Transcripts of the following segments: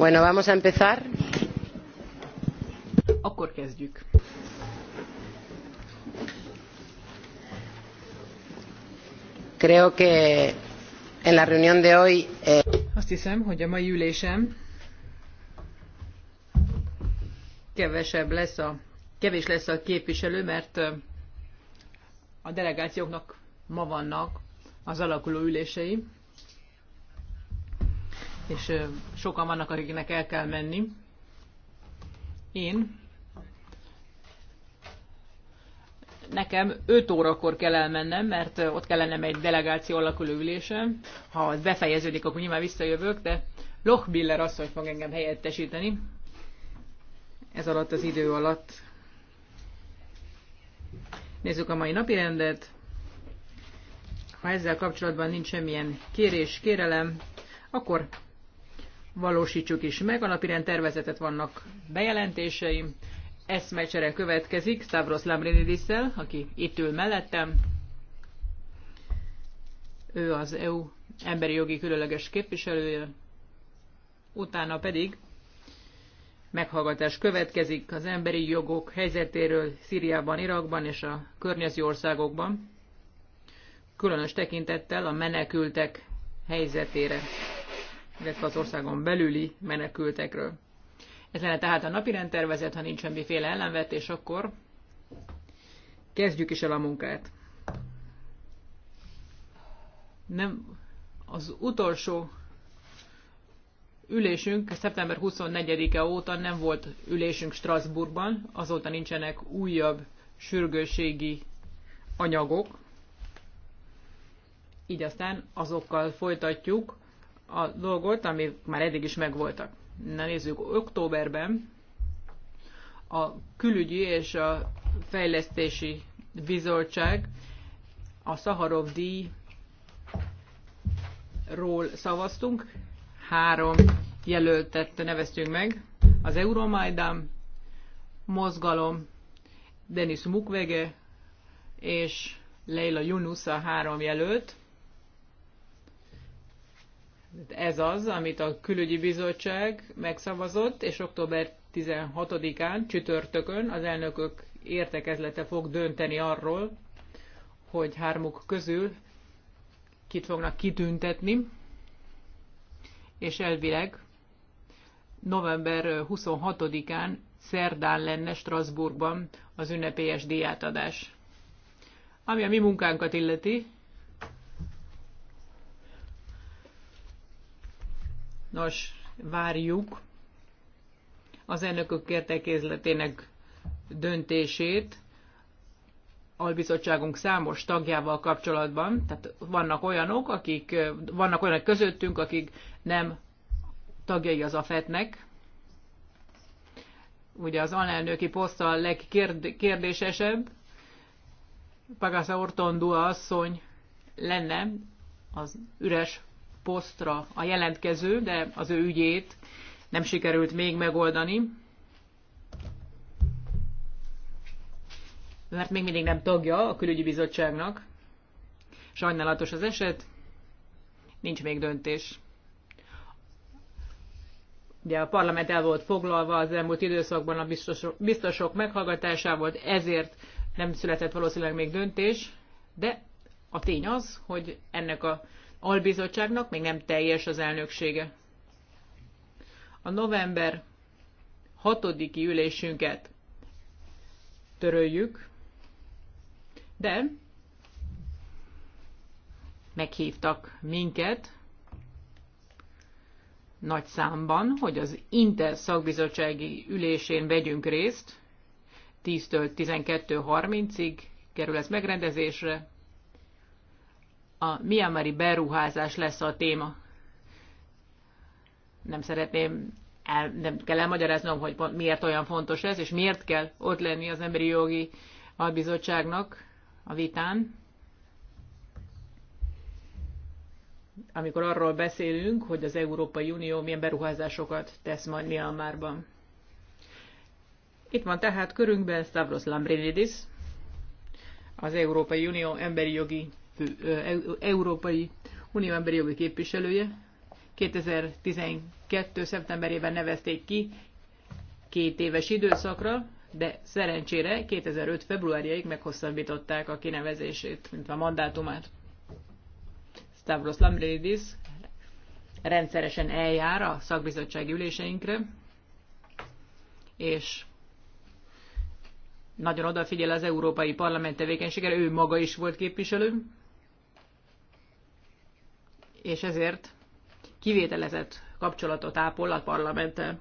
Bueno, vamos a empezar. Akkor kezdjük. Creo que en la reunión de hoy eh... Azt hiszem, hogy a mai ülésem kevesebb lesz a, kevés lesz a képviselő, mert eh, a delegációknak ma vannak az alakuló ülései és sokan vannak, akiknek el kell menni. Én nekem 5 órakor kell elmennem, mert ott kellene egy delegáció alakuló ülésem. Ha az befejeződik, akkor nyilván visszajövök, de Lochbiller asszony fog engem helyettesíteni. Ez alatt az idő alatt. Nézzük a mai napi rendet. Ha ezzel kapcsolatban nincs semmilyen kérés, kérelem, akkor valósítsuk is meg. A napirend tervezetet vannak bejelentéseim. Eszmecsere következik Stavros Lambrinidis-szel, aki itt ül mellettem. Ő az EU emberi jogi különleges képviselője. Utána pedig meghallgatás következik az emberi jogok helyzetéről Szíriában, Irakban és a környező országokban, különös tekintettel a menekültek helyzetére illetve az országon belüli menekültekről. Ez lenne tehát a napi rendtervezet, ha nincs semmiféle ellenvetés, akkor kezdjük is el a munkát. Nem, az utolsó ülésünk szeptember 24-e óta nem volt ülésünk Strasbourgban, azóta nincsenek újabb sürgőségi anyagok. Így aztán azokkal folytatjuk, a dolgot, amik már eddig is megvoltak. Na nézzük, októberben a külügyi és a fejlesztési bizottság a Szaharov díjról szavaztunk. Három jelöltet neveztünk meg. Az Euromaidan Mozgalom, Denis Mukwege és Leila Yunus a három jelölt. Ez az, amit a külügyi bizottság megszavazott, és október 16-án, csütörtökön az elnökök értekezlete fog dönteni arról, hogy hármuk közül kit fognak kitüntetni, és elvileg november 26-án szerdán lenne Strasbourgban az ünnepélyes diátadás. Ami a mi munkánkat illeti, Nos, várjuk az elnökök értekezletének döntését albizottságunk számos tagjával kapcsolatban. Tehát vannak olyanok, akik, vannak olyanok közöttünk, akik nem tagjai az AFET-nek. Ugye az alelnöki poszt a legkérdésesebb. Pagasa Ortondua asszony lenne az üres posztra a jelentkező, de az ő ügyét nem sikerült még megoldani, mert még mindig nem tagja a külügyi bizottságnak. Sajnálatos az eset, nincs még döntés. Ugye a parlament el volt foglalva az elmúlt időszakban a biztosok, biztosok meghallgatásával, ezért nem született valószínűleg még döntés, de a tény az, hogy ennek a albizottságnak, még nem teljes az elnöksége. A november 6-i ülésünket töröljük, de meghívtak minket nagy számban, hogy az Inter szakbizottsági ülésén vegyünk részt, 10-től 12.30-ig kerül ez megrendezésre, a miamari beruházás lesz a téma. Nem szeretném, el, nem kell elmagyaráznom, hogy miért olyan fontos ez, és miért kell ott lenni az Emberi Jogi Albizottságnak a vitán. amikor arról beszélünk, hogy az Európai Unió milyen beruházásokat tesz majd Myanmarban. Itt van tehát körünkben Stavros Lambrinidis, az Európai Unió emberi jogi E, Európai Unió emberi jogi képviselője. 2012. szeptemberében nevezték ki két éves időszakra, de szerencsére 2005. februárjaig meghosszabbították a kinevezését, mint a mandátumát. Stavros Lambridis rendszeresen eljár a szakbizottsági üléseinkre, és nagyon odafigyel az Európai Parlament tevékenységére, ő maga is volt képviselő, és ezért kivételezett kapcsolatot ápol a parlamenttel.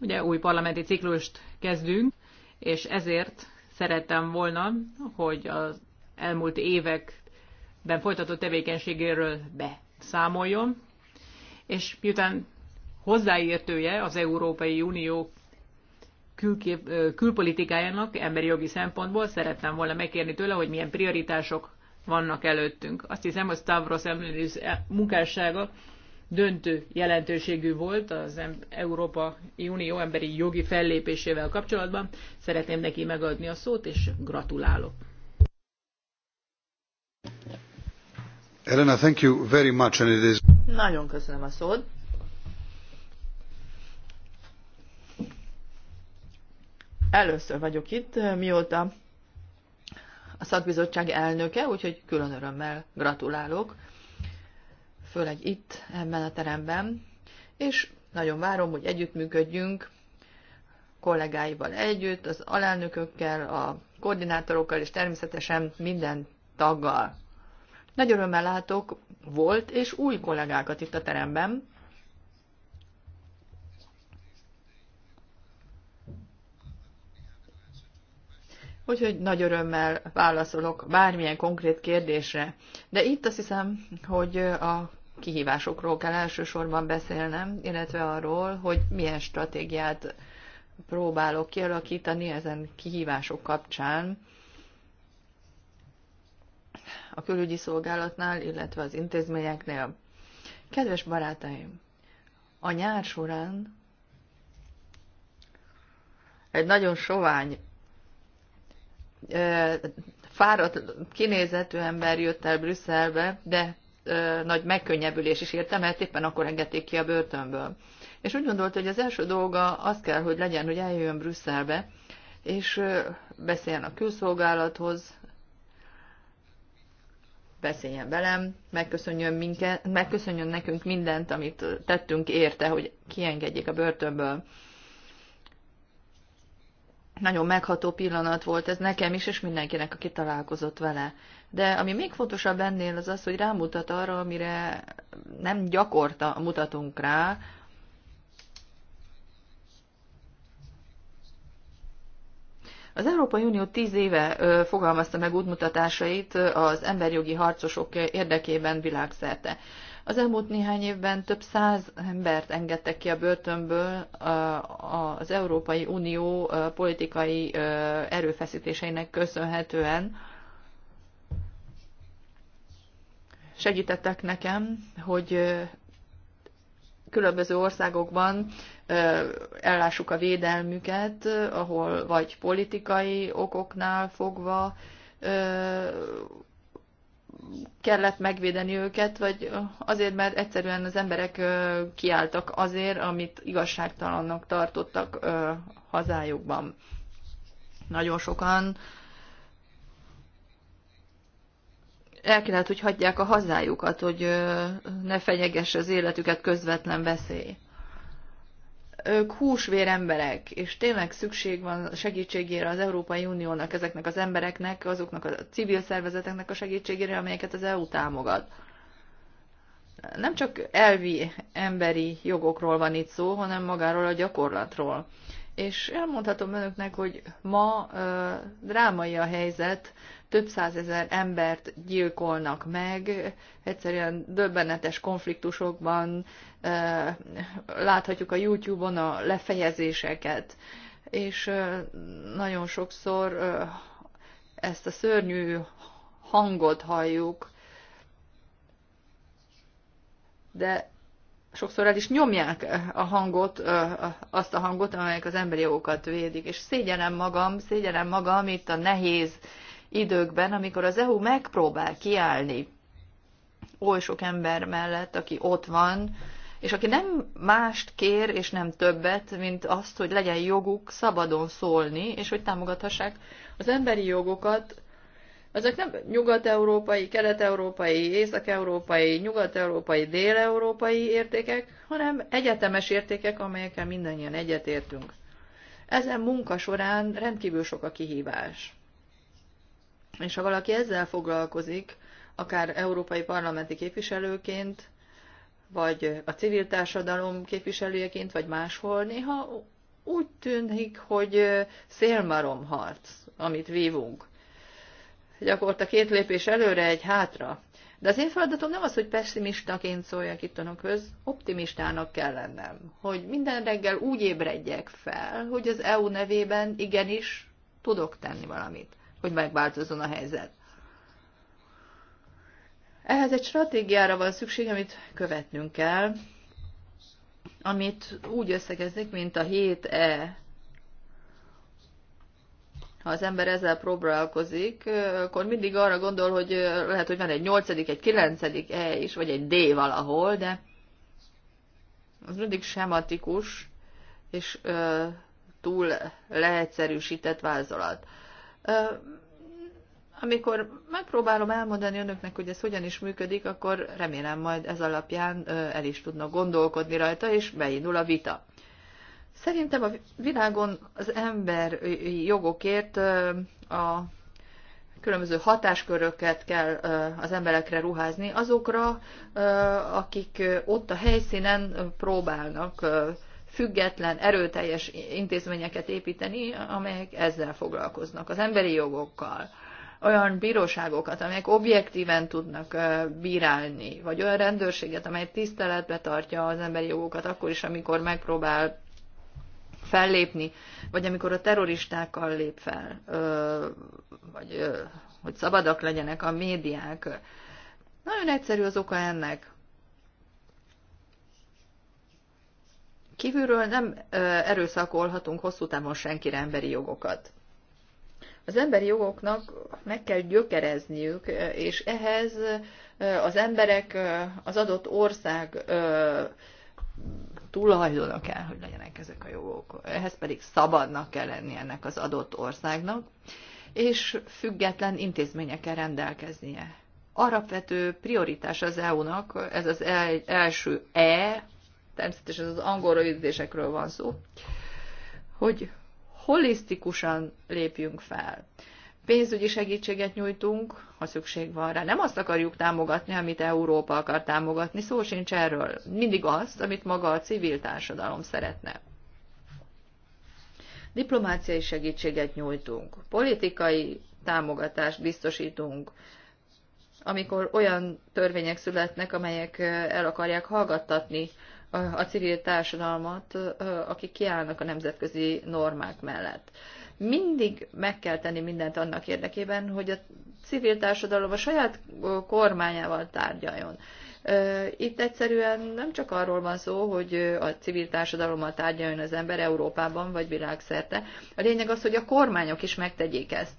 Ugye új parlamenti ciklust kezdünk, és ezért szerettem volna, hogy az elmúlt években folytatott tevékenységéről beszámoljon, és miután hozzáértője az Európai Unió külkép, külpolitikájának emberi jogi szempontból szerettem volna megkérni tőle, hogy milyen prioritások vannak előttünk. Azt hiszem, hogy Stavros Emlőriz e- munkássága döntő jelentőségű volt az európa Unió emberi jogi fellépésével kapcsolatban. Szeretném neki megadni a szót, és gratulálok. Elena, thank you very much, and it is... Nagyon köszönöm a szót. Először vagyok itt, mióta a szakbizottság elnöke, úgyhogy külön örömmel gratulálok, főleg itt, ebben a teremben, és nagyon várom, hogy együttműködjünk kollégáival együtt, az alelnökökkel, a koordinátorokkal, és természetesen minden taggal. Nagy örömmel látok volt és új kollégákat itt a teremben, úgyhogy nagy örömmel válaszolok bármilyen konkrét kérdésre. De itt azt hiszem, hogy a kihívásokról kell elsősorban beszélnem, illetve arról, hogy milyen stratégiát próbálok kialakítani ezen kihívások kapcsán a külügyi szolgálatnál, illetve az intézményeknél. Kedves barátaim, a nyár során egy nagyon sovány fáradt, kinézetű ember jött el Brüsszelbe, de nagy megkönnyebbülés is érte, mert éppen akkor engedték ki a börtönből. És úgy gondolta, hogy az első dolga az kell, hogy legyen, hogy eljöjjön Brüsszelbe, és beszéljen a külszolgálathoz, beszéljen velem, megköszönjön, minket, megköszönjön nekünk mindent, amit tettünk érte, hogy kiengedjék a börtönből. Nagyon megható pillanat volt ez nekem is, és mindenkinek, aki találkozott vele. De ami még fontosabb ennél az az, hogy rámutat arra, amire nem gyakorta mutatunk rá, Az Európai Unió tíz éve fogalmazta meg útmutatásait az emberjogi harcosok érdekében világszerte. Az elmúlt néhány évben több száz embert engedtek ki a börtönből az Európai Unió politikai erőfeszítéseinek köszönhetően. Segítettek nekem, hogy különböző országokban ellássuk a védelmüket, ahol vagy politikai okoknál fogva kellett megvédeni őket, vagy azért, mert egyszerűen az emberek kiálltak azért, amit igazságtalannak tartottak hazájukban. Nagyon sokan el kellett, hogy hagyják a hazájukat, hogy ne fenyegesse az életüket közvetlen veszély ők húsvér emberek, és tényleg szükség van segítségére az Európai Uniónak, ezeknek az embereknek, azoknak a civil szervezeteknek a segítségére, amelyeket az EU támogat. Nem csak elvi emberi jogokról van itt szó, hanem magáról a gyakorlatról. És elmondhatom önöknek, hogy ma ö, drámai a helyzet több százezer embert gyilkolnak meg, egyszerűen döbbenetes konfliktusokban láthatjuk a YouTube-on a lefejezéseket, és nagyon sokszor ezt a szörnyű hangot halljuk, de sokszor el is nyomják a hangot, azt a hangot, amelyek az emberi jogokat védik. És szégyenem magam, szégyenem magam itt a nehéz időkben, amikor az EU megpróbál kiállni oly sok ember mellett, aki ott van, és aki nem mást kér, és nem többet, mint azt, hogy legyen joguk szabadon szólni, és hogy támogathassák az emberi jogokat, ezek nem nyugat-európai, kelet-európai, észak-európai, nyugat-európai, dél-európai értékek, hanem egyetemes értékek, amelyekkel mindannyian egyetértünk. Ezen munka során rendkívül sok a kihívás. És ha valaki ezzel foglalkozik, akár európai parlamenti képviselőként, vagy a civil társadalom képviselőjeként, vagy máshol, néha úgy tűnik, hogy szélmarom harc, amit vívunk. Gyakorta két lépés előre, egy hátra. De az én feladatom nem az, hogy pessimistaként szóljak itt önökhöz, optimistának kell lennem, hogy minden reggel úgy ébredjek fel, hogy az EU nevében igenis tudok tenni valamit hogy megváltozzon a helyzet. Ehhez egy stratégiára van szükség, amit követnünk kell, amit úgy összegeznék, mint a 7E. Ha az ember ezzel próbálkozik, akkor mindig arra gondol, hogy lehet, hogy van egy 8., egy 9. E is, vagy egy D valahol, de az mindig sematikus, és túl leegyszerűsített vázolat amikor megpróbálom elmondani önöknek, hogy ez hogyan is működik, akkor remélem majd ez alapján el is tudnak gondolkodni rajta, és beindul a vita. Szerintem a világon az ember jogokért a különböző hatásköröket kell az emberekre ruházni, azokra, akik ott a helyszínen próbálnak független, erőteljes intézményeket építeni, amelyek ezzel foglalkoznak, az emberi jogokkal olyan bíróságokat, amelyek objektíven tudnak bírálni, vagy olyan rendőrséget, amely tiszteletbe tartja az emberi jogokat akkor is, amikor megpróbál fellépni, vagy amikor a terroristákkal lép fel, vagy hogy szabadak legyenek a médiák. Nagyon egyszerű az oka ennek. Kívülről nem erőszakolhatunk hosszú távon senkire emberi jogokat. Az emberi jogoknak meg kell gyökerezniük, és ehhez az emberek az adott ország tulajdonok kell, hogy legyenek ezek a jogok. Ehhez pedig szabadnak kell lenni ennek az adott országnak, és független intézményekkel rendelkeznie. Arapvető prioritás az EU-nak, ez az első E természetesen az angol rövidítésekről van szó, hogy holisztikusan lépjünk fel. Pénzügyi segítséget nyújtunk, ha szükség van rá. Nem azt akarjuk támogatni, amit Európa akar támogatni, szó sincs erről. Mindig azt, amit maga a civil társadalom szeretne. Diplomáciai segítséget nyújtunk, politikai támogatást biztosítunk, amikor olyan törvények születnek, amelyek el akarják hallgattatni a civil társadalmat, akik kiállnak a nemzetközi normák mellett. Mindig meg kell tenni mindent annak érdekében, hogy a civil társadalom a saját kormányával tárgyaljon. Itt egyszerűen nem csak arról van szó, hogy a civil társadalommal tárgyaljon az ember Európában vagy világszerte. A lényeg az, hogy a kormányok is megtegyék ezt.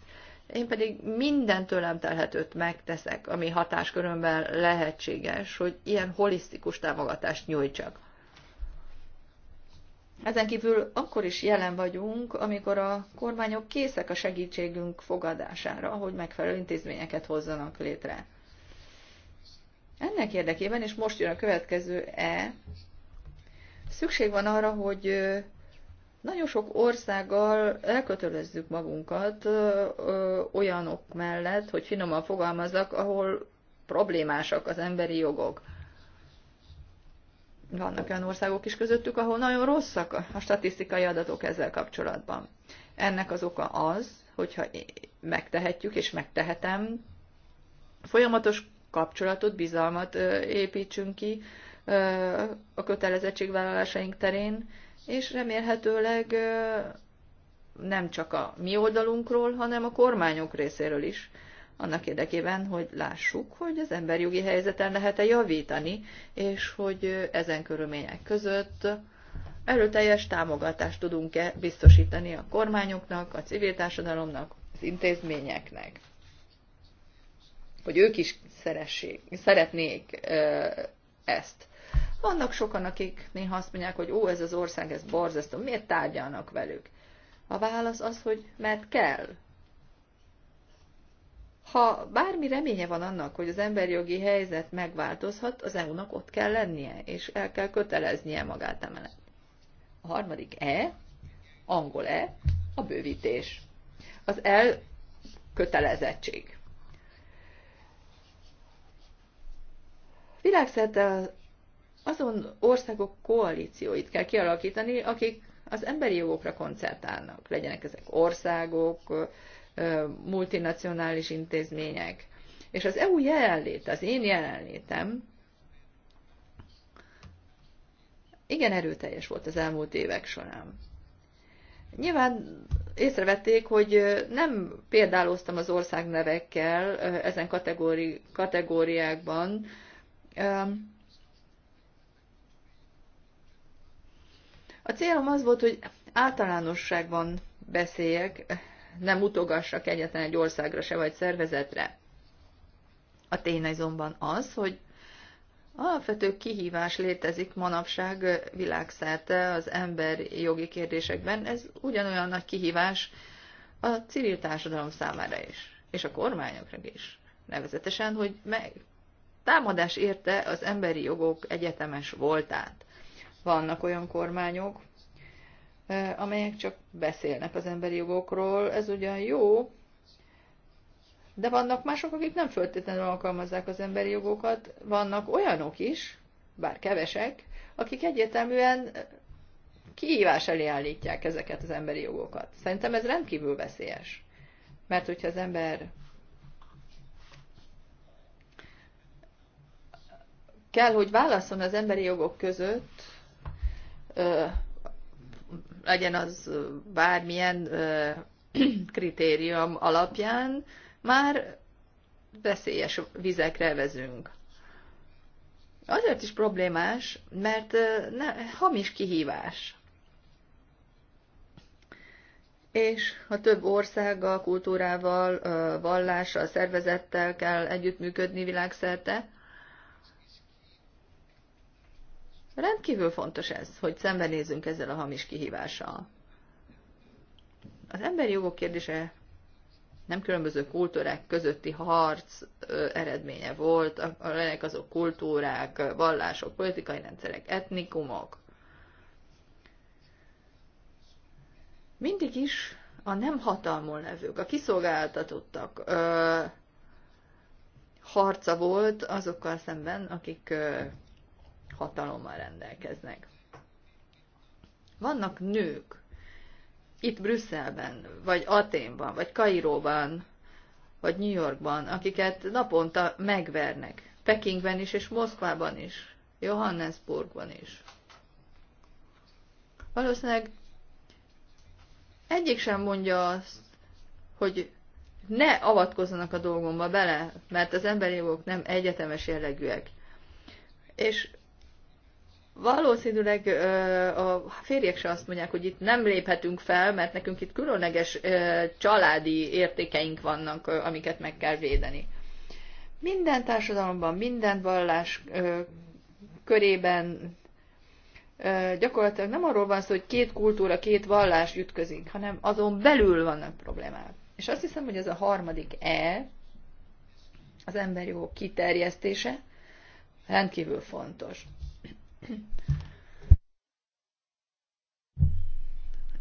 Én pedig minden tőlem telhetőt megteszek, ami hatáskörömben lehetséges, hogy ilyen holisztikus támogatást nyújtsak. Ezen kívül akkor is jelen vagyunk, amikor a kormányok készek a segítségünk fogadására, hogy megfelelő intézményeket hozzanak létre. Ennek érdekében, és most jön a következő E, szükség van arra, hogy nagyon sok országgal elkötelezzük magunkat ö, ö, olyanok mellett, hogy finoman fogalmazzak, ahol problémásak az emberi jogok. Vannak olyan országok is közöttük, ahol nagyon rosszak a statisztikai adatok ezzel kapcsolatban. Ennek az oka az, hogyha megtehetjük és megtehetem, folyamatos kapcsolatot, bizalmat építsünk ki a kötelezettségvállalásaink terén, és remélhetőleg nem csak a mi oldalunkról, hanem a kormányok részéről is, annak érdekében, hogy lássuk, hogy az emberjogi helyzeten lehet-e javítani, és hogy ezen körülmények között erőteljes támogatást tudunk-e biztosítani a kormányoknak, a civil társadalomnak, az intézményeknek. Hogy ők is szeressék, szeretnék ezt. Vannak sokan, akik néha azt mondják, hogy ó, ez az ország, ez borzasztó, miért tárgyalnak velük? A válasz az, hogy mert kell. Ha bármi reménye van annak, hogy az emberjogi helyzet megváltozhat, az EU-nak ott kell lennie, és el kell köteleznie magát emellett. A harmadik E, angol E, a bővítés. Az L kötelezettség. Világszerte azon országok koalícióit kell kialakítani, akik az emberi jogokra koncertálnak. Legyenek ezek országok, multinacionális intézmények. És az EU jelenlét, az én jelenlétem igen erőteljes volt az elmúlt évek során. Nyilván észrevették, hogy nem példálóztam az ország nevekkel ezen kategóri, kategóriákban, A célom az volt, hogy általánosságban beszéljek, nem utogassak egyetlen egy országra se vagy szervezetre. A tény azonban az, hogy alapvető kihívás létezik manapság világszerte az ember jogi kérdésekben. Ez ugyanolyan nagy kihívás a civil társadalom számára is, és a kormányokra is. Nevezetesen, hogy meg támadás érte az emberi jogok egyetemes voltát. Vannak olyan kormányok, amelyek csak beszélnek az emberi jogokról. Ez ugyan jó, de vannak mások, akik nem föltétlenül alkalmazzák az emberi jogokat. Vannak olyanok is, bár kevesek, akik egyértelműen kihívás elé állítják ezeket az emberi jogokat. Szerintem ez rendkívül veszélyes. Mert hogyha az ember kell, hogy válaszol az emberi jogok között, legyen az bármilyen kritérium alapján, már veszélyes vizekre vezünk. Azért is problémás, mert ne, hamis kihívás. És a több országgal, kultúrával, vallással, szervezettel kell együttműködni világszerte, Rendkívül fontos ez, hogy szembenézzünk ezzel a hamis kihívással. Az emberi jogok kérdése nem különböző kultúrák közötti harc eredménye volt, amelyek azok kultúrák, vallások, politikai rendszerek, etnikumok. Mindig is a nem hatalmon levők, a kiszolgáltatottak ö, harca volt azokkal szemben, akik ö, hatalommal rendelkeznek. Vannak nők, itt Brüsszelben, vagy Aténban, vagy Kairóban, vagy New Yorkban, akiket naponta megvernek. Pekingben is, és Moszkvában is, Johannesburgban is. Valószínűleg egyik sem mondja azt, hogy ne avatkozzanak a dolgomba bele, mert az emberi jogok nem egyetemes jellegűek. És Valószínűleg a férjek se azt mondják, hogy itt nem léphetünk fel, mert nekünk itt különleges családi értékeink vannak, amiket meg kell védeni. Minden társadalomban, minden vallás körében gyakorlatilag nem arról van szó, hogy két kultúra, két vallás ütközik, hanem azon belül vannak problémák. És azt hiszem, hogy ez a harmadik E, az emberi jó kiterjesztése, rendkívül fontos.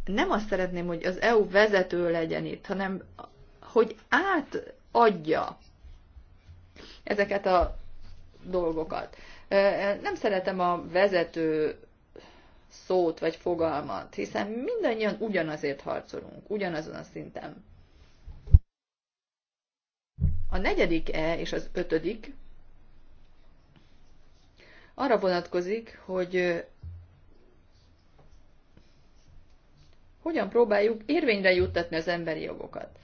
Nem azt szeretném, hogy az EU vezető legyen itt, hanem hogy átadja ezeket a dolgokat. Nem szeretem a vezető szót vagy fogalmat, hiszen mindannyian ugyanazért harcolunk, ugyanazon a szinten. A negyedik E és az ötödik arra vonatkozik, hogy hogyan próbáljuk érvényre juttatni az emberi jogokat.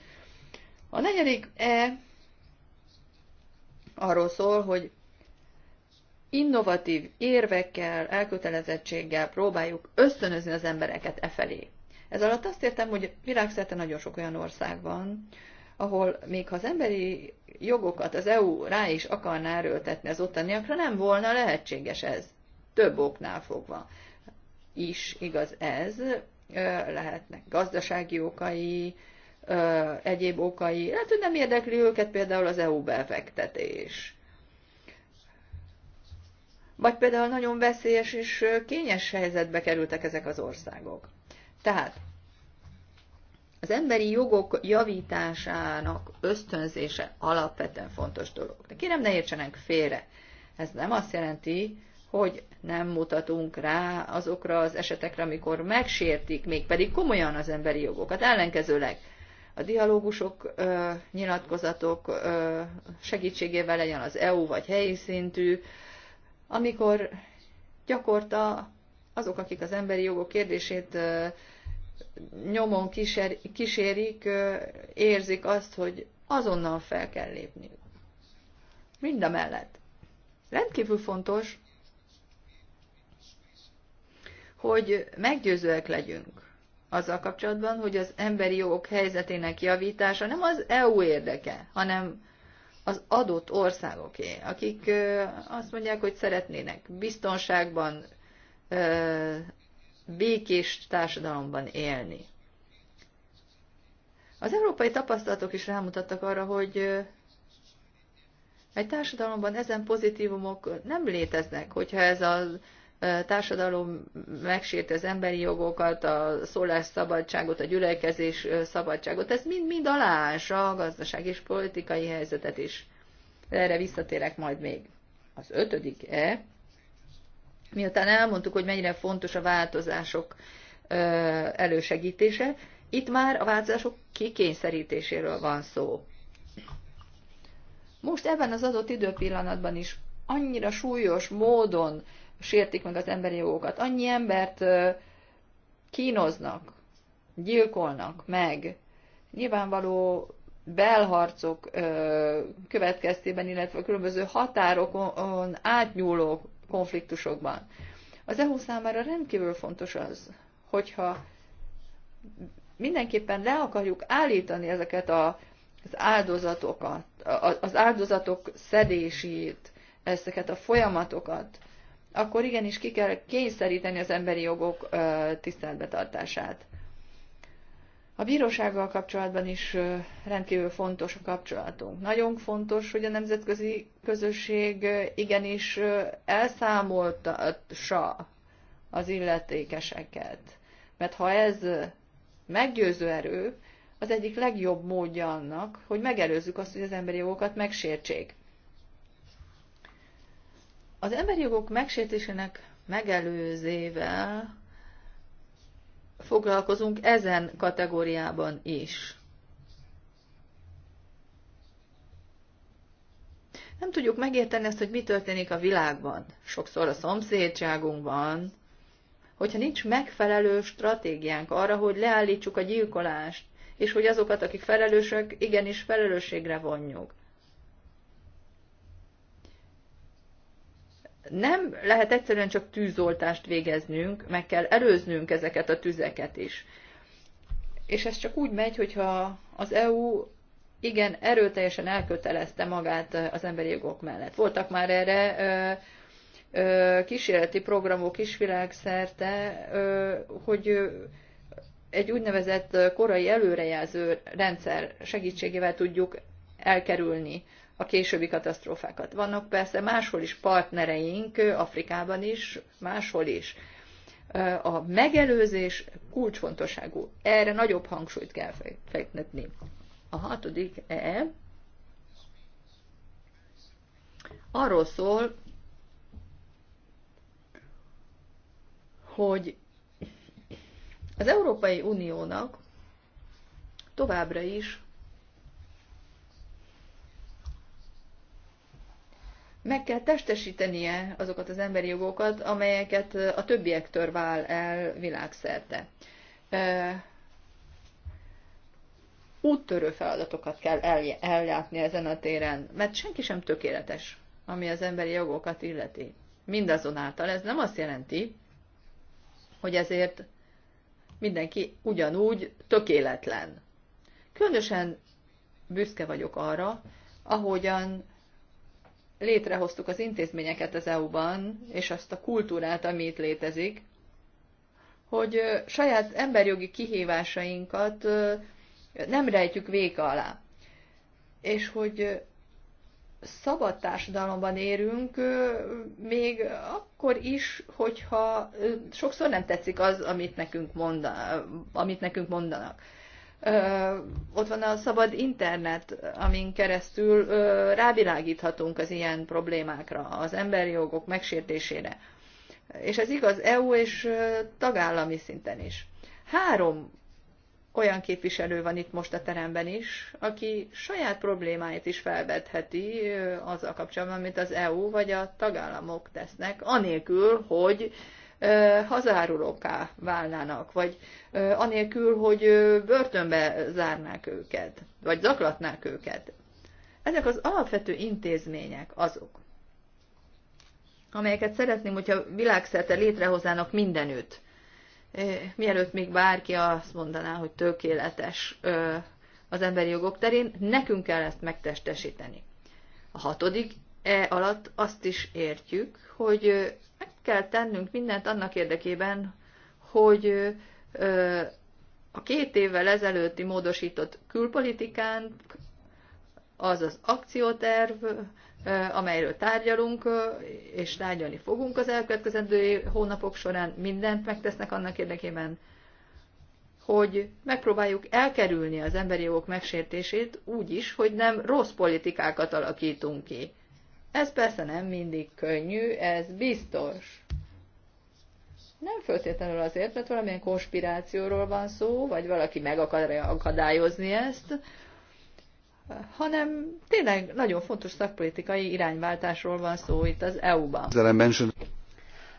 A negyedik E arról szól, hogy innovatív érvekkel, elkötelezettséggel próbáljuk ösztönözni az embereket e felé. Ez alatt azt értem, hogy világszerte nagyon sok olyan ország van, ahol még ha az emberi jogokat az EU rá is akarná erőltetni az ottaniakra, nem volna lehetséges ez. Több oknál fogva is igaz ez, lehetnek gazdasági okai, egyéb okai, lehet, hogy nem érdekli őket például az EU befektetés. Vagy például nagyon veszélyes és kényes helyzetbe kerültek ezek az országok. Tehát az emberi jogok javításának ösztönzése alapvetően fontos dolog. De kérem, ne értsenek félre. Ez nem azt jelenti, hogy nem mutatunk rá azokra az esetekre, amikor megsértik, mégpedig komolyan az emberi jogokat. Ellenkezőleg a dialógusok, ö, nyilatkozatok ö, segítségével legyen az EU vagy helyi szintű, amikor gyakorta azok, akik az emberi jogok kérdését nyomon kísér, kísérik, érzik azt, hogy azonnal fel kell lépniük. Mind a mellett. Rendkívül fontos, hogy meggyőzőek legyünk azzal kapcsolatban, hogy az emberi jogok helyzetének javítása nem az EU érdeke, hanem az adott országoké, akik azt mondják, hogy szeretnének biztonságban békés társadalomban élni. Az európai tapasztalatok is rámutattak arra, hogy egy társadalomban ezen pozitívumok nem léteznek, hogyha ez a társadalom megsérti az emberi jogokat, a szólásszabadságot, a gyülekezés szabadságot. Ez mind-mind aláása a gazdaság és politikai helyzetet is. Erre visszatérek majd még. Az ötödik E, Miután elmondtuk, hogy mennyire fontos a változások elősegítése, itt már a változások kikényszerítéséről van szó. Most ebben az adott időpillanatban is annyira súlyos módon sértik meg az emberi jogokat, annyi embert kínoznak, gyilkolnak meg, nyilvánvaló belharcok következtében, illetve a különböző határokon átnyúló konfliktusokban. Az EU számára rendkívül fontos az, hogyha mindenképpen le akarjuk állítani ezeket a, az áldozatokat, az áldozatok szedését, ezeket a folyamatokat, akkor igenis ki kell kényszeríteni az emberi jogok tiszteletbetartását. A bírósággal kapcsolatban is rendkívül fontos a kapcsolatunk. Nagyon fontos, hogy a nemzetközi közösség igenis elszámoltassa az illetékeseket. Mert ha ez meggyőző erő, az egyik legjobb módja annak, hogy megelőzzük azt, hogy az emberi jogokat megsértsék. Az emberi jogok megsértésének megelőzével foglalkozunk ezen kategóriában is. Nem tudjuk megérteni ezt, hogy mi történik a világban, sokszor a szomszédságunkban, hogyha nincs megfelelő stratégiánk arra, hogy leállítsuk a gyilkolást, és hogy azokat, akik felelősök, igenis felelősségre vonjuk. nem lehet egyszerűen csak tűzoltást végeznünk, meg kell előznünk ezeket a tüzeket is. És ez csak úgy megy, hogyha az EU igen erőteljesen elkötelezte magát az emberi jogok mellett. Voltak már erre ö, ö, kísérleti programok is világszerte, ö, hogy egy úgynevezett korai előrejelző rendszer segítségével tudjuk elkerülni a későbbi katasztrófákat. Vannak persze máshol is partnereink, Afrikában is, máshol is. A megelőzés kulcsfontosságú. Erre nagyobb hangsúlyt kell fektetni. A hatodik E arról szól, hogy az Európai Uniónak továbbra is meg kell testesítenie azokat az emberi jogokat, amelyeket a többiektől vál el világszerte. Úttörő feladatokat kell ellátni ezen a téren, mert senki sem tökéletes, ami az emberi jogokat illeti. Mindazonáltal ez nem azt jelenti, hogy ezért mindenki ugyanúgy tökéletlen. Különösen büszke vagyok arra, ahogyan létrehoztuk az intézményeket az EU-ban, és azt a kultúrát, ami itt létezik, hogy saját emberjogi kihívásainkat nem rejtjük véka alá. És hogy szabad társadalomban érünk, még akkor is, hogyha sokszor nem tetszik az, amit nekünk, mondan, amit nekünk mondanak ott van a szabad internet, amin keresztül rávilágíthatunk az ilyen problémákra, az emberi jogok megsértésére. És ez igaz EU és tagállami szinten is. Három olyan képviselő van itt most a teremben is, aki saját problémáit is felvetheti azzal kapcsolatban, amit az EU vagy a tagállamok tesznek, anélkül, hogy hazárulóká válnának, vagy anélkül, hogy börtönbe zárnák őket, vagy zaklatnák őket. Ezek az alapvető intézmények azok, amelyeket szeretném, hogyha világszerte létrehozának mindenütt. Mielőtt még bárki azt mondaná, hogy tökéletes az emberi jogok terén, nekünk kell ezt megtestesíteni. A hatodik E alatt azt is értjük, hogy meg kell tennünk mindent annak érdekében, hogy a két évvel ezelőtti módosított külpolitikánk, az az akcióterv, amelyről tárgyalunk, és tárgyalni fogunk az elkövetkezendő hónapok során, mindent megtesznek annak érdekében, hogy megpróbáljuk elkerülni az emberi jogok megsértését úgy is, hogy nem rossz politikákat alakítunk ki. Ez persze nem mindig könnyű, ez biztos. Nem föltétlenül azért, mert valamilyen konspirációról van szó, vagy valaki meg akar akadályozni ezt, hanem tényleg nagyon fontos szakpolitikai irányváltásról van szó itt az EU-ban.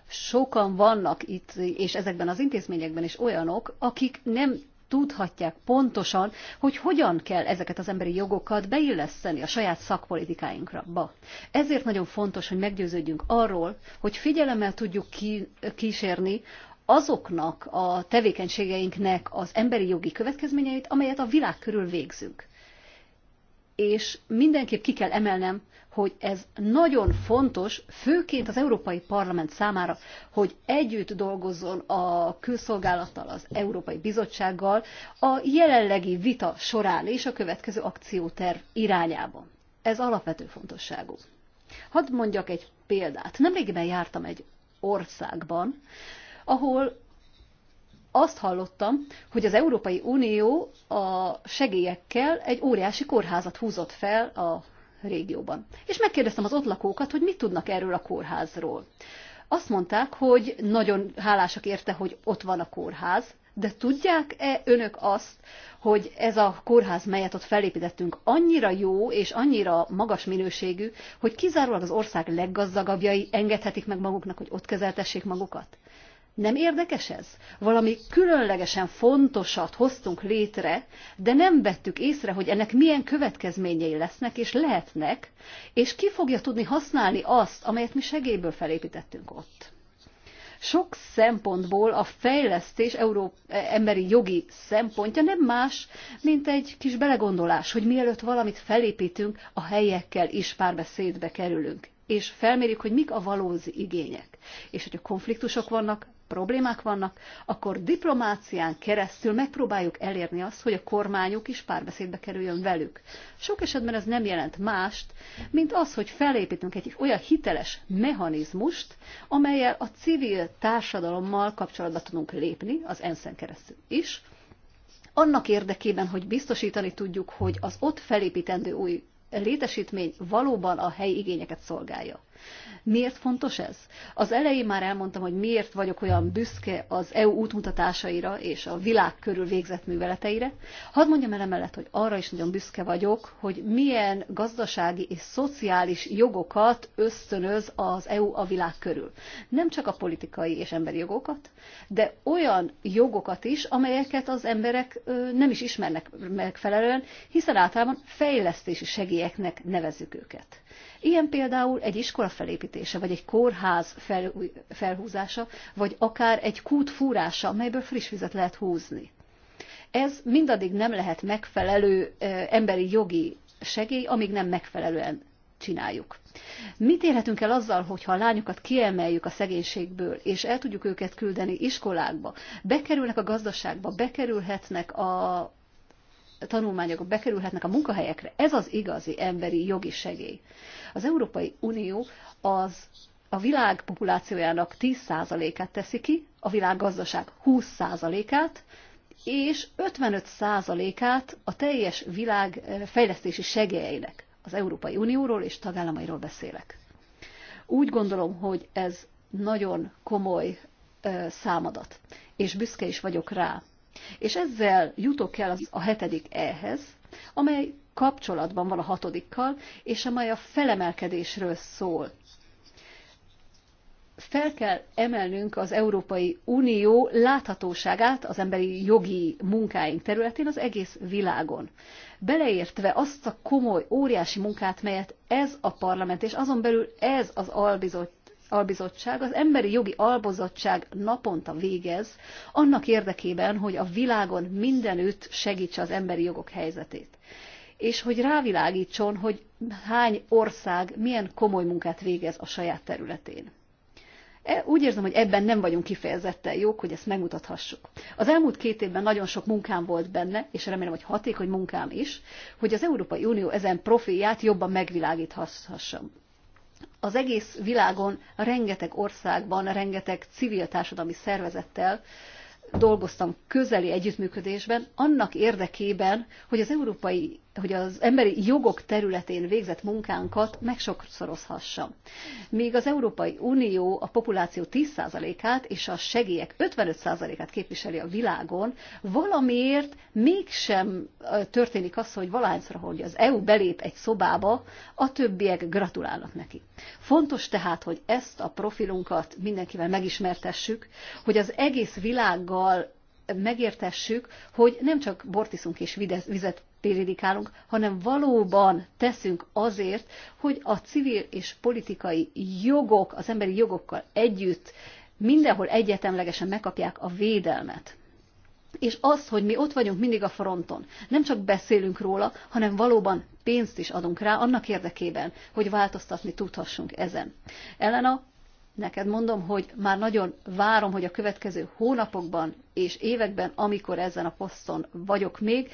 Sokan vannak itt, és ezekben az intézményekben is olyanok, akik nem tudhatják pontosan, hogy hogyan kell ezeket az emberi jogokat beilleszteni a saját szakpolitikáinkra. Ba. Ezért nagyon fontos, hogy meggyőződjünk arról, hogy figyelemmel tudjuk ki, kísérni azoknak a tevékenységeinknek az emberi jogi következményeit, amelyet a világ körül végzünk és mindenképp ki kell emelnem, hogy ez nagyon fontos, főként az Európai Parlament számára, hogy együtt dolgozzon a külszolgálattal, az Európai Bizottsággal a jelenlegi vita során és a következő akcióterv irányában. Ez alapvető fontosságú. Hadd mondjak egy példát. Nemrégiben jártam egy országban, ahol azt hallottam, hogy az Európai Unió a segélyekkel egy óriási kórházat húzott fel a régióban. És megkérdeztem az ott lakókat, hogy mit tudnak erről a kórházról. Azt mondták, hogy nagyon hálásak érte, hogy ott van a kórház, de tudják-e önök azt, hogy ez a kórház, melyet ott felépítettünk, annyira jó és annyira magas minőségű, hogy kizárólag az ország leggazdagabbjai engedhetik meg maguknak, hogy ott kezeltessék magukat? Nem érdekes ez? Valami különlegesen fontosat hoztunk létre, de nem vettük észre, hogy ennek milyen következményei lesznek és lehetnek, és ki fogja tudni használni azt, amelyet mi segélyből felépítettünk ott. Sok szempontból a fejlesztés Euró- e, emberi jogi szempontja nem más, mint egy kis belegondolás, hogy mielőtt valamit felépítünk, a helyekkel is párbeszédbe kerülünk és felmérjük, hogy mik a valózi igények. És hogyha konfliktusok vannak, problémák vannak, akkor diplomácián keresztül megpróbáljuk elérni azt, hogy a kormányuk is párbeszédbe kerüljön velük. Sok esetben ez nem jelent mást, mint az, hogy felépítünk egy olyan hiteles mechanizmust, amelyel a civil társadalommal kapcsolatba tudunk lépni, az ENSZ-en keresztül is, annak érdekében, hogy biztosítani tudjuk, hogy az ott felépítendő új létesítmény valóban a helyi igényeket szolgálja. Miért fontos ez? Az elején már elmondtam, hogy miért vagyok olyan büszke az EU útmutatásaira és a világ körül végzett műveleteire. Hadd mondjam el emellett, hogy arra is nagyon büszke vagyok, hogy milyen gazdasági és szociális jogokat ösztönöz az EU a világ körül. Nem csak a politikai és emberi jogokat, de olyan jogokat is, amelyeket az emberek nem is ismernek megfelelően, hiszen általában fejlesztési segélyeknek nevezzük őket. Ilyen például egy iskola felépítése, vagy egy kórház fel, felhúzása, vagy akár egy kút fúrása, amelyből friss vizet lehet húzni. Ez mindaddig nem lehet megfelelő emberi jogi segély, amíg nem megfelelően csináljuk. Mit érhetünk el azzal, hogyha a lányokat kiemeljük a szegénységből, és el tudjuk őket küldeni iskolákba, bekerülnek a gazdaságba, bekerülhetnek a tanulmányok bekerülhetnek a munkahelyekre. Ez az igazi emberi jogi segély. Az Európai Unió az a világ populációjának 10%-át teszi ki, a világ gazdaság 20%-át, és 55%-át a teljes világ eh, fejlesztési segélyeinek. Az Európai Unióról és tagállamairól beszélek. Úgy gondolom, hogy ez nagyon komoly eh, számadat, és büszke is vagyok rá. És ezzel jutok el az, a hetedik ehhez, amely kapcsolatban van a hatodikkal, és amely a felemelkedésről szól. Fel kell emelnünk az Európai Unió láthatóságát az emberi jogi munkáink területén az egész világon. Beleértve azt a komoly, óriási munkát, melyet ez a parlament, és azon belül ez az albizottság, albizottság, az Emberi Jogi Albizottság naponta végez, annak érdekében, hogy a világon mindenütt segítse az emberi jogok helyzetét. És hogy rávilágítson, hogy hány ország milyen komoly munkát végez a saját területén. E, úgy érzem, hogy ebben nem vagyunk kifejezetten jók, hogy ezt megmutathassuk. Az elmúlt két évben nagyon sok munkám volt benne, és remélem, hogy hatékony munkám is, hogy az Európai Unió ezen profilját jobban megvilágíthassam az egész világon rengeteg országban, rengeteg civil társadalmi szervezettel dolgoztam közeli együttműködésben, annak érdekében, hogy az európai hogy az emberi jogok területén végzett munkánkat megsokszorozhassa. Míg az Európai Unió a populáció 10%-át és a segélyek 55%-át képviseli a világon, valamiért mégsem történik az, hogy valahányszor, hogy az EU belép egy szobába, a többiek gratulálnak neki. Fontos tehát, hogy ezt a profilunkat mindenkivel megismertessük, hogy az egész világgal megértessük, hogy nem csak bortiszunk és vizet prédikálunk, hanem valóban teszünk azért, hogy a civil és politikai jogok, az emberi jogokkal együtt mindenhol egyetemlegesen megkapják a védelmet. És az, hogy mi ott vagyunk mindig a fronton, nem csak beszélünk róla, hanem valóban pénzt is adunk rá annak érdekében, hogy változtatni tudhassunk ezen. Elena, neked mondom, hogy már nagyon várom, hogy a következő hónapokban és években, amikor ezen a poszton vagyok még,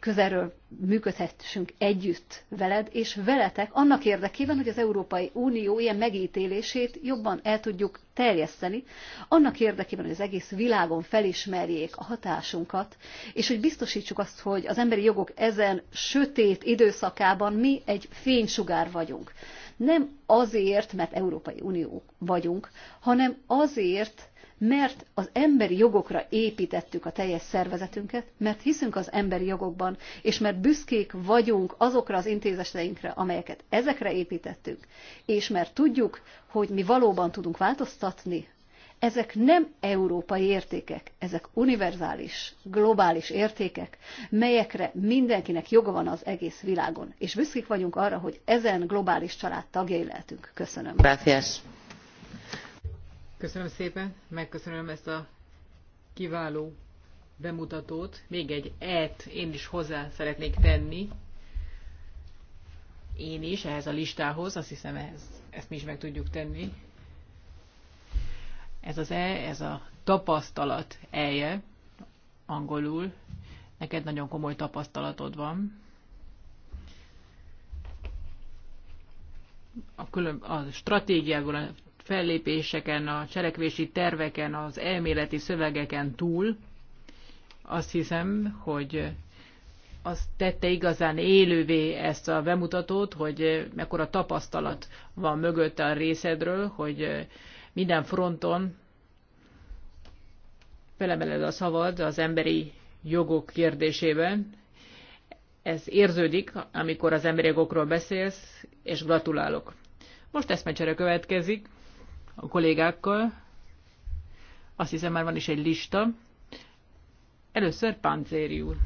közelről működhessünk együtt veled és veletek, annak érdekében, hogy az Európai Unió ilyen megítélését jobban el tudjuk terjeszteni, annak érdekében, hogy az egész világon felismerjék a hatásunkat, és hogy biztosítsuk azt, hogy az emberi jogok ezen sötét időszakában mi egy fénysugár vagyunk. Nem azért, mert Európai Unió vagyunk, hanem azért, mert az emberi jogokra építettük a teljes szervezetünket, mert hiszünk az emberi jogokban, és mert büszkék vagyunk azokra az intézeseinkre, amelyeket ezekre építettünk, és mert tudjuk, hogy mi valóban tudunk változtatni, ezek nem európai értékek, ezek univerzális, globális értékek, melyekre mindenkinek joga van az egész világon, és büszkék vagyunk arra, hogy ezen globális család tagjai lehetünk. Köszönöm. Gracias. Köszönöm szépen, megköszönöm ezt a kiváló bemutatót. Még egy et én is hozzá szeretnék tenni. Én is ehhez a listához, azt hiszem ehhez, ezt mi is meg tudjuk tenni. Ez az E, ez a tapasztalat eje, angolul. Neked nagyon komoly tapasztalatod van. A, külön, a stratégiákból, a fellépéseken, a cselekvési terveken, az elméleti szövegeken túl, azt hiszem, hogy azt tette igazán élővé ezt a bemutatót, hogy mekkora tapasztalat van mögötte a részedről, hogy minden fronton felemeled a szavad az emberi jogok kérdésében. Ez érződik, amikor az emberi jogokról beszélsz, és gratulálok. Most eszmecsere következik a kollégákkal. Azt hiszem már van is egy lista. Először Pancéri úr.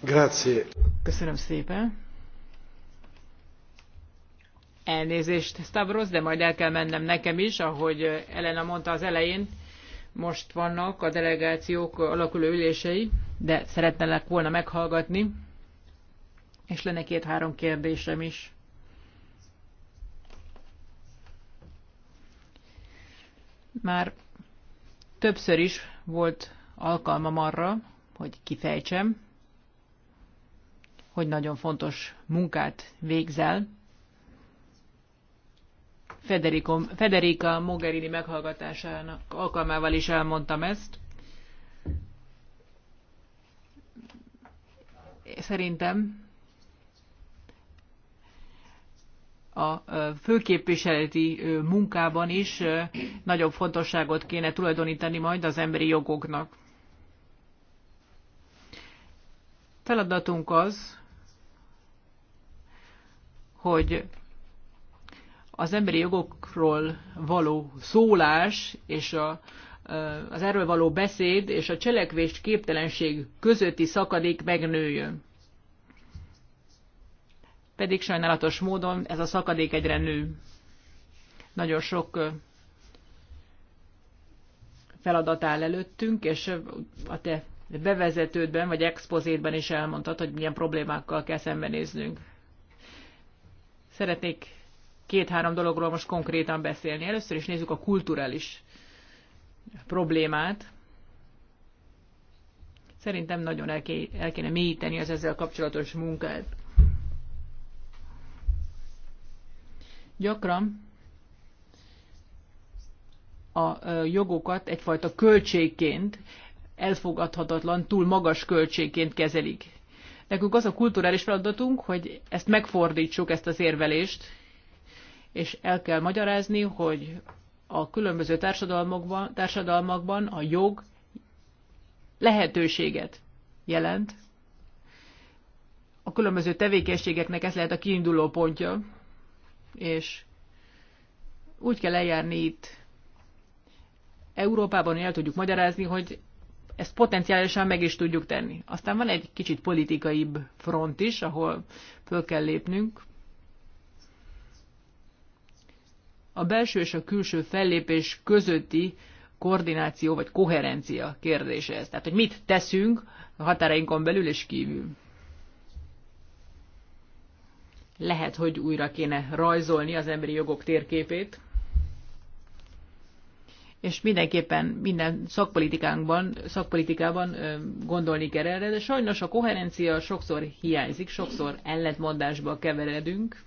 Grazie. Köszönöm szépen. Elnézést, Stavros, de majd el kell mennem nekem is, ahogy Elena mondta az elején, most vannak a delegációk alakuló ülései, de szeretnélek volna meghallgatni, és lenne két-három kérdésem is. Már többször is volt alkalmam arra, hogy kifejtsem, hogy nagyon fontos munkát végzel. Federico, Federica Mogherini meghallgatásának alkalmával is elmondtam ezt. Szerintem a főképviseleti munkában is nagyobb fontosságot kéne tulajdonítani majd az emberi jogoknak. Feladatunk az, hogy az emberi jogokról való szólás és a, az erről való beszéd és a cselekvés képtelenség közötti szakadék megnőjön pedig sajnálatos módon ez a szakadék egyre nő. Nagyon sok feladat áll előttünk, és a te bevezetődben vagy expozétben is elmondtad, hogy milyen problémákkal kell szembenéznünk. Szeretnék két-három dologról most konkrétan beszélni. Először is nézzük a kulturális problémát. Szerintem nagyon el, kéne mélyíteni az ezzel kapcsolatos munkát. Gyakran a jogokat egyfajta költségként, elfogadhatatlan, túl magas költségként kezelik. Nekünk az a kulturális feladatunk, hogy ezt megfordítsuk, ezt az érvelést, és el kell magyarázni, hogy a különböző társadalmakban, társadalmakban a jog lehetőséget jelent. A különböző tevékenységeknek ez lehet a kiinduló pontja és úgy kell eljárni itt Európában, hogy el tudjuk magyarázni, hogy ezt potenciálisan meg is tudjuk tenni. Aztán van egy kicsit politikaibb front is, ahol föl kell lépnünk. A belső és a külső fellépés közötti koordináció vagy koherencia kérdése ez. Tehát, hogy mit teszünk a határainkon belül és kívül. Lehet, hogy újra kéne rajzolni az emberi jogok térképét, és mindenképpen minden szakpolitikánkban, szakpolitikában gondolni kell erre, de sajnos a koherencia sokszor hiányzik, sokszor ellentmondásba keveredünk.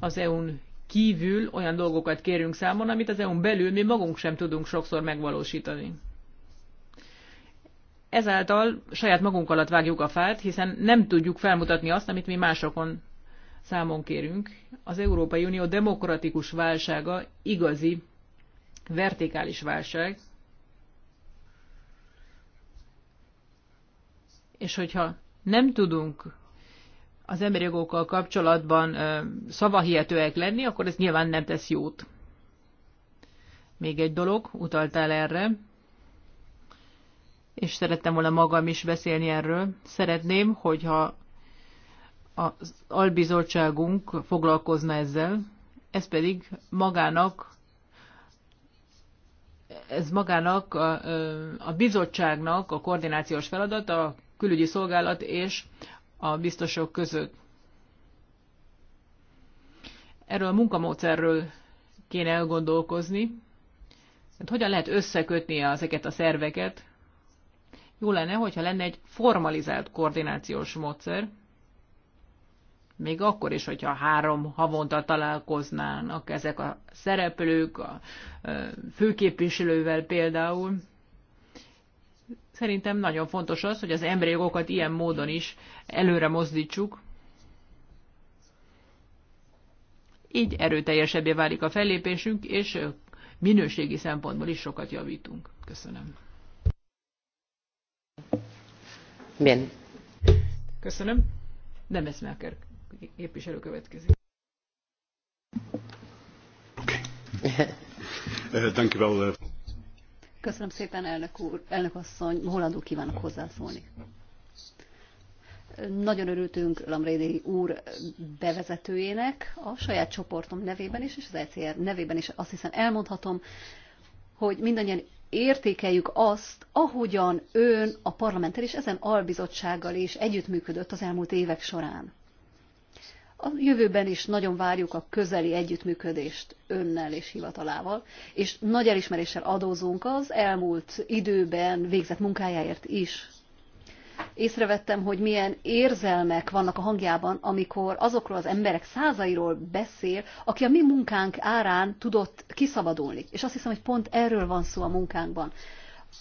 Az EU-n kívül olyan dolgokat kérünk számon, amit az EU-n belül mi magunk sem tudunk sokszor megvalósítani ezáltal saját magunk alatt vágjuk a fát, hiszen nem tudjuk felmutatni azt, amit mi másokon számon kérünk. Az Európai Unió demokratikus válsága igazi, vertikális válság. És hogyha nem tudunk az emberi jogokkal kapcsolatban szavahihetőek lenni, akkor ez nyilván nem tesz jót. Még egy dolog, utaltál erre, és szerettem volna magam is beszélni erről. Szeretném, hogyha az albizottságunk foglalkozna ezzel, ez pedig magának ez magának a, a bizottságnak a koordinációs feladat, a külügyi szolgálat és a biztosok között. Erről a munkamódszerről kéne elgondolkozni, hogy hát hogyan lehet összekötni ezeket a szerveket, jó lenne, hogyha lenne egy formalizált koordinációs módszer, még akkor is, hogyha három havonta találkoznának ezek a szereplők, a főképviselővel például. Szerintem nagyon fontos az, hogy az emberi jogokat ilyen módon is előre mozdítsuk. Így erőteljesebbé válik a fellépésünk, és minőségi szempontból is sokat javítunk. Köszönöm. Bien. Köszönöm. Nem eszmelker képviselő következik. Okay. Uh, Köszönöm szépen, elnök úr, elnök asszony, holandó kívánok hozzászólni. Nagyon örültünk Lamrédi úr bevezetőjének a saját csoportom nevében is, és az ECR nevében is azt hiszem elmondhatom, hogy mindannyian értékeljük azt, ahogyan ön a parlamenttel és ezen albizottsággal is együttműködött az elmúlt évek során. A jövőben is nagyon várjuk a közeli együttműködést önnel és hivatalával, és nagy elismeréssel adózunk az elmúlt időben végzett munkájáért is észrevettem, hogy milyen érzelmek vannak a hangjában, amikor azokról az emberek százairól beszél, aki a mi munkánk árán tudott kiszabadulni. És azt hiszem, hogy pont erről van szó a munkánkban.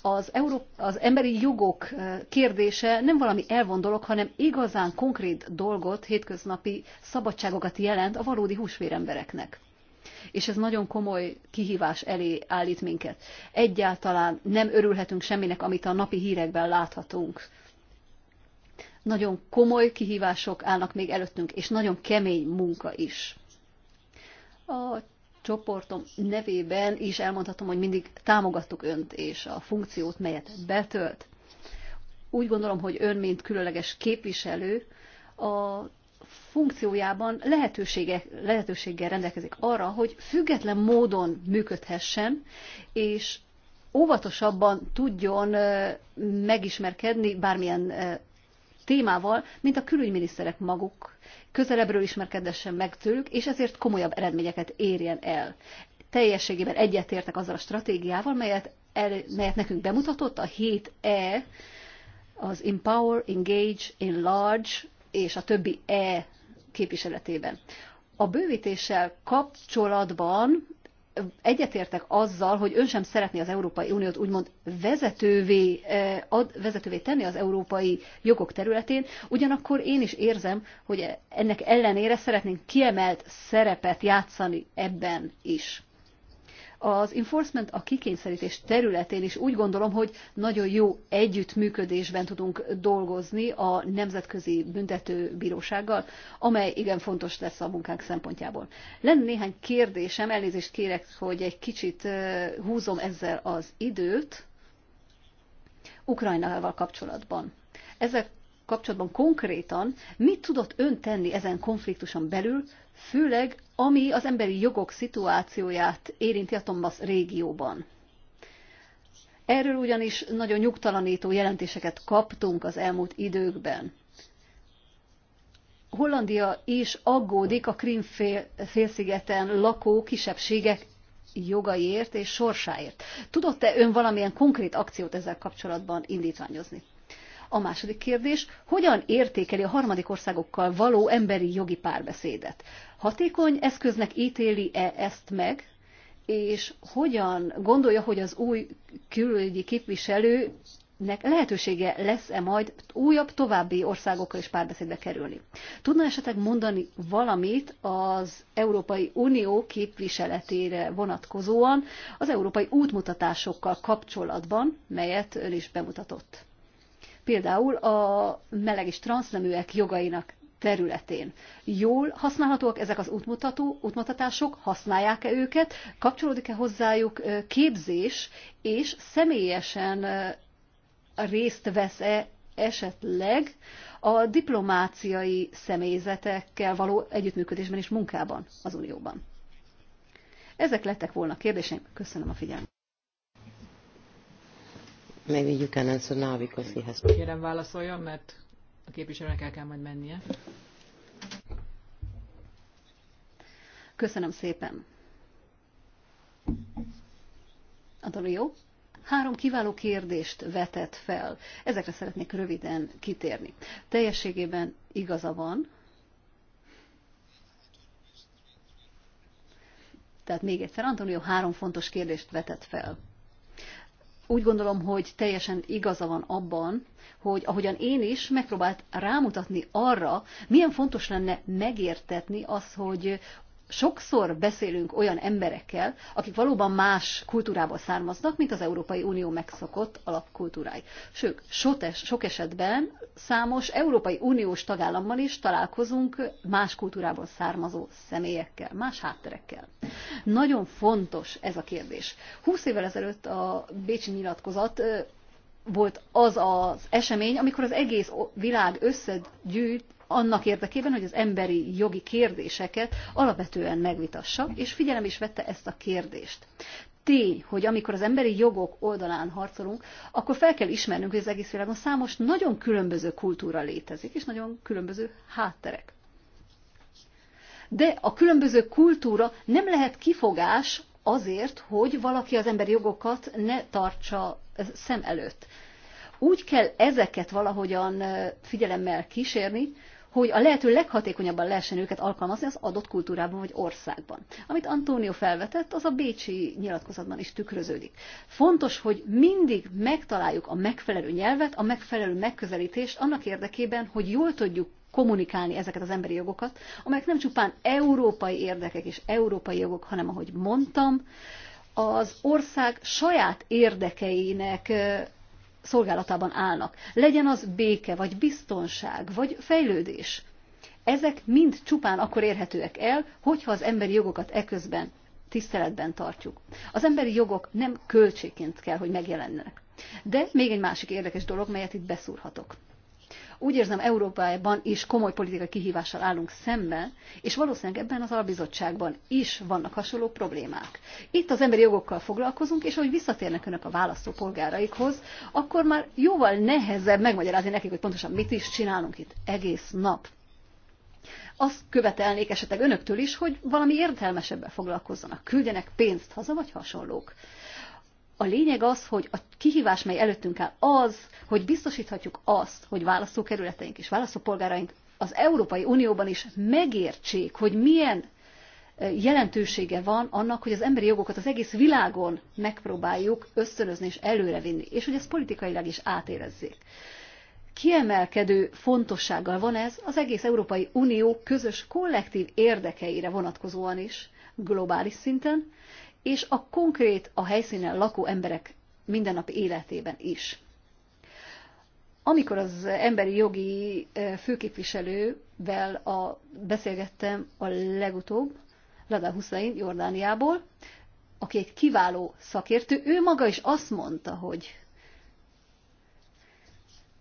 Az, Euró- az emberi jogok eh, kérdése nem valami elvon dolog, hanem igazán konkrét dolgot, hétköznapi szabadságokat jelent a valódi húsvérembereknek és ez nagyon komoly kihívás elé állít minket. Egyáltalán nem örülhetünk semminek, amit a napi hírekben láthatunk. Nagyon komoly kihívások állnak még előttünk, és nagyon kemény munka is. A csoportom nevében is elmondhatom, hogy mindig támogattuk önt és a funkciót, melyet betölt. Úgy gondolom, hogy ön, mint különleges képviselő, a funkciójában lehetősége, lehetőséggel rendelkezik arra, hogy független módon működhessen, és óvatosabban tudjon megismerkedni bármilyen témával, mint a külügyminiszterek maguk közelebbről ismerkedessen meg tőlük, és ezért komolyabb eredményeket érjen el. Teljességében egyetértek azzal a stratégiával, melyet, el, melyet nekünk bemutatott a 7E, az Empower, Engage, Enlarge és a többi E képviseletében. A bővítéssel kapcsolatban egyetértek azzal, hogy ön sem szeretné az Európai Uniót úgymond vezetővé, eh, ad, vezetővé tenni az európai jogok területén, ugyanakkor én is érzem, hogy ennek ellenére szeretnénk kiemelt szerepet játszani ebben is. Az enforcement a kikényszerítés területén is úgy gondolom, hogy nagyon jó együttműködésben tudunk dolgozni a Nemzetközi Büntetőbírósággal, amely igen fontos lesz a munkánk szempontjából. Lenne néhány kérdésem, elnézést kérek, hogy egy kicsit húzom ezzel az időt, Ukrajnával kapcsolatban. Ezzel kapcsolatban konkrétan mit tudott ön tenni ezen konfliktuson belül, főleg ami az emberi jogok szituációját érinti a Tombasz régióban. Erről ugyanis nagyon nyugtalanító jelentéseket kaptunk az elmúlt időkben. Hollandia is aggódik a Krim fél, félszigeten lakó kisebbségek jogaiért és sorsáért. Tudott-e ön valamilyen konkrét akciót ezzel kapcsolatban indítványozni? A második kérdés, hogyan értékeli a harmadik országokkal való emberi jogi párbeszédet? Hatékony eszköznek ítéli-e ezt meg, és hogyan gondolja, hogy az új külügyi képviselőnek lehetősége lesz-e majd újabb további országokkal is párbeszédbe kerülni. Tudna esetleg mondani valamit az Európai Unió képviseletére vonatkozóan az európai útmutatásokkal kapcsolatban, melyet ön is bemutatott? például a meleg és transzneműek jogainak területén. Jól használhatóak ezek az útmutató, útmutatások, használják-e őket, kapcsolódik-e hozzájuk képzés, és személyesen részt vesz-e esetleg a diplomáciai személyzetekkel való együttműködésben és munkában az Unióban. Ezek lettek volna kérdéseim. Köszönöm a figyelmet. Maybe you can answer now because he has... Kérem válaszoljon, mert a képviselőnek el kell majd mennie. Köszönöm szépen. Adon jó? Három kiváló kérdést vetett fel. Ezekre szeretnék röviden kitérni. Teljességében igaza van. Tehát még egyszer, Antonio három fontos kérdést vetett fel úgy gondolom, hogy teljesen igaza van abban, hogy ahogyan én is megpróbált rámutatni arra, milyen fontos lenne megértetni azt, hogy sokszor beszélünk olyan emberekkel, akik valóban más kultúrából származnak, mint az Európai Unió megszokott alapkultúrái. Sőt, sok esetben számos Európai Uniós tagállamban is találkozunk más kultúrából származó személyekkel, más hátterekkel. Nagyon fontos ez a kérdés. Húsz évvel ezelőtt a Bécsi nyilatkozat volt az az esemény, amikor az egész világ összegyűjt, annak érdekében, hogy az emberi jogi kérdéseket alapvetően megvitassa, és figyelem is vette ezt a kérdést. Tény, hogy amikor az emberi jogok oldalán harcolunk, akkor fel kell ismernünk, hogy az egész világon számos nagyon különböző kultúra létezik, és nagyon különböző hátterek. De a különböző kultúra nem lehet kifogás azért, hogy valaki az emberi jogokat ne tartsa szem előtt. Úgy kell ezeket valahogyan figyelemmel kísérni, hogy a lehető leghatékonyabban lehessen őket alkalmazni az adott kultúrában vagy országban. Amit Antonio felvetett, az a Bécsi nyilatkozatban is tükröződik. Fontos, hogy mindig megtaláljuk a megfelelő nyelvet, a megfelelő megközelítést annak érdekében, hogy jól tudjuk kommunikálni ezeket az emberi jogokat, amelyek nem csupán európai érdekek és európai jogok, hanem ahogy mondtam, az ország saját érdekeinek szolgálatában állnak. Legyen az béke, vagy biztonság, vagy fejlődés. Ezek mind csupán akkor érhetőek el, hogyha az emberi jogokat eközben tiszteletben tartjuk. Az emberi jogok nem költségként kell, hogy megjelenjenek. De még egy másik érdekes dolog, melyet itt beszúrhatok. Úgy érzem, Európában is komoly politikai kihívással állunk szemben, és valószínűleg ebben az albizottságban is vannak hasonló problémák. Itt az emberi jogokkal foglalkozunk, és ahogy visszatérnek önök a választópolgáraikhoz, akkor már jóval nehezebb megmagyarázni nekik, hogy pontosan mit is csinálunk itt egész nap azt követelnék esetleg önöktől is, hogy valami értelmesebben foglalkozzanak, küldjenek pénzt haza, vagy hasonlók. A lényeg az, hogy a kihívás, mely előttünk áll, az, hogy biztosíthatjuk azt, hogy választókerületeink és választópolgáraink az Európai Unióban is megértsék, hogy milyen jelentősége van annak, hogy az emberi jogokat az egész világon megpróbáljuk ösztönözni és előrevinni, és hogy ezt politikailag is átérezzék. Kiemelkedő fontossággal van ez az egész Európai Unió közös kollektív érdekeire vonatkozóan is, globális szinten, és a konkrét a helyszínen lakó emberek mindennapi életében is. Amikor az emberi jogi főképviselővel a, beszélgettem a legutóbb, Lada Hussein Jordániából, aki egy kiváló szakértő, ő maga is azt mondta, hogy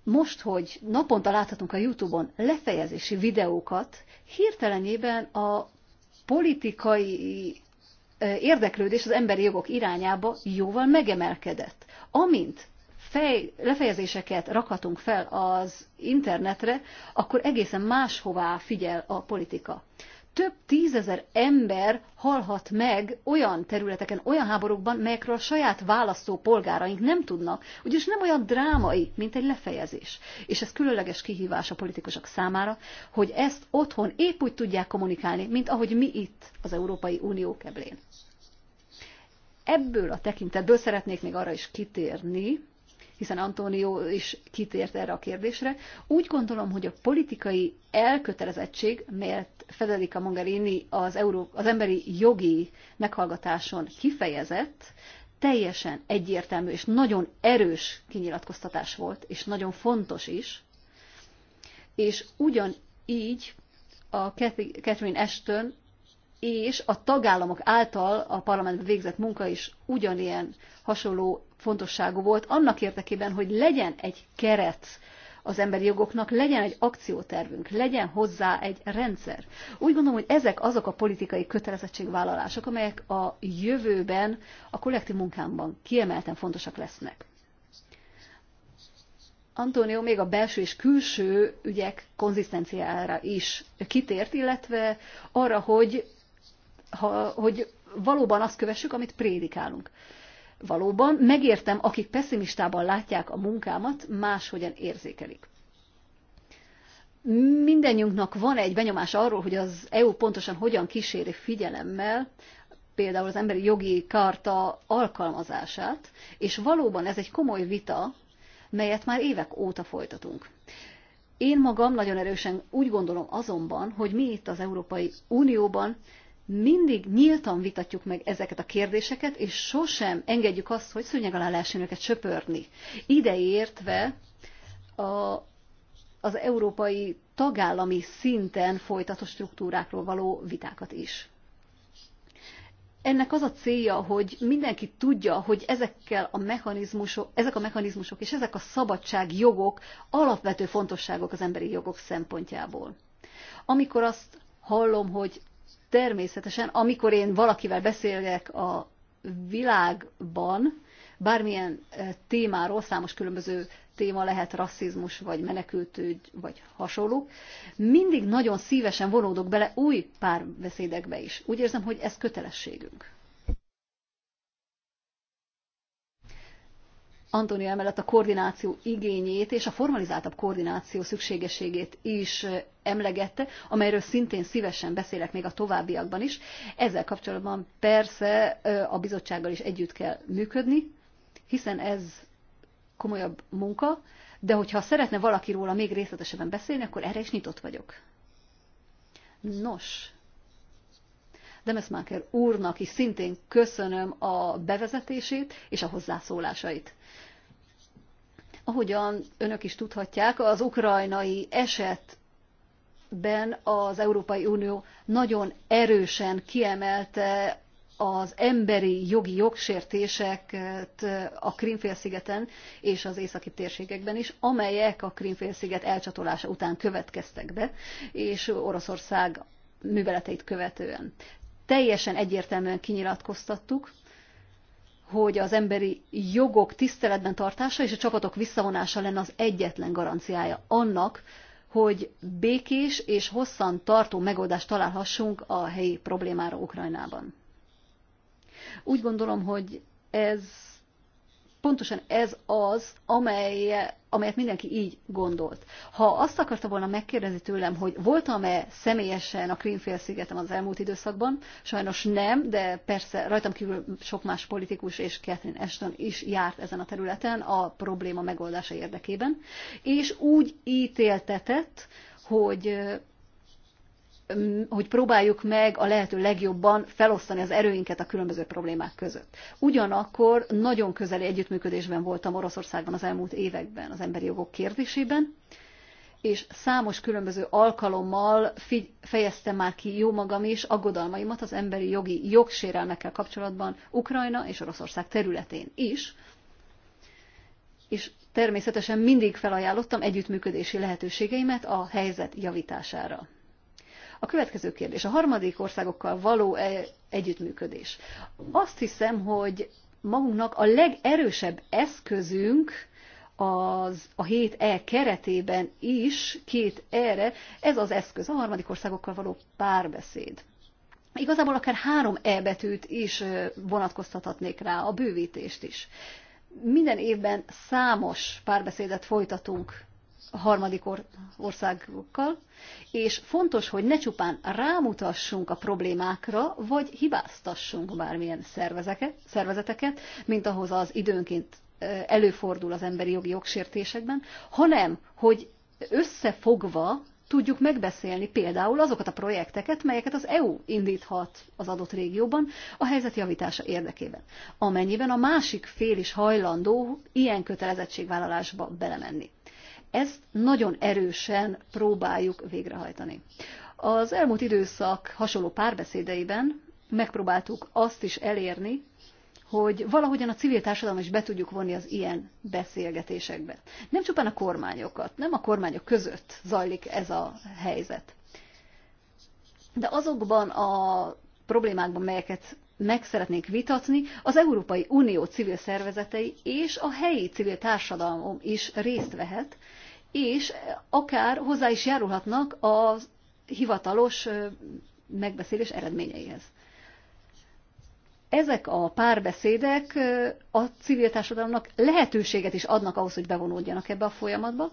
most, hogy naponta láthatunk a YouTube-on lefejezési videókat, hirtelenében a politikai érdeklődés az emberi jogok irányába jóval megemelkedett. Amint fej, lefejezéseket rakhatunk fel az internetre, akkor egészen máshová figyel a politika több tízezer ember halhat meg olyan területeken, olyan háborúkban, melyekről a saját választó polgáraink nem tudnak, ugyanis nem olyan drámai, mint egy lefejezés. És ez különleges kihívás a politikusok számára, hogy ezt otthon épp úgy tudják kommunikálni, mint ahogy mi itt az Európai Unió keblén. Ebből a tekintetből szeretnék még arra is kitérni, hiszen Antonio is kitért erre a kérdésre. Úgy gondolom, hogy a politikai elkötelezettség, melyet Federica Mogherini az, Euró- az emberi jogi meghallgatáson kifejezett, teljesen egyértelmű és nagyon erős kinyilatkoztatás volt, és nagyon fontos is. És ugyanígy a Catherine Ashton és a tagállamok által a parlamentben végzett munka is ugyanilyen hasonló fontosságú volt, annak érdekében, hogy legyen egy keret az emberi jogoknak, legyen egy akciótervünk, legyen hozzá egy rendszer. Úgy gondolom, hogy ezek azok a politikai kötelezettségvállalások, amelyek a jövőben a kollektív munkámban kiemelten fontosak lesznek. Antonio még a belső és külső ügyek konzisztenciára is kitért, illetve arra, hogy ha, hogy valóban azt kövessük, amit prédikálunk. Valóban megértem, akik pessimistában látják a munkámat, máshogyan érzékelik. Mindennyiunknak van egy benyomás arról, hogy az EU pontosan hogyan kíséri figyelemmel például az emberi jogi karta alkalmazását, és valóban ez egy komoly vita, melyet már évek óta folytatunk. Én magam nagyon erősen úgy gondolom azonban, hogy mi itt az Európai Unióban mindig nyíltan vitatjuk meg ezeket a kérdéseket, és sosem engedjük azt, hogy szőnyeg alá lehessen őket söpörni. Ideértve a, az európai tagállami szinten folytatott struktúrákról való vitákat is. Ennek az a célja, hogy mindenki tudja, hogy ezekkel a mechanizmusok, ezek a mechanizmusok és ezek a szabadságjogok alapvető fontosságok az emberi jogok szempontjából. Amikor azt hallom, hogy természetesen, amikor én valakivel beszélek a világban, bármilyen eh, témáról, számos különböző téma lehet rasszizmus, vagy menekültügy, vagy hasonló, mindig nagyon szívesen vonódok bele új párbeszédekbe is. Úgy érzem, hogy ez kötelességünk. Antonio emellett a koordináció igényét és a formalizáltabb koordináció szükségességét is emlegette, amelyről szintén szívesen beszélek még a továbbiakban is. Ezzel kapcsolatban persze a bizottsággal is együtt kell működni, hiszen ez komolyabb munka, de hogyha szeretne valaki róla még részletesebben beszélni, akkor erre is nyitott vagyok. Nos, Demesmaker úrnak is szintén köszönöm a bevezetését és a hozzászólásait. Ahogyan önök is tudhatják, az ukrajnai esetben az Európai Unió nagyon erősen kiemelte az emberi jogi jogsértéseket a Krimfélszigeten és az északi térségekben is, amelyek a Krimfélsziget elcsatolása után következtek be, és Oroszország műveleteit követően teljesen egyértelműen kinyilatkoztattuk, hogy az emberi jogok tiszteletben tartása és a csapatok visszavonása lenne az egyetlen garanciája annak, hogy békés és hosszan tartó megoldást találhassunk a helyi problémára Ukrajnában. Úgy gondolom, hogy ez pontosan ez az, amely, amelyet mindenki így gondolt. Ha azt akarta volna megkérdezni tőlem, hogy voltam-e személyesen a szigetem az elmúlt időszakban, sajnos nem, de persze rajtam kívül sok más politikus és Catherine Ashton is járt ezen a területen a probléma megoldása érdekében, és úgy ítéltetett, hogy hogy próbáljuk meg a lehető legjobban felosztani az erőinket a különböző problémák között. Ugyanakkor nagyon közeli együttműködésben voltam Oroszországban az elmúlt években az emberi jogok kérdésében, és számos különböző alkalommal fejeztem már ki jó magam is aggodalmaimat az emberi jogi jogsérelmekkel kapcsolatban Ukrajna és Oroszország területén is, és természetesen mindig felajánlottam együttműködési lehetőségeimet a helyzet javítására. A következő kérdés, a harmadik országokkal való -e együttműködés. Azt hiszem, hogy magunknak a legerősebb eszközünk, az, a 7E keretében is két erre, ez az eszköz, a harmadik országokkal való párbeszéd. Igazából akár három E betűt is vonatkoztathatnék rá, a bővítést is. Minden évben számos párbeszédet folytatunk harmadik or- országokkal, és fontos, hogy ne csupán rámutassunk a problémákra, vagy hibáztassunk bármilyen szervezeteket, mint ahhoz az időnként előfordul az emberi jogi jogsértésekben, hanem, hogy összefogva tudjuk megbeszélni például azokat a projekteket, melyeket az EU indíthat az adott régióban a helyzet javítása érdekében, amennyiben a másik fél is hajlandó ilyen kötelezettségvállalásba belemenni. Ezt nagyon erősen próbáljuk végrehajtani. Az elmúlt időszak hasonló párbeszédeiben megpróbáltuk azt is elérni, hogy valahogyan a civil társadalom is be tudjuk vonni az ilyen beszélgetésekbe. Nem csupán a kormányokat, nem a kormányok között zajlik ez a helyzet. De azokban a problémákban, melyeket meg szeretnénk vitatni, az Európai Unió civil szervezetei és a helyi civil társadalom is részt vehet, és akár hozzá is járulhatnak a hivatalos megbeszélés eredményeihez. Ezek a párbeszédek a civil társadalomnak lehetőséget is adnak ahhoz, hogy bevonódjanak ebbe a folyamatba,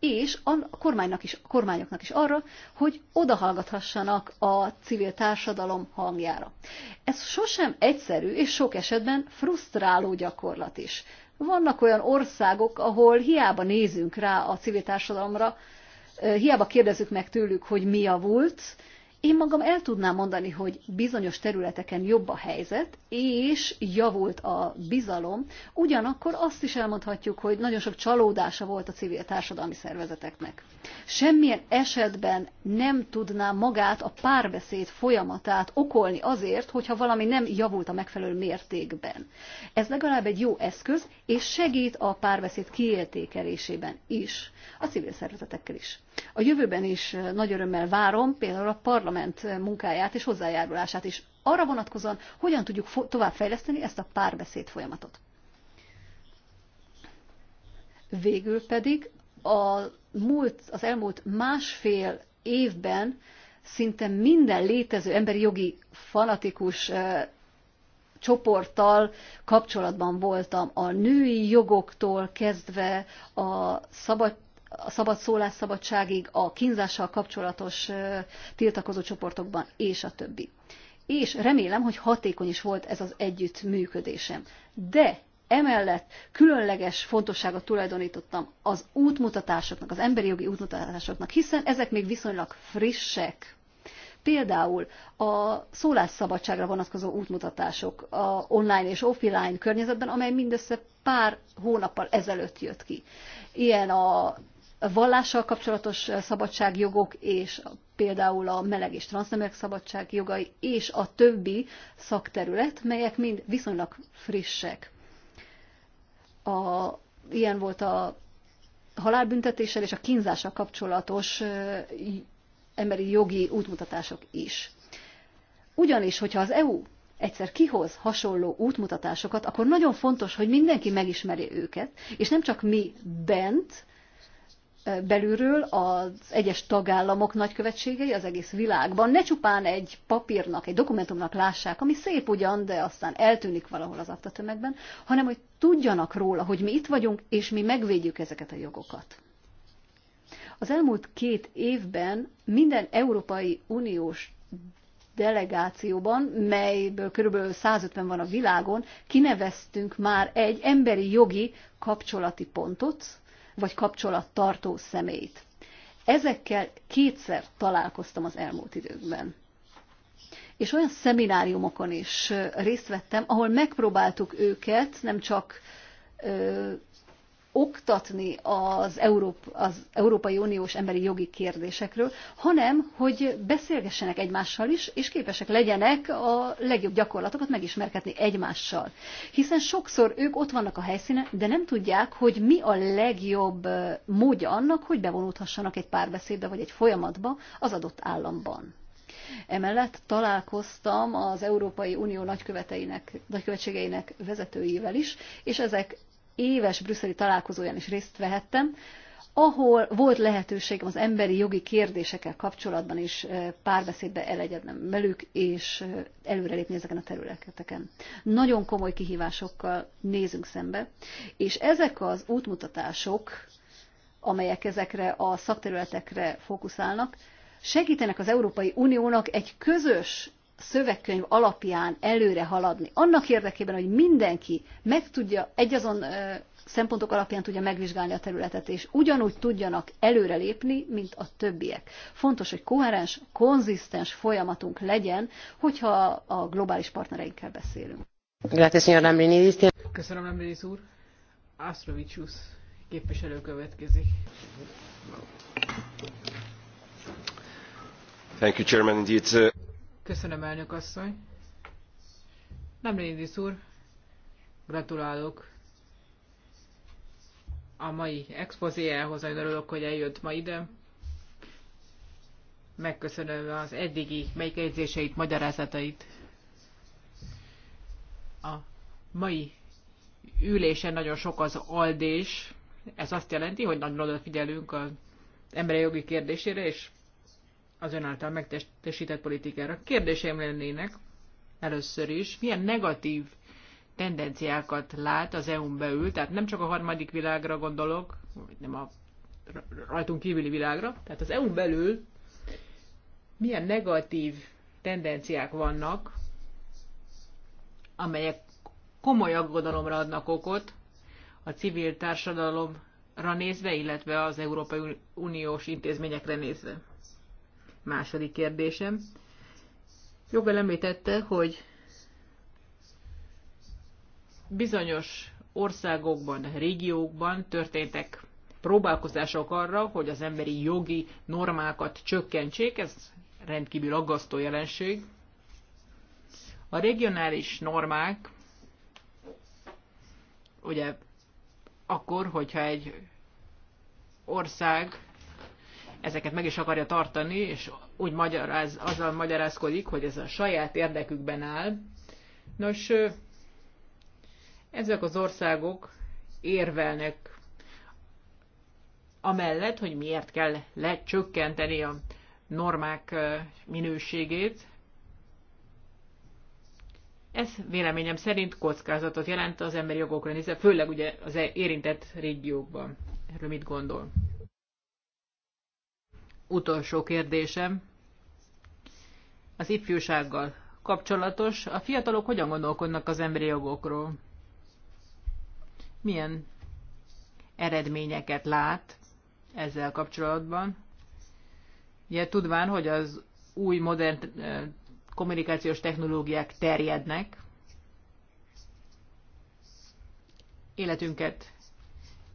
és a kormánynak is, a kormányoknak is arra, hogy odahallgathassanak a civil társadalom hangjára. Ez sosem egyszerű, és sok esetben frusztráló gyakorlat is. Vannak olyan országok, ahol hiába nézünk rá a civil társadalomra, hiába kérdezzük meg tőlük, hogy mi a volt. Én magam el tudnám mondani, hogy bizonyos területeken jobb a helyzet, és javult a bizalom, ugyanakkor azt is elmondhatjuk, hogy nagyon sok csalódása volt a civil társadalmi szervezeteknek. Semmilyen esetben nem tudná magát a párbeszéd folyamatát okolni azért, hogyha valami nem javult a megfelelő mértékben. Ez legalább egy jó eszköz, és segít a párbeszéd kiértékelésében is, a civil szervezetekkel is. A jövőben is nagy örömmel várom például a parlament munkáját és hozzájárulását is arra vonatkozóan, hogyan tudjuk továbbfejleszteni ezt a párbeszéd folyamatot. Végül pedig a múlt, az elmúlt másfél évben szinte minden létező emberi jogi fanatikus eh, csoporttal kapcsolatban voltam, a női jogoktól kezdve a szabad a szabad szólásszabadságig, a kínzással kapcsolatos tiltakozó csoportokban, és a többi. És remélem, hogy hatékony is volt ez az együttműködésem. De emellett különleges fontosságot tulajdonítottam az útmutatásoknak, az emberi jogi útmutatásoknak, hiszen ezek még viszonylag frissek. Például a szólásszabadságra vonatkozó útmutatások a online és offline környezetben, amely mindössze pár hónappal ezelőtt jött ki. Ilyen a vallással kapcsolatos szabadságjogok és például a meleg és transznemek szabadságjogai és a többi szakterület, melyek mind viszonylag frissek. A, ilyen volt a halálbüntetéssel és a kínzással kapcsolatos emberi jogi útmutatások is. Ugyanis, hogyha az EU egyszer kihoz hasonló útmutatásokat, akkor nagyon fontos, hogy mindenki megismeri őket, és nem csak mi bent, belülről az egyes tagállamok nagykövetségei az egész világban ne csupán egy papírnak, egy dokumentumnak lássák, ami szép ugyan, de aztán eltűnik valahol az aktatömegben, hanem hogy tudjanak róla, hogy mi itt vagyunk, és mi megvédjük ezeket a jogokat. Az elmúlt két évben minden Európai Uniós delegációban, melyből kb. 150 van a világon, kineveztünk már egy emberi jogi kapcsolati pontot, vagy kapcsolattartó személyt. Ezekkel kétszer találkoztam az elmúlt időkben. És olyan szemináriumokon is részt vettem, ahol megpróbáltuk őket nem csak oktatni az, Európ, az Európai Uniós emberi jogi kérdésekről, hanem hogy beszélgessenek egymással is, és képesek legyenek a legjobb gyakorlatokat megismerkedni egymással. Hiszen sokszor ők ott vannak a helyszínen, de nem tudják, hogy mi a legjobb módja annak, hogy bevonódhassanak egy párbeszédbe vagy egy folyamatba az adott államban. Emellett találkoztam az Európai Unió nagyköveteinek, nagykövetségeinek vezetőivel is, és ezek éves brüsszeli találkozóján is részt vehettem, ahol volt lehetőségem az emberi jogi kérdésekkel kapcsolatban is párbeszédbe elegyednem velük, és előrelépni ezeken a területeken. Nagyon komoly kihívásokkal nézünk szembe, és ezek az útmutatások, amelyek ezekre a szakterületekre fókuszálnak, segítenek az Európai Uniónak egy közös szövegkönyv alapján előre haladni, annak érdekében, hogy mindenki meg tudja, egyazon szempontok alapján tudja megvizsgálni a területet, és ugyanúgy tudjanak előrelépni, mint a többiek. Fontos, hogy koherens, konzisztens folyamatunk legyen, hogyha a globális partnereinkkel beszélünk. Köszönöm, Lambrinidis úr. Asztrovicius képviselő következik. Thank you, Chairman. Indeed, Köszönöm, elnök asszony. Lemréndis úr, gratulálok a mai expozéjához. Nagyon örülök, hogy eljött ma ide. Megköszönöm az eddigi megjegyzéseit, magyarázatait. A mai ülésen nagyon sok az aldés. Ez azt jelenti, hogy nagyon odafigyelünk az emberi jogi kérdésére, és az ön által megtestesített politikára. Kérdésem lennének először is, milyen negatív tendenciákat lát az EU-n belül, tehát nem csak a harmadik világra gondolok, nem a rajtunk kívüli világra, tehát az EU-n belül milyen negatív tendenciák vannak, amelyek komoly aggodalomra adnak okot a civil társadalomra nézve, illetve az Európai Uniós intézményekre nézve. Második kérdésem. Jobban említette, hogy bizonyos országokban, régiókban történtek próbálkozások arra, hogy az emberi jogi normákat csökkentsék, ez rendkívül aggasztó jelenség. A regionális normák, ugye akkor, hogyha egy ország ezeket meg is akarja tartani, és úgy magyaráz, azzal magyarázkodik, hogy ez a saját érdekükben áll. Nos, ezek az országok érvelnek amellett, hogy miért kell lecsökkenteni a normák minőségét. Ez véleményem szerint kockázatot jelent az emberi jogokra nézve, főleg ugye az érintett régiókban. Erről mit gondol? utolsó kérdésem az ifjúsággal kapcsolatos. A fiatalok hogyan gondolkodnak az emberi jogokról? Milyen eredményeket lát ezzel kapcsolatban? Ugye tudván, hogy az új modern eh, kommunikációs technológiák terjednek, életünket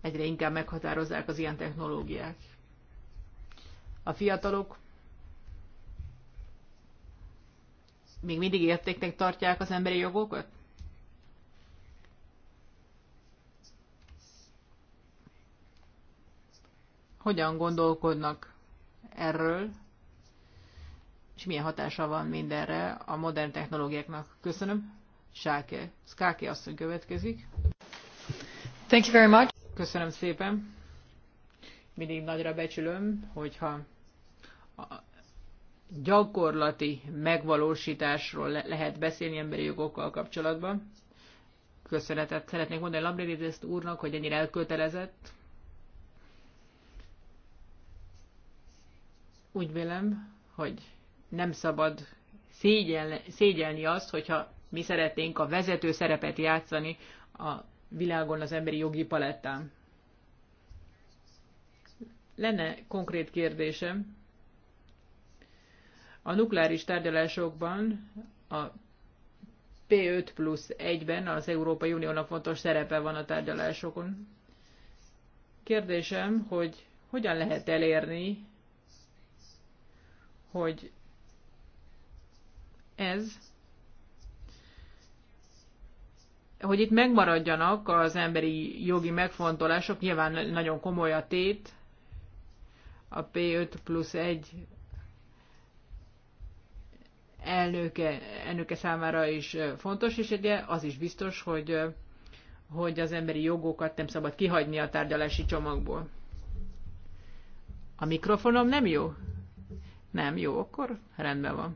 egyre inkább meghatározzák az ilyen technológiák a fiatalok még mindig értéknek tartják az emberi jogokat? Hogyan gondolkodnak erről, és milyen hatása van mindenre a modern technológiáknak? Köszönöm. Sáke, Skáke asszony következik. Thank you very much. Köszönöm szépen mindig nagyra becsülöm, hogyha a gyakorlati megvalósításról le- lehet beszélni emberi jogokkal kapcsolatban. Köszönetet szeretnék mondani Lambrinidis úrnak, hogy ennyire elkötelezett. Úgy vélem, hogy nem szabad szégyelni, szégyelni azt, hogyha mi szeretnénk a vezető szerepet játszani a világon az emberi jogi palettán. Lenne konkrét kérdésem. A nukleáris tárgyalásokban a P5 plusz 1-ben az Európai Uniónak fontos szerepe van a tárgyalásokon. Kérdésem, hogy hogyan lehet elérni, hogy ez, hogy itt megmaradjanak az emberi jogi megfontolások, nyilván nagyon komoly a tét, a P5 plusz 1 elnöke, elnöke számára is fontos, és ugye az is biztos, hogy, hogy az emberi jogokat nem szabad kihagyni a tárgyalási csomagból. A mikrofonom nem jó? Nem jó, akkor rendben van.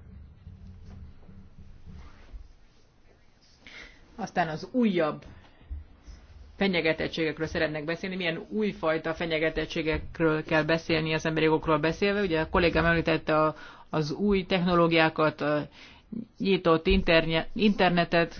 Aztán az újabb fenyegetettségekről szeretnek beszélni, milyen újfajta fenyegetettségekről kell beszélni az emberi jogokról beszélve. Ugye a kollégám említette a, az új technológiákat, a nyitott interne, internetet,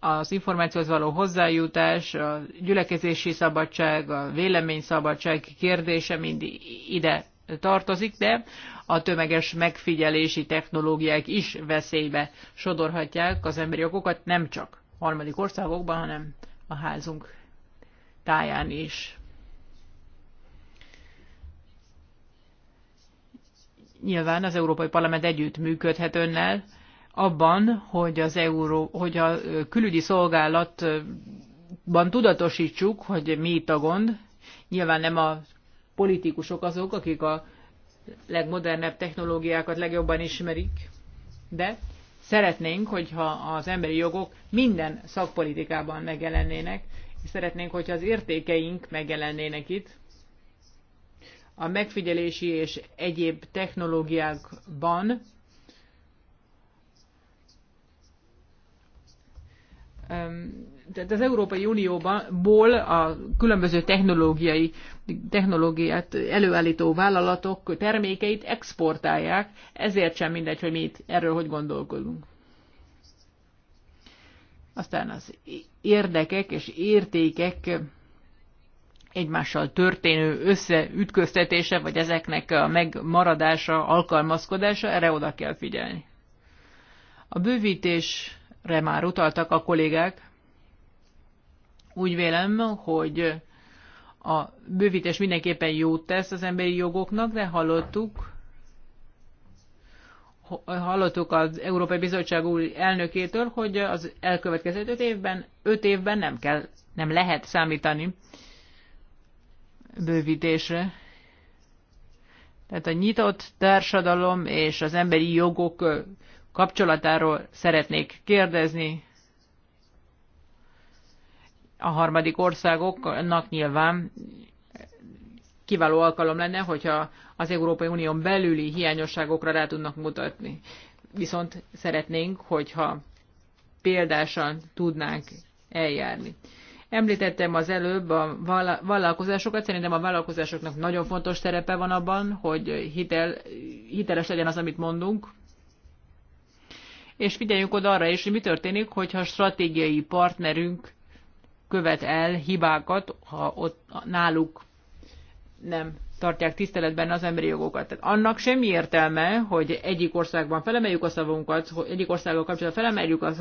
az információhoz való hozzájutás, a gyülekezési szabadság, a véleményszabadság kérdése mind ide tartozik, de a tömeges megfigyelési technológiák is veszélybe sodorhatják az emberi okokat, nem csak harmadik országokban, hanem a házunk táján is. Nyilván az Európai Parlament együtt működhet önnel abban, hogy, az Euró, hogy a külügyi szolgálatban tudatosítsuk, hogy mi itt a gond. Nyilván nem a politikusok azok, akik a legmodernebb technológiákat legjobban ismerik, de szeretnénk, hogyha az emberi jogok minden szakpolitikában megjelennének, és szeretnénk, hogyha az értékeink megjelennének itt, a megfigyelési és egyéb technológiákban tehát az Európai Unióban ból a különböző technológiai technológiát előállító vállalatok termékeit exportálják, ezért sem mindegy, hogy mi itt erről hogy gondolkodunk. Aztán az érdekek és értékek egymással történő összeütköztetése, vagy ezeknek a megmaradása, alkalmazkodása, erre oda kell figyelni. A bővítésre már utaltak a kollégák. Úgy vélem, hogy a bővítés mindenképpen jót tesz az emberi jogoknak, de hallottuk, hallottuk az Európai Bizottság új elnökétől, hogy az elkövetkező öt évben, öt évben nem kell, nem lehet számítani bővítésre. Tehát a nyitott társadalom és az emberi jogok kapcsolatáról szeretnék kérdezni a harmadik országoknak nyilván kiváló alkalom lenne, hogyha az Európai Unión belüli hiányosságokra rá tudnak mutatni. Viszont szeretnénk, hogyha példásan tudnánk eljárni. Említettem az előbb a vállalkozásokat, szerintem a vállalkozásoknak nagyon fontos szerepe van abban, hogy hitel, hiteles legyen az, amit mondunk, és figyeljünk oda arra is, hogy mi történik, hogyha stratégiai partnerünk követ el hibákat, ha ott náluk nem tartják tiszteletben az emberi jogokat. Tehát annak semmi értelme, hogy egyik országban felemeljük a szavunkat, egyik országgal kapcsolatban felemeljük a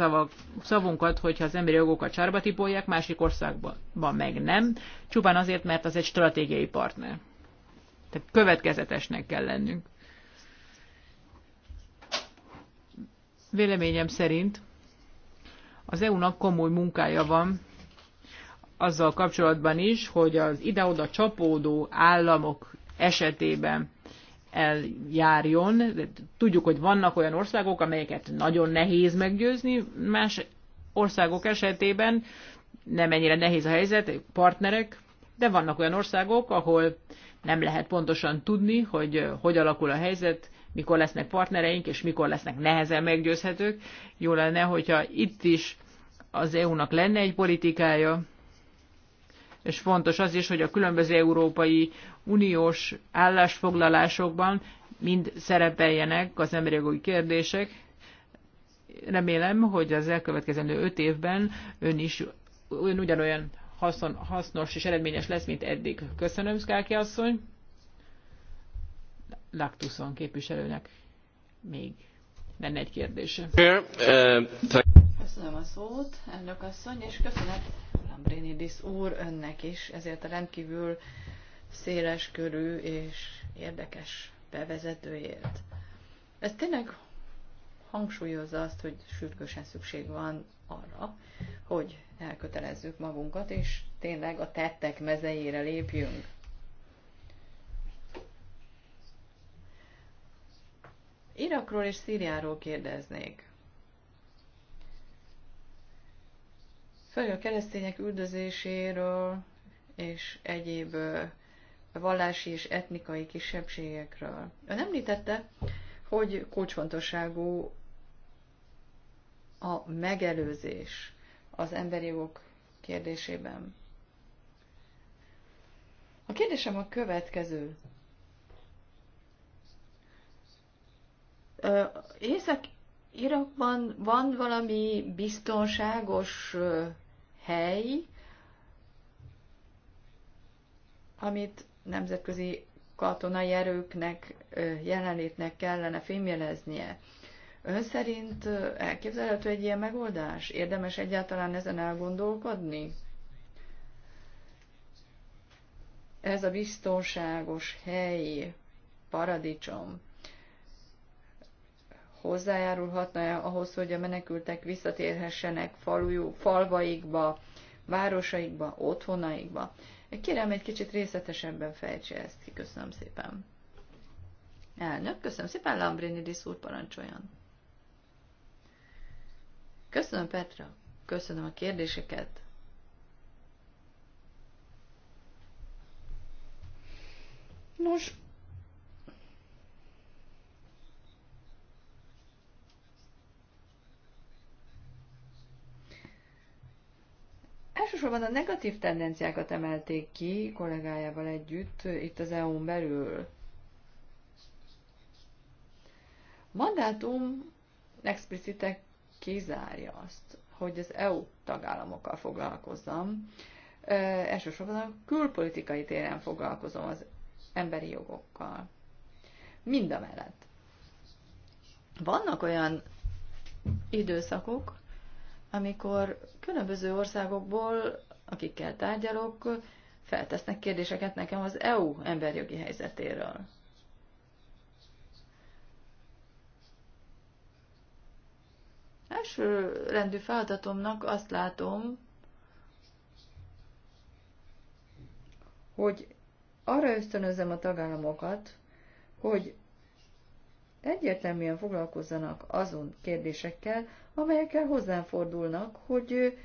szavunkat, hogyha az emberi jogokat csárba tipolják, másik országban meg nem, csupán azért, mert az egy stratégiai partner. Tehát következetesnek kell lennünk. Véleményem szerint az EU-nak komoly munkája van azzal kapcsolatban is, hogy az ide-oda csapódó államok esetében eljárjon. Tudjuk, hogy vannak olyan országok, amelyeket nagyon nehéz meggyőzni, más országok esetében nem ennyire nehéz a helyzet, partnerek, de vannak olyan országok, ahol nem lehet pontosan tudni, hogy eh, hogy alakul a helyzet, mikor lesznek partnereink, és mikor lesznek nehezen meggyőzhetők. Jó lenne, hogyha itt is az EU-nak lenne egy politikája, és fontos az is, hogy a különböző Európai Uniós állásfoglalásokban mind szerepeljenek az emberi jogi kérdések. Remélem, hogy az elkövetkezendő öt évben ön is ön ugyanolyan haszon, hasznos és eredményes lesz, mint eddig. Köszönöm, Szkáki asszony. Laktuszon képviselőnek még lenne egy kérdése. Köszönöm a szót, elnök asszony, és köszönöm. Lambrinidis úr, önnek is, ezért a rendkívül széles körű és érdekes bevezetőért. Ez tényleg hangsúlyozza azt, hogy sürgősen szükség van arra, hogy elkötelezzük magunkat, és tényleg a tettek mezeire lépjünk. Irakról és Szíriáról kérdeznék. Főleg a keresztények üldözéséről és egyéb vallási és etnikai kisebbségekről. Ön említette, hogy kulcsfontosságú a megelőzés az emberi jogok kérdésében. A kérdésem a következő. Észak-Irakban van valami biztonságos hely, amit nemzetközi katonai erőknek jelenlétnek kellene fémjeleznie. Ön szerint elképzelhető egy ilyen megoldás? Érdemes egyáltalán ezen elgondolkodni? Ez a biztonságos hely, paradicsom, hozzájárulhatna -e ahhoz, hogy a menekültek visszatérhessenek falujú, falvaikba, városaikba, otthonaikba. Kérem, egy kicsit részletesebben fejtse ezt ki. Köszönöm szépen. Elnök, köszönöm szépen, Lambrinidis úr parancsoljon. Köszönöm, Petra. Köszönöm a kérdéseket. Nos, Elsősorban a negatív tendenciákat emelték ki kollégájával együtt itt az EU-n belül. Mandátum explicite kizárja azt, hogy az EU tagállamokkal foglalkozzam. E, elsősorban a külpolitikai téren foglalkozom az emberi jogokkal. Mind a mellett. Vannak olyan időszakok, amikor különböző országokból, akikkel tárgyalok, feltesznek kérdéseket nekem az EU emberjogi helyzetéről. Első rendű feladatomnak azt látom, hogy arra ösztönözem a tagállamokat, hogy egyértelműen foglalkozzanak azon kérdésekkel, amelyekkel hozzám fordulnak, hogy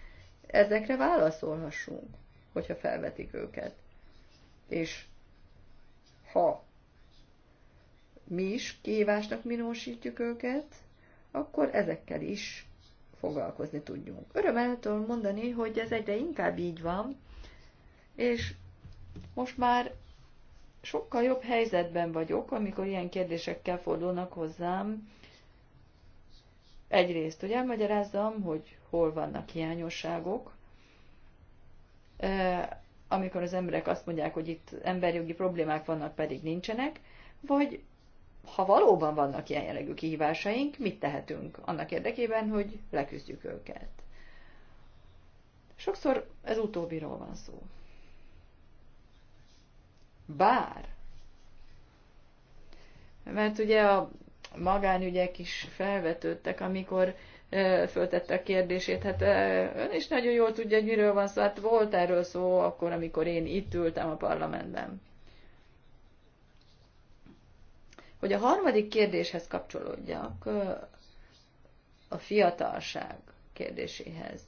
ezekre válaszolhassunk, hogyha felvetik őket. És ha mi is kihívásnak minősítjük őket, akkor ezekkel is foglalkozni tudjunk. Örömmel tudom mondani, hogy ez egyre inkább így van, és most már sokkal jobb helyzetben vagyok, amikor ilyen kérdésekkel fordulnak hozzám. Egyrészt, hogy elmagyarázzam, hogy hol vannak hiányosságok, amikor az emberek azt mondják, hogy itt emberjogi problémák vannak, pedig nincsenek, vagy ha valóban vannak ilyen jellegű kihívásaink, mit tehetünk annak érdekében, hogy leküzdjük őket. Sokszor ez utóbbiról van szó. Bár, mert ugye a magánügyek is felvetődtek, amikor föltette a kérdését. Hát ön is nagyon jól tudja, hogy miről van szó. Hát volt erről szó akkor, amikor én itt ültem a parlamentben. Hogy a harmadik kérdéshez kapcsolódjak, a fiatalság kérdéséhez.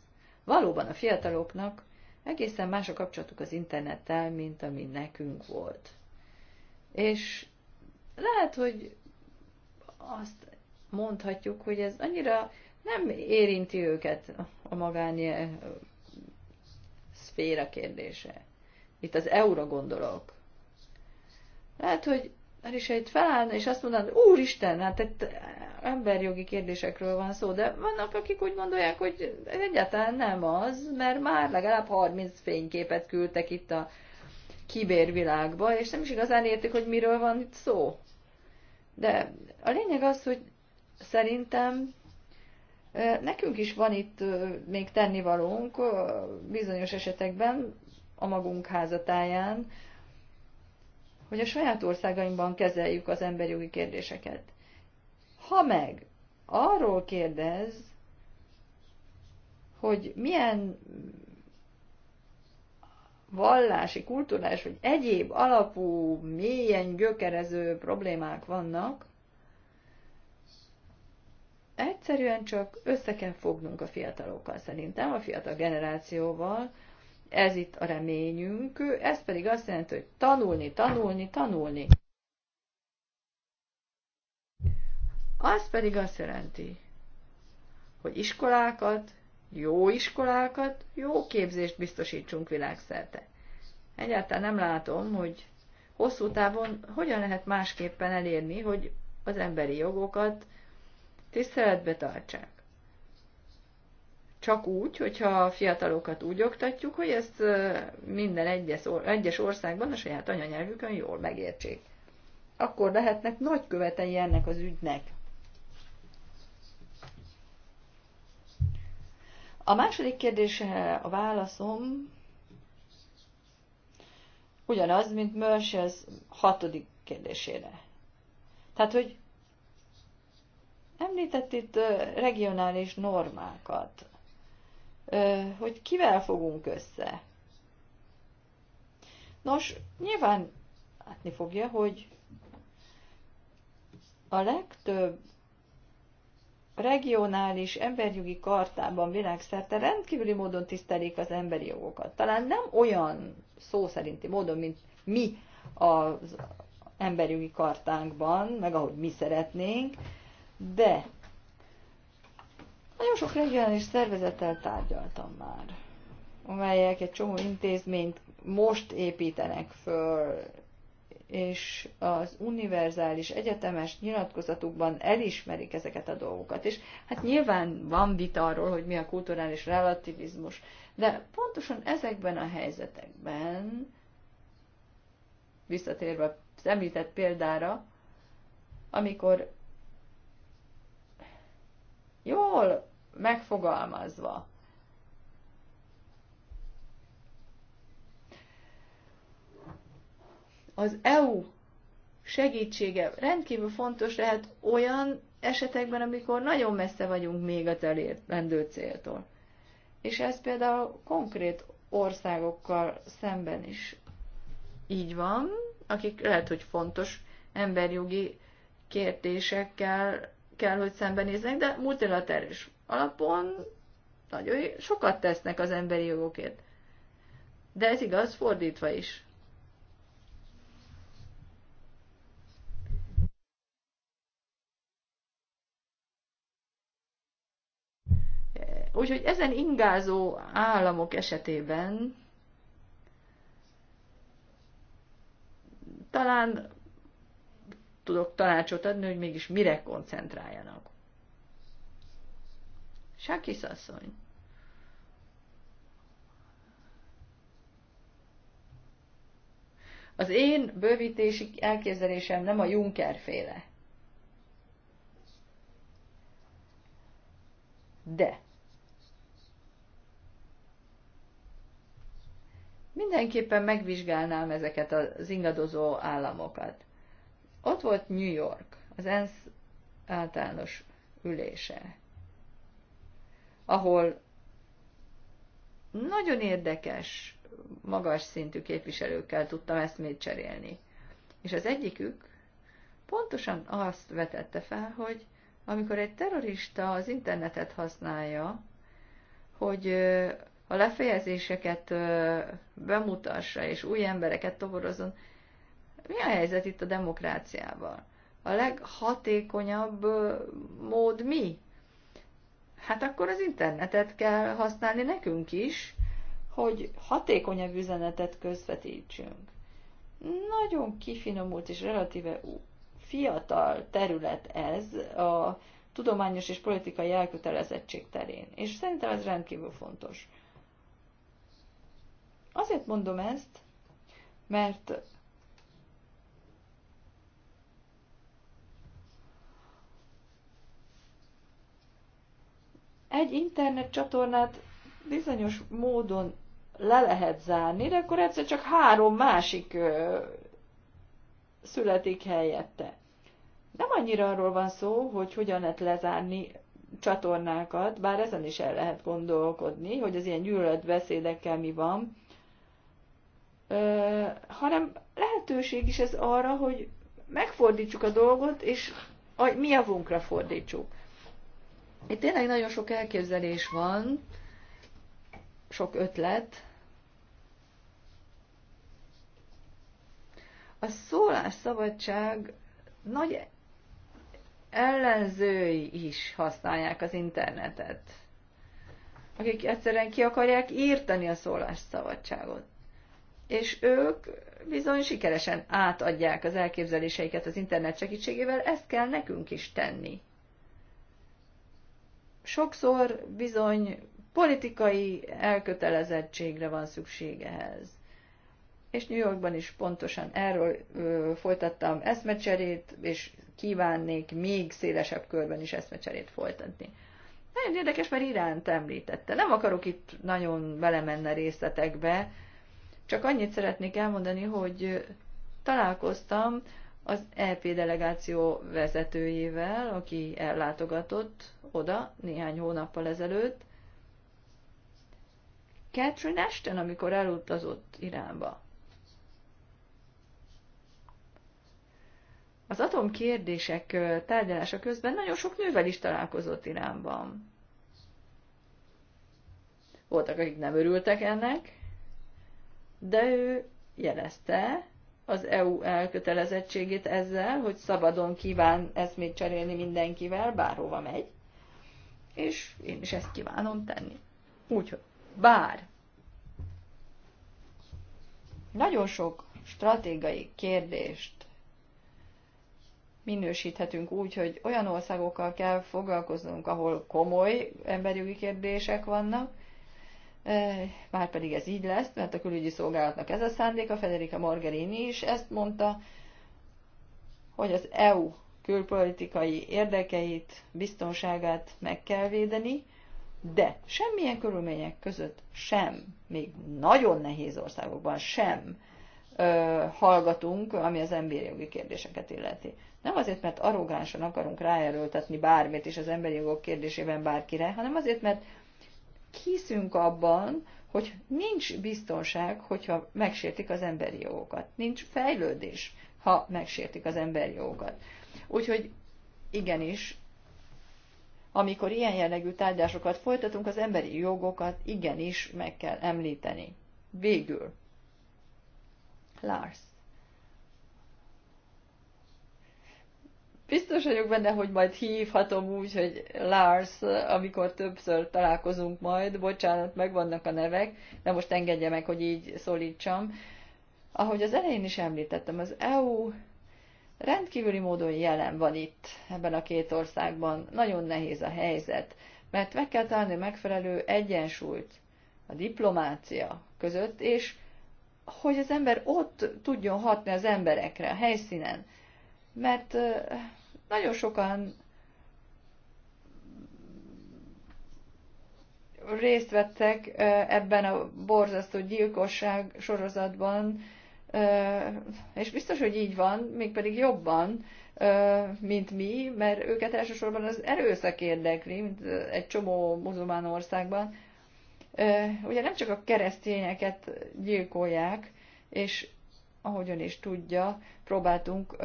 Valóban a fiataloknak egészen más a kapcsolatuk az internettel, mint ami nekünk volt. És lehet, hogy azt mondhatjuk, hogy ez annyira nem érinti őket a magány eh, szféra kérdése. Itt az euró gondolok. Lehet, hogy és ha itt felállna, és azt mondaná, úristen, hát itt emberjogi kérdésekről van szó, de vannak, akik úgy gondolják, hogy egyáltalán nem az, mert már legalább 30 fényképet küldtek itt a kibérvilágba, és nem is igazán értik, hogy miről van itt szó. De a lényeg az, hogy szerintem nekünk is van itt még tennivalónk bizonyos esetekben a magunk házatáján, hogy a saját országaimban kezeljük az emberi jogi kérdéseket. Ha meg arról kérdez, hogy milyen vallási, kulturális, vagy egyéb alapú, mélyen gyökerező problémák vannak, egyszerűen csak össze kell fognunk a fiatalokkal szerintem, a fiatal generációval, ez itt a reményünk, ez pedig azt jelenti, hogy tanulni, tanulni, tanulni. Az pedig azt jelenti, hogy iskolákat, jó iskolákat, jó képzést biztosítsunk világszerte. Egyáltalán nem látom, hogy hosszú távon hogyan lehet másképpen elérni, hogy az emberi jogokat tiszteletbe tartsák csak úgy, hogyha a fiatalokat úgy oktatjuk, hogy ezt minden egyes, országban a saját anyanyelvükön jól megértsék. Akkor lehetnek nagy követei ennek az ügynek. A második kérdése a válaszom ugyanaz, mint az hatodik kérdésére. Tehát, hogy Említett itt regionális normákat hogy kivel fogunk össze. Nos, nyilván látni fogja, hogy a legtöbb regionális emberjogi kartában világszerte rendkívüli módon tisztelik az emberi jogokat. Talán nem olyan szó szerinti módon, mint mi az emberjogi kartánkban, meg ahogy mi szeretnénk, de nagyon sok regionális szervezettel tárgyaltam már, amelyek egy csomó intézményt most építenek föl, és az univerzális egyetemes nyilatkozatukban elismerik ezeket a dolgokat. És hát nyilván van vita arról, hogy mi a kulturális relativizmus, de pontosan ezekben a helyzetekben, visszatérve az említett példára, amikor jól megfogalmazva. Az EU segítsége rendkívül fontos lehet olyan esetekben, amikor nagyon messze vagyunk még a elérendő céltól. És ez például konkrét országokkal szemben is így van, akik lehet, hogy fontos emberjogi kérdésekkel kell, hogy szembenéznek, de multilateris alapon nagyon sokat tesznek az emberi jogokért. De ez igaz fordítva is. Úgyhogy ezen ingázó államok esetében talán tudok tanácsot adni, hogy mégis mire koncentráljanak. Sákis asszony. Az én bővítési elképzelésem nem a Juncker féle. De mindenképpen megvizsgálnám ezeket az ingadozó államokat. Ott volt New York, az ENSZ általános ülése ahol nagyon érdekes, magas szintű képviselőkkel tudtam eszmét cserélni. És az egyikük pontosan azt vetette fel, hogy amikor egy terrorista az internetet használja, hogy a lefejezéseket bemutassa és új embereket toborozon, mi a helyzet itt a demokráciával? A leghatékonyabb mód mi? hát akkor az internetet kell használni nekünk is, hogy hatékonyabb üzenetet közvetítsünk. Nagyon kifinomult és relatíve fiatal terület ez a tudományos és politikai elkötelezettség terén, és szerintem ez rendkívül fontos. Azért mondom ezt, mert egy internet csatornát bizonyos módon le lehet zárni, de akkor egyszer csak három másik ö, születik helyette. Nem annyira arról van szó, hogy hogyan lehet lezárni csatornákat, bár ezen is el lehet gondolkodni, hogy az ilyen gyűlöletbeszédekkel mi van, ö, hanem lehetőség is ez arra, hogy megfordítsuk a dolgot, és a mi javunkra fordítsuk. Itt tényleg nagyon sok elképzelés van, sok ötlet. A szólásszabadság nagy ellenzői is használják az internetet, akik egyszerűen ki akarják írtani a szólásszabadságot. És ők bizony sikeresen átadják az elképzeléseiket az internet segítségével, ezt kell nekünk is tenni sokszor bizony politikai elkötelezettségre van szükség ehhez. És New Yorkban is pontosan erről ö, folytattam eszmecserét, és kívánnék még szélesebb körben is eszmecserét folytatni. Nagyon érdekes, mert Iránt említette. Nem akarok itt nagyon belemenne részletekbe, csak annyit szeretnék elmondani, hogy találkoztam az EP delegáció vezetőjével, aki ellátogatott oda néhány hónappal ezelőtt, Catherine Ashton, amikor elutazott Iránba. Az atom kérdések tárgyalása közben nagyon sok nővel is találkozott Iránban. Voltak, akik nem örültek ennek, de ő jelezte, az EU elkötelezettségét ezzel, hogy szabadon kíván eszmét cserélni mindenkivel, bárhova megy. És én is ezt kívánom tenni. Úgyhogy bár nagyon sok stratégiai kérdést minősíthetünk úgy, hogy olyan országokkal kell foglalkoznunk, ahol komoly emberjogi kérdések vannak, már pedig ez így lesz, mert a külügyi szolgálatnak ez a szándéka, Federica Margerini is ezt mondta, hogy az EU külpolitikai érdekeit, biztonságát meg kell védeni, de semmilyen körülmények között sem, még nagyon nehéz országokban sem ö, hallgatunk, ami az emberi jogi kérdéseket illeti. Nem azért, mert arrogánsan akarunk ráerőltetni bármit is az emberi jogok kérdésében bárkire, hanem azért, mert hiszünk abban, hogy nincs biztonság, hogyha megsértik az emberi jogokat. Nincs fejlődés, ha megsértik az emberi jogokat. Úgyhogy igenis, amikor ilyen jellegű tárgyásokat folytatunk, az emberi jogokat igenis meg kell említeni. Végül. Lars. Biztos vagyok benne, hogy majd hívhatom úgy, hogy Lars, amikor többször találkozunk majd, bocsánat, megvannak a nevek, de most engedje meg, hogy így szólítsam. Ahogy az elején is említettem, az EU rendkívüli módon jelen van itt, ebben a két országban. Nagyon nehéz a helyzet, mert meg kell találni megfelelő egyensúlyt a diplomácia között, és hogy az ember ott tudjon hatni az emberekre, a helyszínen. Mert nagyon sokan részt vettek ebben a borzasztó gyilkosság sorozatban, és biztos, hogy így van, mégpedig jobban, mint mi, mert őket elsősorban az erőszak érdekli, mint egy csomó muzulmán országban. Ugye nem csak a keresztényeket gyilkolják, és ahogy ön is tudja, próbáltunk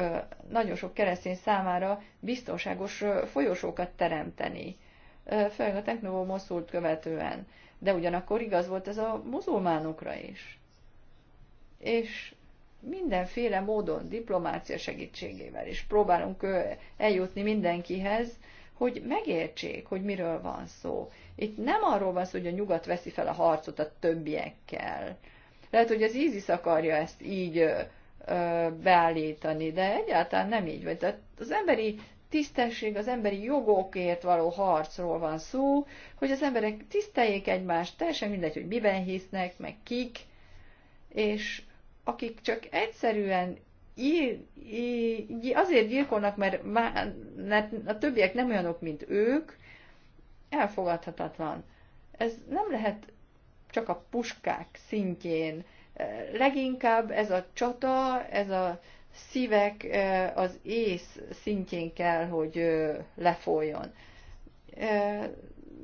nagyon sok keresztény számára biztonságos folyosókat teremteni, főleg a technovó moszult követően. De ugyanakkor igaz volt ez a muzulmánokra is. És mindenféle módon, diplomácia segítségével is próbálunk eljutni mindenkihez, hogy megértsék, hogy miről van szó. Itt nem arról van szó, hogy a nyugat veszi fel a harcot a többiekkel, lehet, hogy az ízis akarja ezt így beállítani, de egyáltalán nem így van. Tehát az emberi tisztesség, az emberi jogokért való harcról van szó, hogy az emberek tiszteljék egymást, teljesen mindegy, hogy miben hisznek, meg kik, és akik csak egyszerűen azért gyilkolnak, mert, mert a többiek nem olyanok, mint ők, elfogadhatatlan. Ez nem lehet csak a puskák szintjén. Leginkább ez a csata, ez a szívek az ész szintjén kell, hogy lefoljon.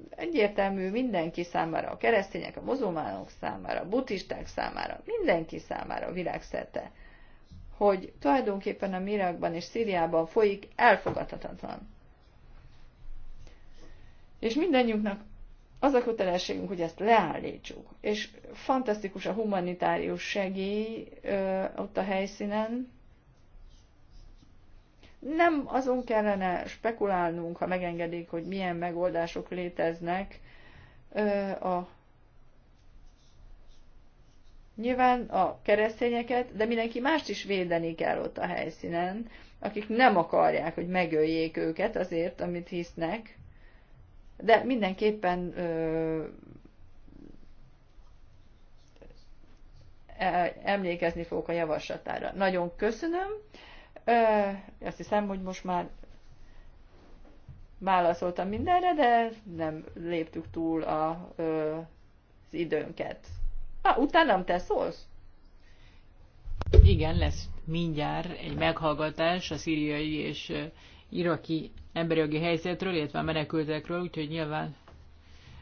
Egyértelmű mindenki számára, a keresztények, a mozumánok számára, a buddhisták számára, mindenki számára világszerte, hogy tulajdonképpen a Mirakban és Szíriában folyik elfogadhatatlan. És mindannyiunknak az a kötelességünk, hogy ezt leállítsuk. És fantasztikus a humanitárius segély ö, ott a helyszínen. Nem azon kellene spekulálnunk, ha megengedik, hogy milyen megoldások léteznek ö, a Nyilván a keresztényeket, de mindenki mást is védeni kell ott a helyszínen, akik nem akarják, hogy megöljék őket azért, amit hisznek, de mindenképpen e, emlékezni fogok a javaslatára. Nagyon köszönöm. Azt hiszem, hogy most már válaszoltam mindenre, de nem léptük túl a, az időnket. Ah, utánam te szólsz? Igen, lesz mindjárt egy meghallgatás a szíriai és iraki emberjogi helyzetről, illetve a menekültekről, úgyhogy nyilván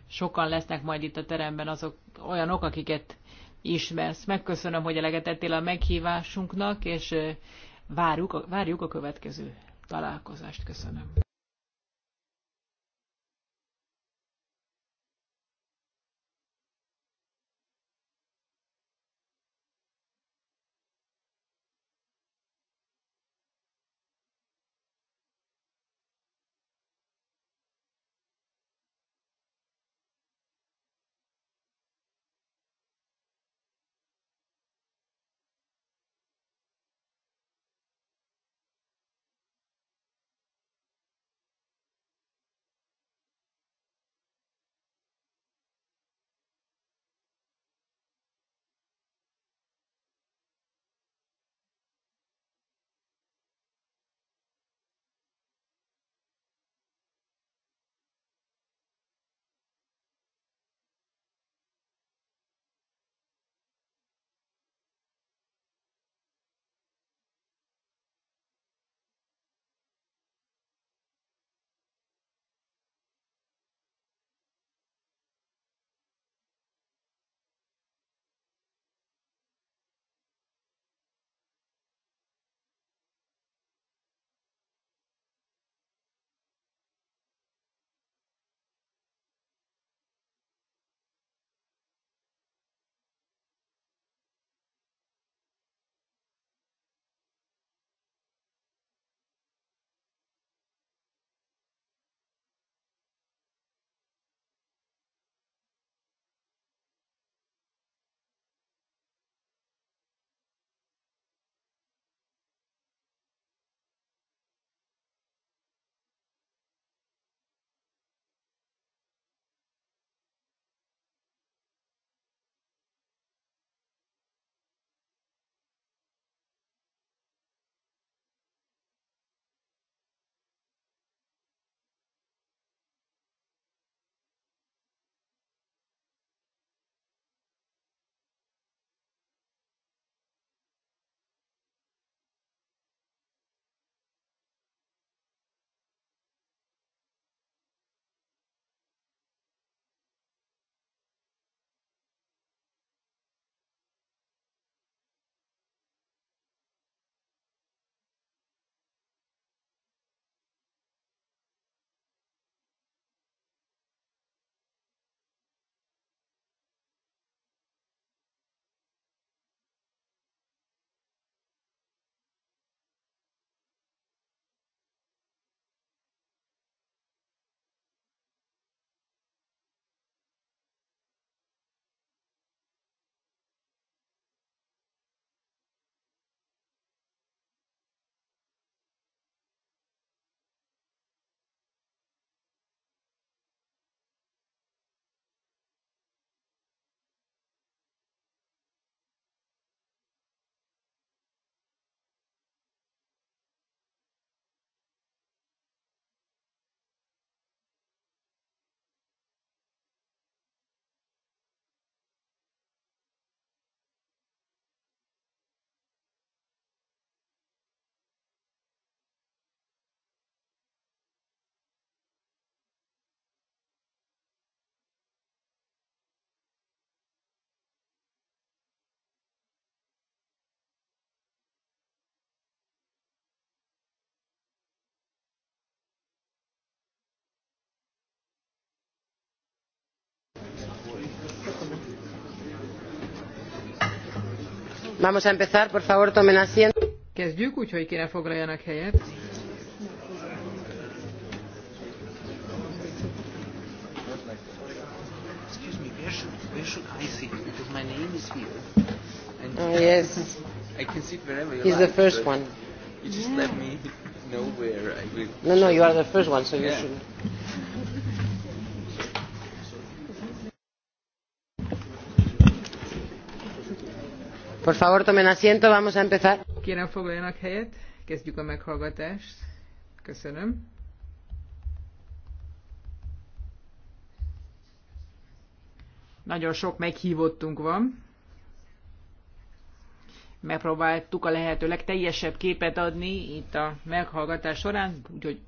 sokan lesznek majd itt a teremben azok olyanok, akiket ismersz. Megköszönöm, hogy elegetettél a meghívásunknak, és várjuk, várjuk a következő találkozást. Köszönöm. Vamos a empezar, por favor, tomen asiento. Kezdjük, úgyhogy kéne foglaljanak helyet. Where should I sit? Because my name is here. And oh, yes. I can sit wherever you He's like, the first one. You just me I will no, no, you are the first one, so yeah. you should. Por favor, tomen asiento, vamos a empezar. Kérem foglaljanak helyet, kezdjük a meghallgatást. Köszönöm. Nagyon sok meghívottunk van. Megpróbáltuk a lehető legteljesebb képet adni itt a meghallgatás során, úgyhogy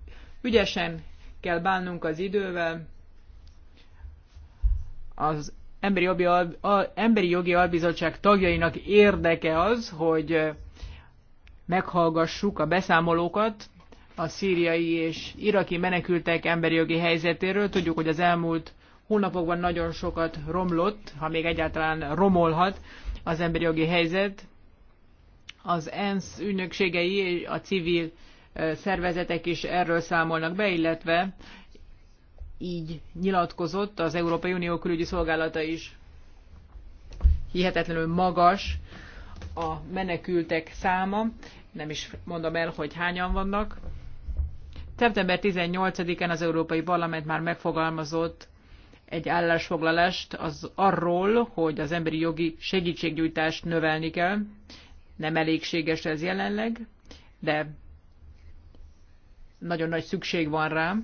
ügyesen kell bánnunk az idővel. Az emberi jogi, al, a, emberi jogi albizottság tagjainak érdeke az, hogy meghallgassuk a beszámolókat a szíriai és iraki menekültek emberi jogi helyzetéről. Tudjuk, hogy az elmúlt hónapokban nagyon sokat romlott, ha még egyáltalán romolhat az emberi jogi helyzet. Az ENSZ ügynökségei, a civil szervezetek is erről számolnak be, illetve így nyilatkozott az Európai Unió külügyi szolgálata is. Hihetetlenül magas a menekültek száma, nem is mondom el, hogy hányan vannak. Szeptember 18-án az Európai Parlament már megfogalmazott egy állásfoglalást az arról, hogy az emberi jogi segítségnyújtást növelni kell. Nem elégséges ez jelenleg, de nagyon nagy szükség van rá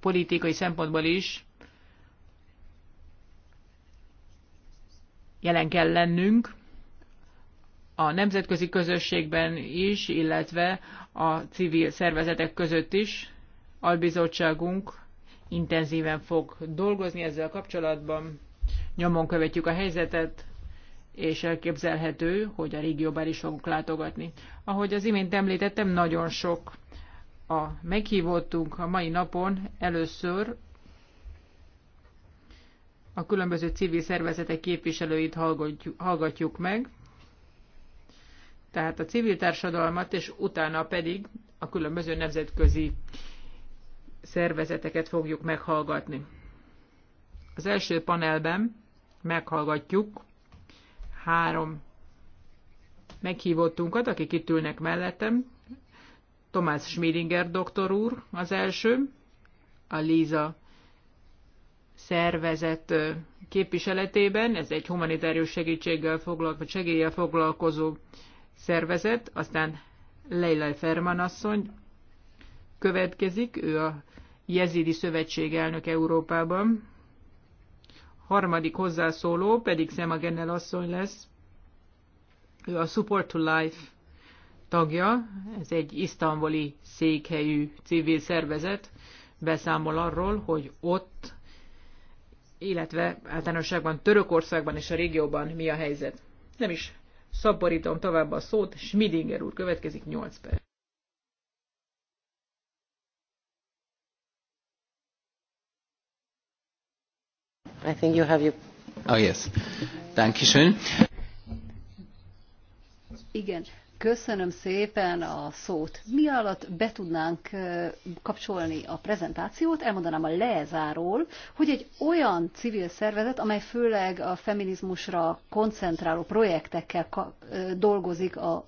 politikai szempontból is jelen kell lennünk a nemzetközi közösségben is, illetve a civil szervezetek között is. Albizottságunk intenzíven fog dolgozni ezzel kapcsolatban. Nyomon követjük a helyzetet, és elképzelhető, hogy a régióban is fogunk látogatni. Ahogy az imént említettem, nagyon sok a meghívottunk a mai napon először a különböző civil szervezetek képviselőit hallgatjuk meg, tehát a civil társadalmat, és utána pedig a különböző nemzetközi szervezeteket fogjuk meghallgatni. Az első panelben meghallgatjuk három meghívottunkat, akik itt ülnek mellettem, Tomás Schmiringer doktor úr az első, a Líza szervezet képviseletében, ez egy humanitárius segítséggel foglalkozó, segéllyel foglalkozó szervezet, aztán Leila Ferman asszony következik, ő a Jezidi Szövetség elnök Európában. Harmadik hozzászóló pedig Szema Gennel asszony lesz, ő a Support to Life tagja, ez egy isztambuli székhelyű civil szervezet, beszámol arról, hogy ott, illetve általánosságban Törökországban és a régióban mi a helyzet. Nem is szaporítom tovább a szót, Schmidinger úr következik 8 perc. I think you have your... Oh yes. Dankeschön. Igen. Köszönöm szépen a szót. Mi alatt be tudnánk kapcsolni a prezentációt? Elmondanám a lezáról, hogy egy olyan civil szervezet, amely főleg a feminizmusra koncentráló projektekkel dolgozik a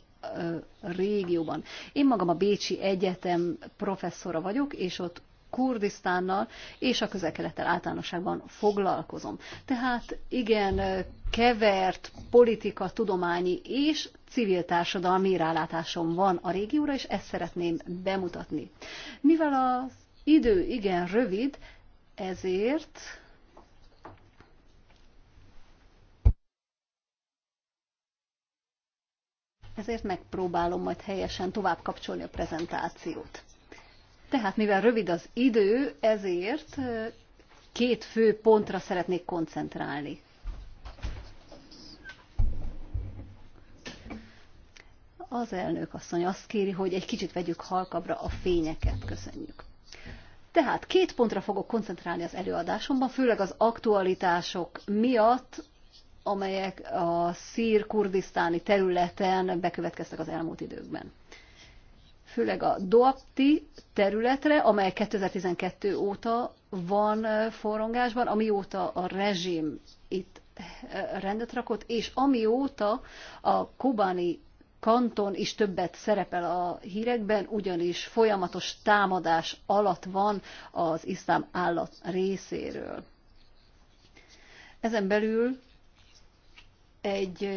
régióban. Én magam a Bécsi Egyetem professzora vagyok, és ott Kurdisztánnal és a közelkelettel általánosságban foglalkozom. Tehát igen, kevert politika, tudományi és civil társadalmi rálátásom van a régióra, és ezt szeretném bemutatni. Mivel az idő igen rövid, ezért ezért megpróbálom majd helyesen tovább kapcsolni a prezentációt. Tehát mivel rövid az idő, ezért két fő pontra szeretnék koncentrálni. Az elnök asszony azt kéri, hogy egy kicsit vegyük halkabra a fényeket. Köszönjük. Tehát két pontra fogok koncentrálni az előadásomban, főleg az aktualitások miatt, amelyek a szír-kurdisztáni területen bekövetkeztek az elmúlt időkben főleg a Doapti területre, amely 2012 óta van forrongásban, amióta a rezsim itt rendet rakott, és amióta a kubani kanton is többet szerepel a hírekben, ugyanis folyamatos támadás alatt van az iszlám állat részéről. Ezen belül egy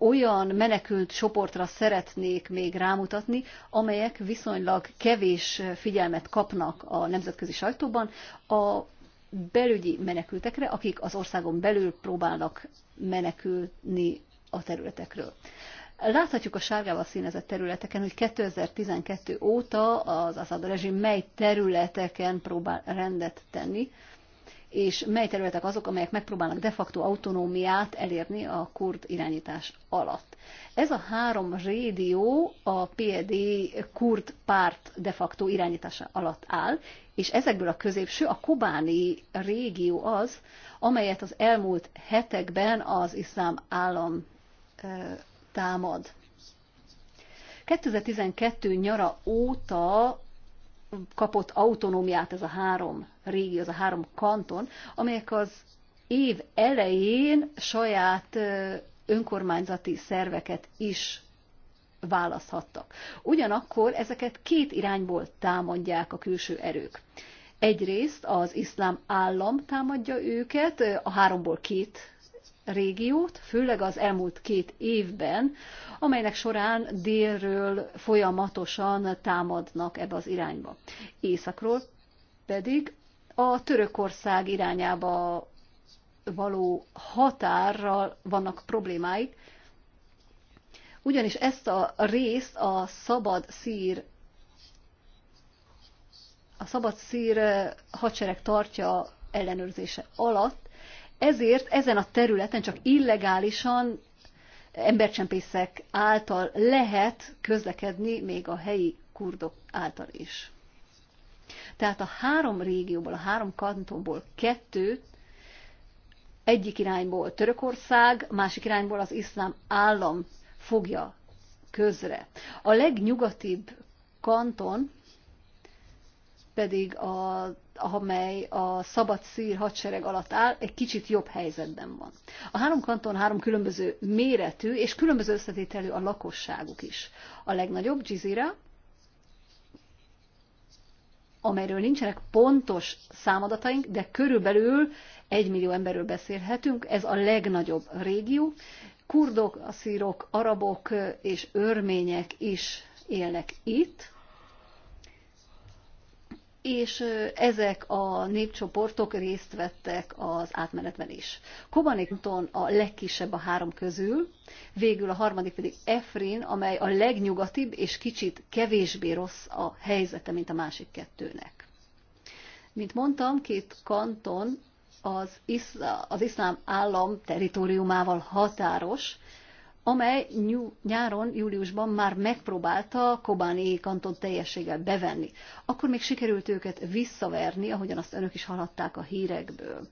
olyan menekült csoportra szeretnék még rámutatni, amelyek viszonylag kevés figyelmet kapnak a nemzetközi sajtóban, a belügyi menekültekre, akik az országon belül próbálnak menekülni a területekről. Láthatjuk a sárgával színezett területeken, hogy 2012 óta az Assad rezsim mely területeken próbál rendet tenni, és mely területek azok, amelyek megpróbálnak de facto autonómiát elérni a kurd irányítás alatt. Ez a három rédió a PED kurd párt de facto irányítása alatt áll, és ezekből a középső, a kobáni régió az, amelyet az elmúlt hetekben az iszlám állam támad. 2012 nyara óta kapott autonómiát ez a három régió, az a három kanton, amelyek az év elején saját önkormányzati szerveket is választhattak. Ugyanakkor ezeket két irányból támadják a külső erők. Egyrészt az iszlám állam támadja őket, a háromból két régiót, főleg az elmúlt két évben, amelynek során délről folyamatosan támadnak ebbe az irányba. Északról pedig a Törökország irányába való határral vannak problémáik, ugyanis ezt a részt a szabad szír a szabad szír hadsereg tartja ellenőrzése alatt, ezért ezen a területen csak illegálisan embercsempészek által lehet közlekedni, még a helyi kurdok által is. Tehát a három régióból, a három kantonból kettő egyik irányból Törökország, másik irányból az iszlám állam fogja közre. A legnyugatibb kanton pedig a, amely a szabad szír hadsereg alatt áll, egy kicsit jobb helyzetben van. A három kanton három különböző méretű és különböző összetételű a lakosságuk is. A legnagyobb Jizira, amelyről nincsenek pontos számadataink, de körülbelül egy millió emberről beszélhetünk, ez a legnagyobb régió. Kurdok, szírok, arabok és örmények is élnek itt, és ezek a népcsoportok részt vettek az átmenetben is. Kobanikton a legkisebb a három közül, végül a harmadik pedig Efrin, amely a legnyugatibb és kicsit kevésbé rossz a helyzete, mint a másik kettőnek. Mint mondtam, két kanton az, isz, az iszlám állam teritoriumával határos, amely nyáron, júliusban már megpróbálta Kobáni kanton teljességgel bevenni. Akkor még sikerült őket visszaverni, ahogyan azt önök is hallhatták a hírekből.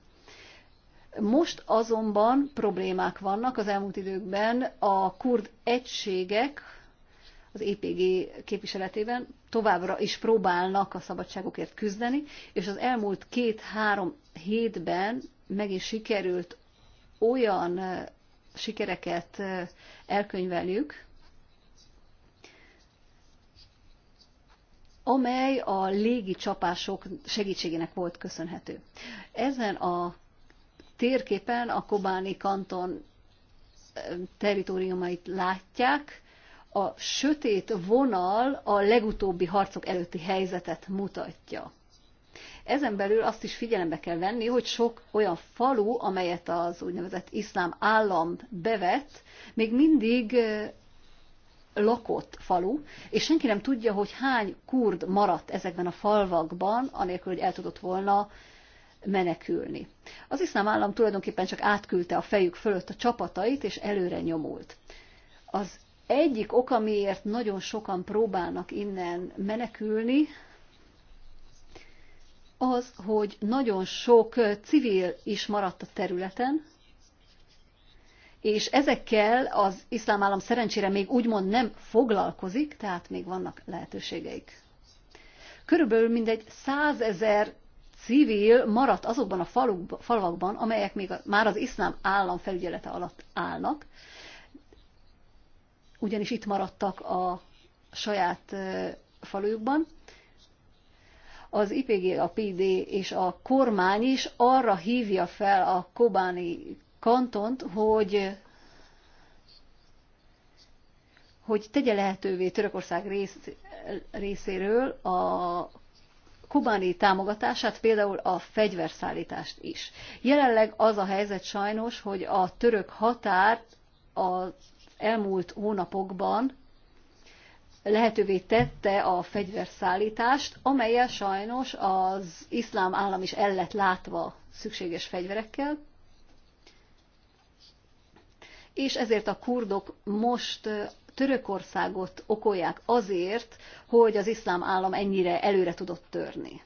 Most azonban problémák vannak az elmúlt időkben a kurd egységek az EPG képviseletében továbbra is próbálnak a szabadságokért küzdeni, és az elmúlt két-három hétben meg is sikerült olyan sikereket elkönyveljük, amely a légi csapások segítségének volt köszönhető. Ezen a térképen a Kobáni kanton teritoriumait látják, a sötét vonal a legutóbbi harcok előtti helyzetet mutatja. Ezen belül azt is figyelembe kell venni, hogy sok olyan falu, amelyet az úgynevezett iszlám állam bevet, még mindig lakott falu, és senki nem tudja, hogy hány kurd maradt ezekben a falvakban, anélkül, hogy el tudott volna menekülni. Az iszlám állam tulajdonképpen csak átküldte a fejük fölött a csapatait, és előre nyomult. Az egyik ok, amiért nagyon sokan próbálnak innen menekülni, az, hogy nagyon sok civil is maradt a területen, és ezekkel az iszlám állam szerencsére még úgymond nem foglalkozik, tehát még vannak lehetőségeik. Körülbelül mindegy százezer civil maradt azokban a falvakban, amelyek még már az iszlám állam felügyelete alatt állnak, ugyanis itt maradtak a saját falujukban, az IPG, a PD és a kormány is arra hívja fel a kobáni kantont, hogy hogy tegye lehetővé Törökország rész, részéről a kubáni támogatását, például a fegyverszállítást is. Jelenleg az a helyzet sajnos, hogy a török határt az elmúlt hónapokban lehetővé tette a fegyverszállítást, amelyel sajnos az iszlám állam is el lett látva szükséges fegyverekkel, és ezért a kurdok most Törökországot okolják azért, hogy az iszlám állam ennyire előre tudott törni.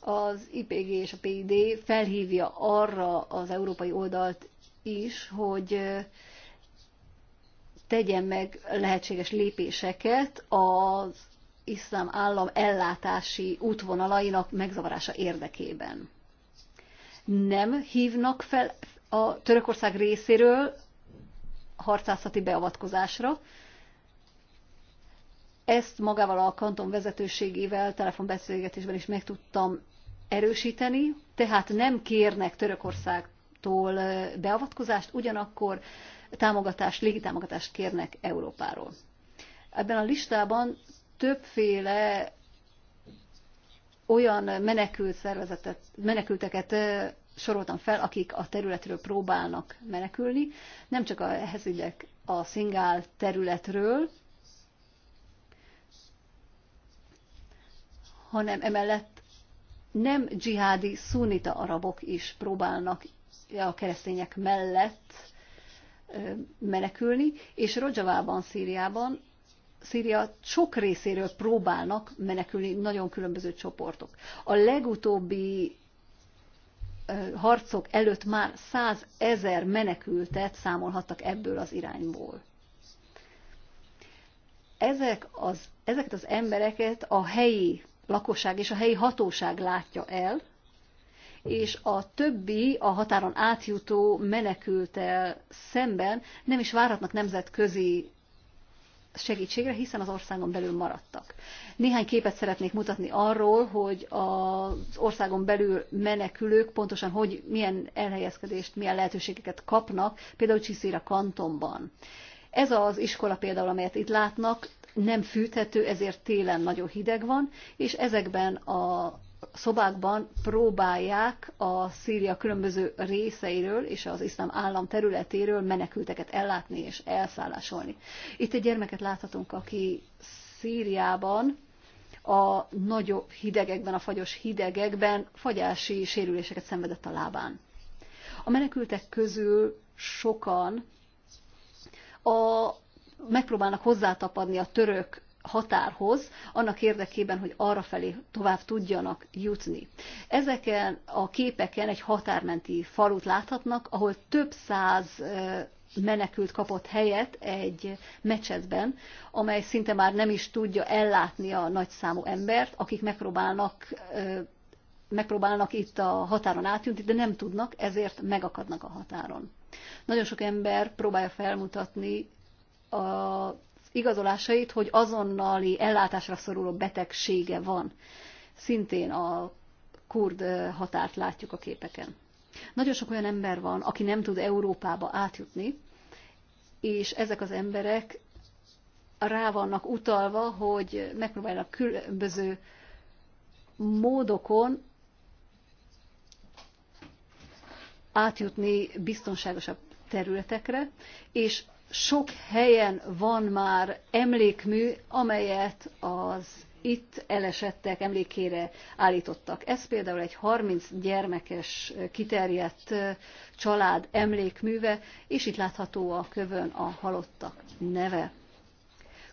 Az IPG és a PID felhívja arra az európai oldalt is, hogy tegyen meg lehetséges lépéseket az iszlám állam ellátási útvonalainak megzavarása érdekében. Nem hívnak fel a Törökország részéről harcászati beavatkozásra. Ezt magával a kanton vezetőségével telefonbeszélgetésben is meg tudtam erősíteni, tehát nem kérnek Törökországtól beavatkozást, ugyanakkor támogatást, légitámogatást kérnek Európáról. Ebben a listában többféle olyan menekült szervezetet, menekülteket soroltam fel, akik a területről próbálnak menekülni, nem csak a ehhez a szingál területről, hanem emellett nem dzsihádi szunita arabok is próbálnak a keresztények mellett menekülni, és Rojavában, Szíriában, Szíria sok részéről próbálnak menekülni nagyon különböző csoportok. A legutóbbi harcok előtt már százezer menekültet számolhattak ebből az irányból. Ezek az, ezeket az embereket a helyi lakosság és a helyi hatóság látja el, és a többi a határon átjutó menekültel szemben nem is várhatnak nemzetközi segítségre, hiszen az országon belül maradtak. Néhány képet szeretnék mutatni arról, hogy az országon belül menekülők pontosan hogy milyen elhelyezkedést, milyen lehetőségeket kapnak, például Csiszira kantonban. Ez az iskola például, amelyet itt látnak, nem fűthető, ezért télen nagyon hideg van, és ezekben a szobákban próbálják a Szíria különböző részeiről és az iszlám állam területéről menekülteket ellátni és elszállásolni. Itt egy gyermeket láthatunk, aki Szíriában a nagyobb hidegekben, a fagyos hidegekben fagyási sérüléseket szenvedett a lábán. A menekültek közül sokan a, megpróbálnak hozzátapadni a török határhoz, annak érdekében, hogy arrafelé tovább tudjanak jutni. Ezeken a képeken egy határmenti falut láthatnak, ahol több száz menekült kapott helyet egy mecsetben, amely szinte már nem is tudja ellátni a nagyszámú embert, akik megpróbálnak megpróbálnak itt a határon átjutni, de nem tudnak, ezért megakadnak a határon. Nagyon sok ember próbálja felmutatni a igazolásait, hogy azonnali ellátásra szoruló betegsége van. Szintén a kurd határt látjuk a képeken. Nagyon sok olyan ember van, aki nem tud Európába átjutni, és ezek az emberek rá vannak utalva, hogy megpróbálnak különböző módokon átjutni biztonságosabb területekre, és sok helyen van már emlékmű, amelyet az itt elesettek emlékére állítottak. Ez például egy 30 gyermekes kiterjedt család emlékműve, és itt látható a kövön a halottak neve.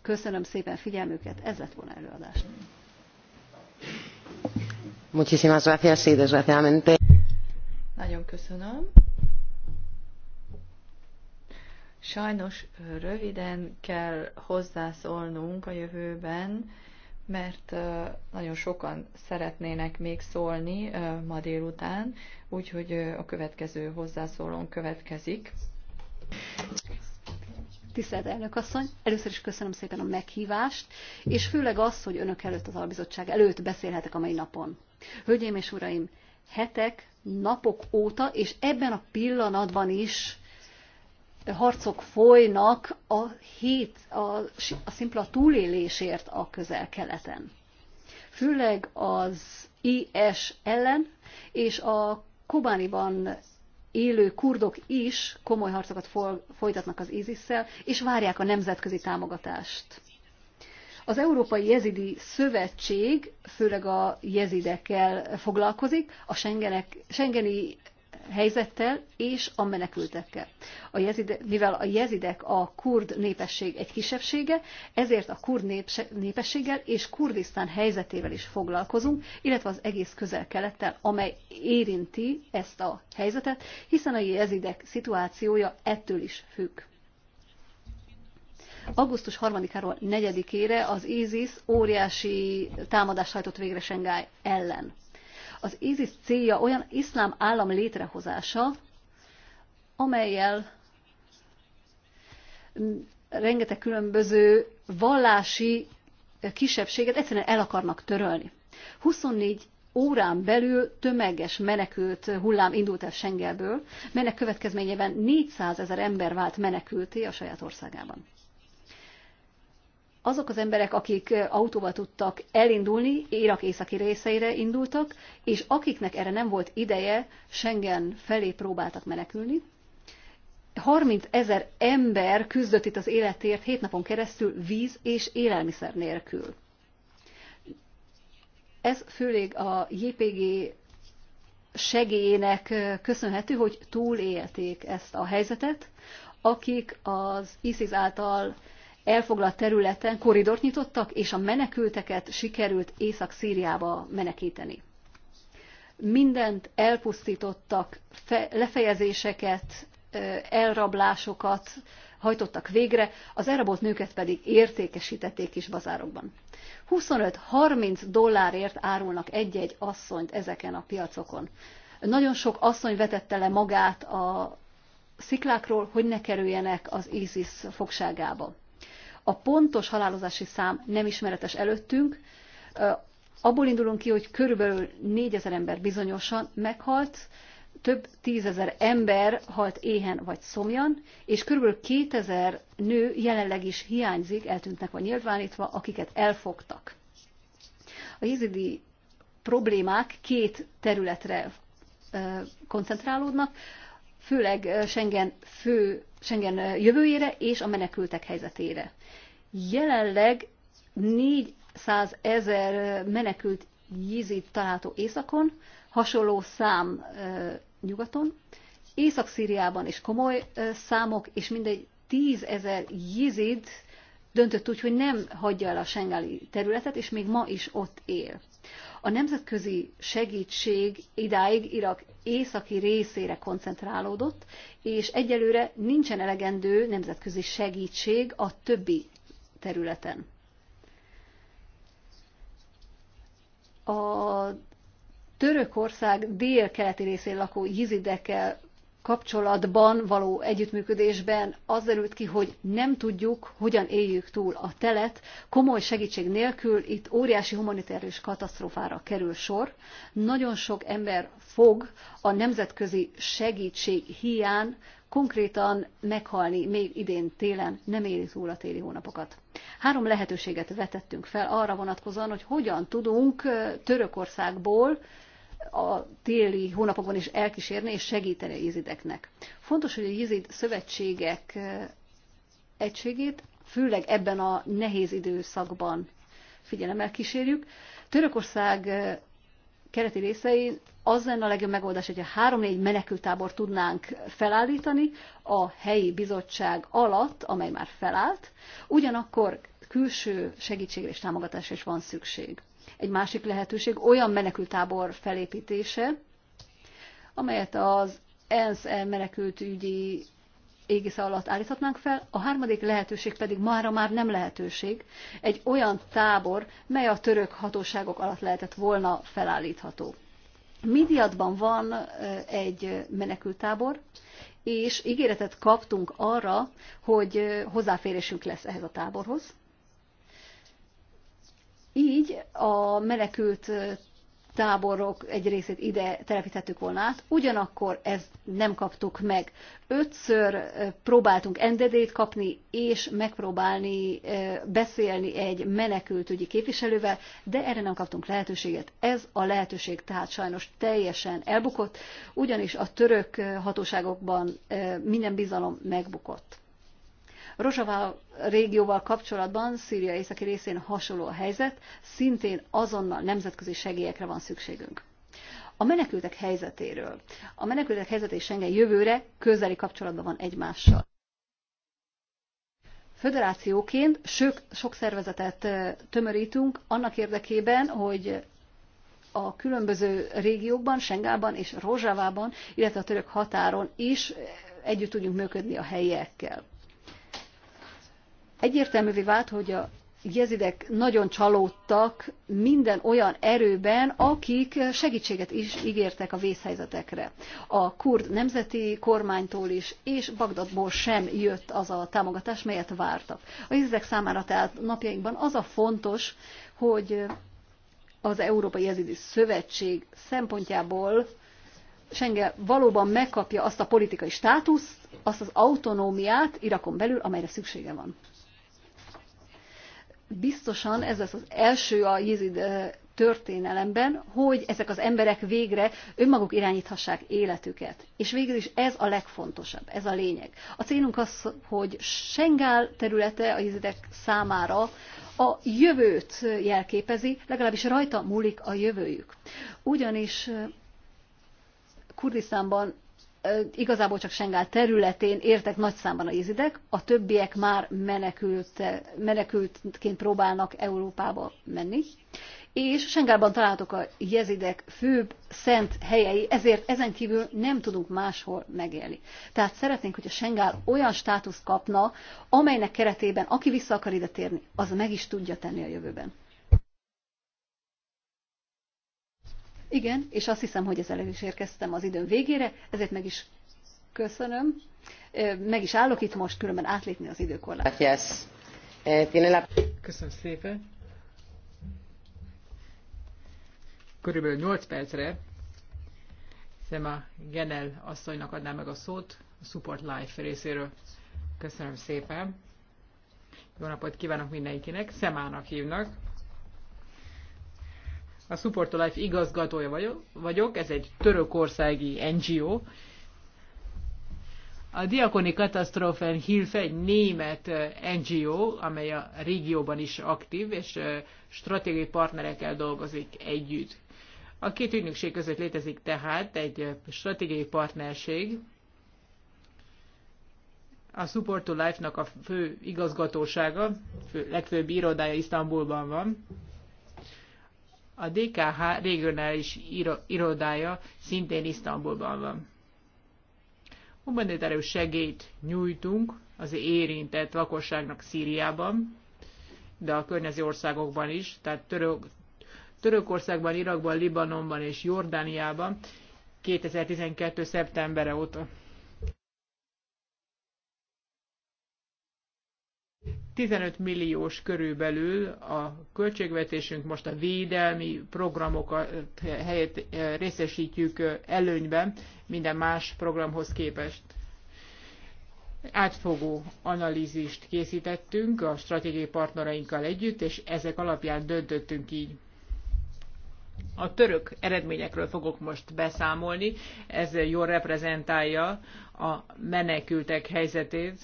Köszönöm szépen figyelmüket, ez lett volna előadás. Muchísimas gracias, sí, desgraciadamente. Nagyon köszönöm. Sajnos röviden kell hozzászólnunk a jövőben, mert nagyon sokan szeretnének még szólni ma délután, úgyhogy a következő hozzászólón következik. Tisztelt elnök asszony, először is köszönöm szépen a meghívást, és főleg az, hogy önök előtt az albizottság előtt beszélhetek a mai napon. Hölgyeim és uraim, hetek, napok óta, és ebben a pillanatban is harcok folynak a hét, a, a szimpla túlélésért a közel-keleten. Főleg az IS ellen, és a Kobániban élő kurdok is komoly harcokat folytatnak az ISIS-szel, és várják a nemzetközi támogatást. Az Európai Jezidi Szövetség főleg a jezidekkel foglalkozik, a Schengenek, Schengeni helyzettel és a menekültekkel. A jezide, mivel a jezidek a kurd népesség egy kisebbsége, ezért a kurd népse, népességgel és Kurdisztán helyzetével is foglalkozunk, illetve az egész közel-kelettel, amely érinti ezt a helyzetet, hiszen a jezidek szituációja ettől is függ. Augusztus 3-áról 4-ére az ISIS óriási támadást hajtott végre Sengály ellen az ISIS célja olyan iszlám állam létrehozása, amelyel mm, rengeteg különböző vallási kisebbséget egyszerűen el akarnak törölni. 24 órán belül tömeges menekült hullám indult el Schengelből, melynek következményében 400 ezer ember vált menekülté a saját országában azok az emberek, akik autóval tudtak elindulni, Irak északi részeire indultak, és akiknek erre nem volt ideje, Schengen felé próbáltak menekülni. 30 ezer ember küzdött itt az életért hét napon keresztül víz és élelmiszer nélkül. Ez főleg a JPG segélyének köszönhető, hogy túlélték ezt a helyzetet, akik az ISIS által elfoglalt területen koridort nyitottak, és a menekülteket sikerült Észak-Szíriába menekíteni. Mindent elpusztítottak, lefejezéseket, elrablásokat hajtottak végre, az elrabolt nőket pedig értékesítették is bazárokban. 25-30 dollárért árulnak egy-egy asszonyt ezeken a piacokon. Nagyon sok asszony vetette le magát a sziklákról, hogy ne kerüljenek az ISIS fogságába. A pontos halálozási szám nem ismeretes előttünk. Abból indulunk ki, hogy körülbelül 4000 ember bizonyosan meghalt, több tízezer ember halt éhen vagy szomjan, és körülbelül 2000 nő jelenleg is hiányzik, eltűntnek vagy nyilvánítva, akiket elfogtak. A jézidi problémák két területre koncentrálódnak főleg Schengen, fő, Schengen jövőjére és a menekültek helyzetére. Jelenleg 400 ezer menekült jízit található északon, hasonló szám nyugaton, Észak-Szíriában is komoly számok, és mindegy 10 ezer jizid döntött úgy, hogy nem hagyja el a sengeli területet, és még ma is ott él. A nemzetközi segítség idáig Irak északi részére koncentrálódott, és egyelőre nincsen elegendő nemzetközi segítség a többi területen. A Törökország dél-keleti részén lakó jizidekkel kapcsolatban való együttműködésben az derült ki, hogy nem tudjuk, hogyan éljük túl a telet. Komoly segítség nélkül itt óriási humanitárius katasztrófára kerül sor. Nagyon sok ember fog a nemzetközi segítség hián konkrétan meghalni még idén télen, nem éri túl a téli hónapokat. Három lehetőséget vetettünk fel arra vonatkozóan, hogy hogyan tudunk Törökországból a téli hónapokban is elkísérni és segíteni a jézideknek. Fontos, hogy a jézid szövetségek eh, egységét, főleg ebben a nehéz időszakban figyelemmel kísérjük. Törökország eh, kereti részein az lenne a legjobb megoldás, hogyha három-négy menekültábor tudnánk felállítani a helyi bizottság alatt, amely már felállt, ugyanakkor külső segítségre és támogatásra is van szükség. Egy másik lehetőség olyan menekültábor felépítése, amelyet az ENSZ menekültügyi ügyi égisze alatt állíthatnánk fel, a harmadik lehetőség pedig mára már nem lehetőség, egy olyan tábor, mely a török hatóságok alatt lehetett volna felállítható. Midiatban van egy menekültábor, és ígéretet kaptunk arra, hogy hozzáférésünk lesz ehhez a táborhoz. Így a menekült táborok egy részét ide telepítettük volna át, ugyanakkor ezt nem kaptuk meg. Ötször próbáltunk engedélyt kapni, és megpróbálni beszélni egy menekültügyi képviselővel, de erre nem kaptunk lehetőséget. Ez a lehetőség tehát sajnos teljesen elbukott, ugyanis a török hatóságokban minden bizalom megbukott. Rozsavá régióval kapcsolatban Szíria északi részén hasonló a helyzet, szintén azonnal nemzetközi segélyekre van szükségünk. A menekültek helyzetéről. A menekültek helyzet és Schengen jövőre közeli kapcsolatban van egymással. Föderációként sok, sok szervezetet tömörítünk annak érdekében, hogy a különböző régiókban, Sengában és Rozsávában, illetve a török határon is együtt tudjunk működni a helyiekkel. Egyértelművé vált, hogy a jezidek nagyon csalódtak minden olyan erőben, akik segítséget is ígértek a vészhelyzetekre. A kurd nemzeti kormánytól is, és Bagdadból sem jött az a támogatás, melyet vártak. A jezidek számára tehát napjainkban az a fontos, hogy az Európai Jezidi Szövetség szempontjából Senge valóban megkapja azt a politikai státuszt, azt az autonómiát Irakon belül, amelyre szüksége van biztosan ez lesz az első a jizid történelemben, hogy ezek az emberek végre önmaguk irányíthassák életüket. És végül is ez a legfontosabb, ez a lényeg. A célunk az, hogy Sengál területe a jizidek számára a jövőt jelképezi, legalábbis rajta múlik a jövőjük. Ugyanis Kurdisztánban igazából csak Sengál területén értek nagy számban a jezidek, a többiek már menekült, menekültként próbálnak Európába menni, és Sengálban találhatók a jezidek főbb szent helyei, ezért ezen kívül nem tudunk máshol megélni. Tehát szeretnénk, hogy a Sengál olyan státuszt kapna, amelynek keretében aki vissza akar ide térni, az meg is tudja tenni a jövőben. Igen, és azt hiszem, hogy ezzel is érkeztem az időm végére, ezért meg is köszönöm. Meg is állok itt most, különben átlépni az időkorlátot. Eh, köszönöm szépen. Körülbelül 8 percre a Genel asszonynak adná meg a szót a Support Life részéről. Köszönöm szépen. Jó napot kívánok mindenkinek. Szemának hívnak a Support Life igazgatója vagyok, ez egy törökországi NGO. A Diakoni Katasztrofen Hilfe egy német eh, NGO, amely a régióban is aktív, és eh, stratégiai partnerekkel dolgozik együtt. A két ügynökség között létezik tehát egy eh, stratégiai partnerség. A Support to Life-nak a fő igazgatósága, fő, legfőbb irodája Isztambulban van, a DKH regionális irodája szintén Isztambulban van. Humanitárius segélyt nyújtunk az érintett lakosságnak Szíriában, de a környező országokban is, tehát Török, Törökországban, Irakban, Libanonban és Jordániában 2012. szeptembere óta. 15 milliós körülbelül a költségvetésünk, most a védelmi programokat eh, helyett eh, részesítjük eh, előnyben minden más programhoz képest. Átfogó analízist készítettünk a stratégiai partnerainkkal együtt, és ezek alapján döntöttünk így. A török eredményekről fogok most beszámolni, ez jól reprezentálja a menekültek helyzetét,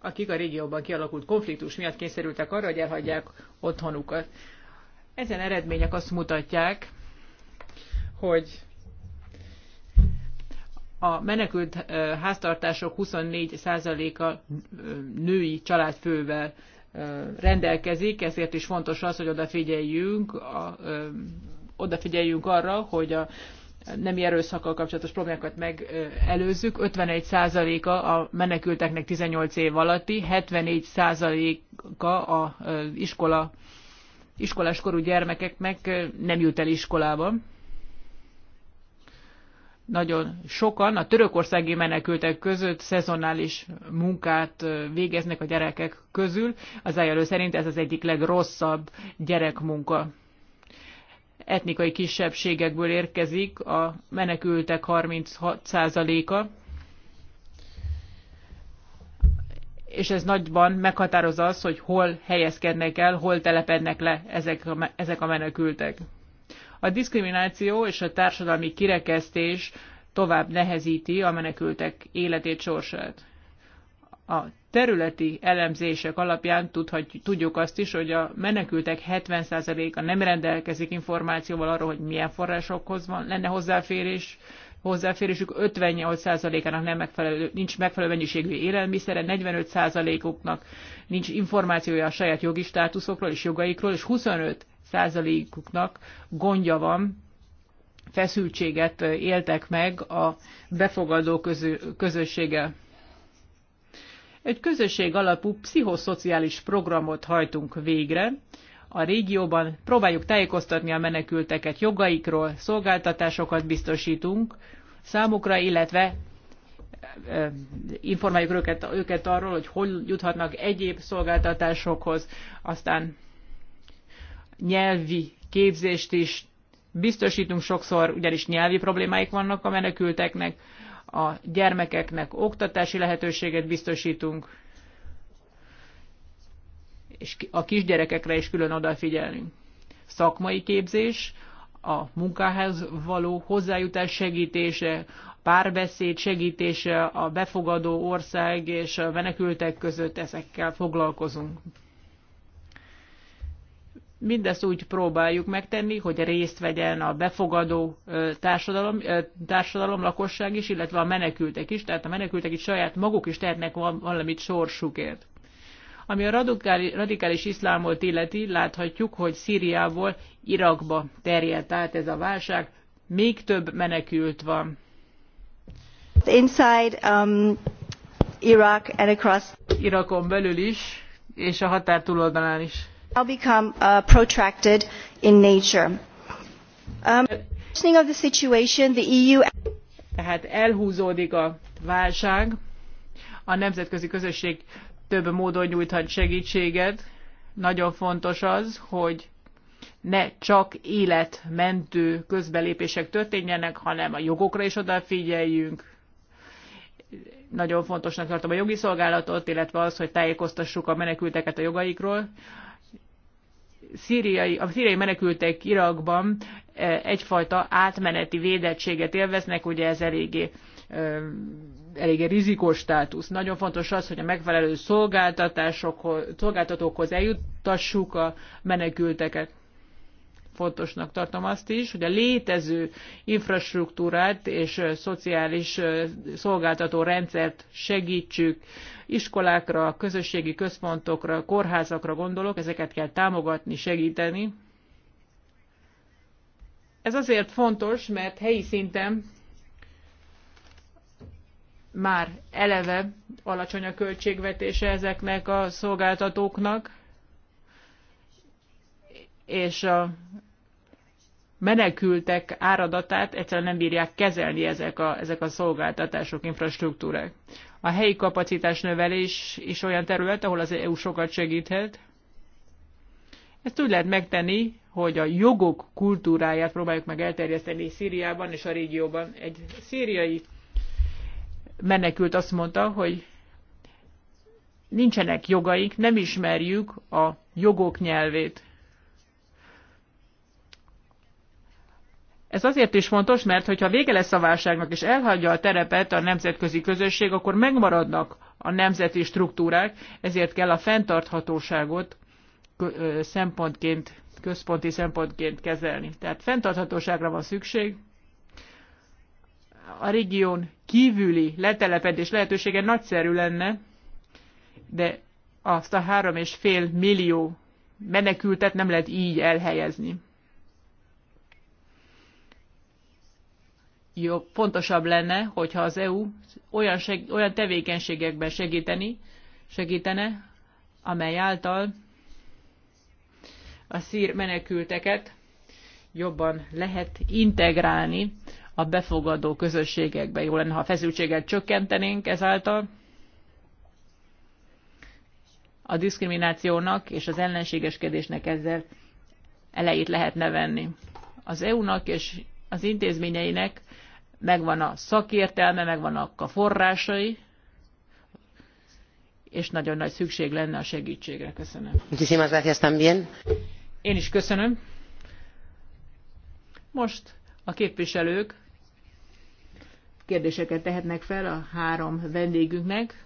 akik a régióban kialakult konfliktus miatt kényszerültek arra, hogy elhagyják otthonukat. Ezen eredmények azt mutatják, hogy a menekült háztartások 24%-a női családfővel rendelkezik, ezért is fontos az, hogy odafigyeljünk, odafigyeljünk arra, hogy a nem erőszakkal kapcsolatos problémákat megelőzzük. 51%-a a menekülteknek 18 év alatti, 74%-a a iskola, iskoláskorú gyermekeknek nem jut el iskolába. Nagyon sokan a törökországi menekültek között szezonális munkát végeznek a gyerekek közül. Az ILO szerint ez az egyik legrosszabb gyerekmunka etnikai kisebbségekből érkezik a menekültek 36%-a, és ez nagyban meghatározza az, hogy hol helyezkednek el, hol telepednek le ezek a, ezek a menekültek. A diszkrimináció és a társadalmi kirekesztés tovább nehezíti a menekültek életét, sorsát. A területi elemzések alapján tudhat tudjuk azt is, hogy a menekültek 70%-a nem rendelkezik információval arról, hogy milyen forrásokhoz van, lenne hozzáférés, hozzáférésük 58%-ának nem megfelelő, nincs megfelelő mennyiségű élelmiszere, 45%-uknak nincs információja a saját jogi státuszokról és jogaikról, és 25%-uknak gondja van, feszültséget éltek meg a befogadó közö, közösséggel. Egy közösség alapú pszichoszociális programot hajtunk végre. A régióban próbáljuk tájékoztatni a menekülteket jogaikról, szolgáltatásokat biztosítunk számukra, illetve informáljuk őket, őket arról, hogy hol juthatnak egyéb szolgáltatásokhoz, aztán nyelvi képzést is biztosítunk sokszor, ugyanis nyelvi problémáik vannak a menekülteknek, a gyermekeknek oktatási lehetőséget biztosítunk, és a kisgyerekekre is külön odafigyelünk. Szakmai képzés, a munkához való hozzájutás segítése, párbeszéd segítése a befogadó ország és a menekültek között ezekkel foglalkozunk mindezt úgy próbáljuk megtenni, hogy részt vegyen a befogadó társadalom, társadalom lakosság is, illetve a menekültek is, tehát a menekültek is saját maguk is tehetnek valamit sorsukért. Ami a radikális, radikális iszlámot illeti, láthatjuk, hogy Szíriából Irakba terjedt át ez a válság, még több menekült van. Inside um, Iraq and across... Irakon belül is, és a határ túloldalán is now become uh, protracted in nature. Um, of the situation, the EU... Tehát elhúzódik a válság, a nemzetközi közösség több módon nyújthat segítséget. Nagyon fontos az, hogy ne csak életmentő közbelépések történjenek, hanem a jogokra is odafigyeljünk. Nagyon fontosnak tartom a jogi szolgálatot, illetve az, hogy tájékoztassuk a menekülteket a jogaikról szíriai, a szíriai menekültek Irakban e, egyfajta átmeneti védettséget élveznek, ugye ez eléggé e, eléggé rizikós státusz. Nagyon fontos az, hogy a megfelelő szolgáltatásokhoz, szolgáltatókhoz eljuttassuk a menekülteket fontosnak tartom azt is, hogy a létező infrastruktúrát és szociális szolgáltató rendszert segítsük, iskolákra, közösségi központokra, kórházakra gondolok, ezeket kell támogatni, segíteni. Ez azért fontos, mert helyi szinten már eleve alacsony a költségvetése ezeknek a szolgáltatóknak, és a menekültek áradatát egyszerűen nem bírják kezelni ezek a, ezek a szolgáltatások, infrastruktúrák. A helyi kapacitás növelés is olyan terület, ahol az EU sokat segíthet. Ezt úgy lehet megtenni, hogy a jogok kultúráját próbáljuk meg elterjeszteni Szíriában és a régióban. Egy szíriai menekült azt mondta, hogy nincsenek jogaink, nem ismerjük a jogok nyelvét. Ez azért is fontos, mert hogyha vége lesz a válságnak és elhagyja a terepet a nemzetközi közösség, akkor megmaradnak a nemzeti struktúrák, ezért kell a fenntarthatóságot szempontként, központi szempontként kezelni. Tehát fenntarthatóságra van szükség, a régión kívüli letelepedés lehetősége nagyszerű lenne, de azt a három és fél millió menekültet nem lehet így elhelyezni. jobb, fontosabb lenne, hogyha az EU olyan, seg, olyan tevékenységekben segíteni, segítene, amely által a szír menekülteket jobban lehet integrálni a befogadó közösségekbe. Jó lenne, ha a feszültséget csökkentenénk ezáltal. A diszkriminációnak és az ellenségeskedésnek ezzel elejét lehetne venni. Az EU-nak és az intézményeinek megvan a szakértelme, megvannak a forrásai, és nagyon nagy szükség lenne a segítségre. Köszönöm. Muchísimas gracias también. Én is köszönöm. Most a képviselők kérdéseket tehetnek fel a három vendégünknek.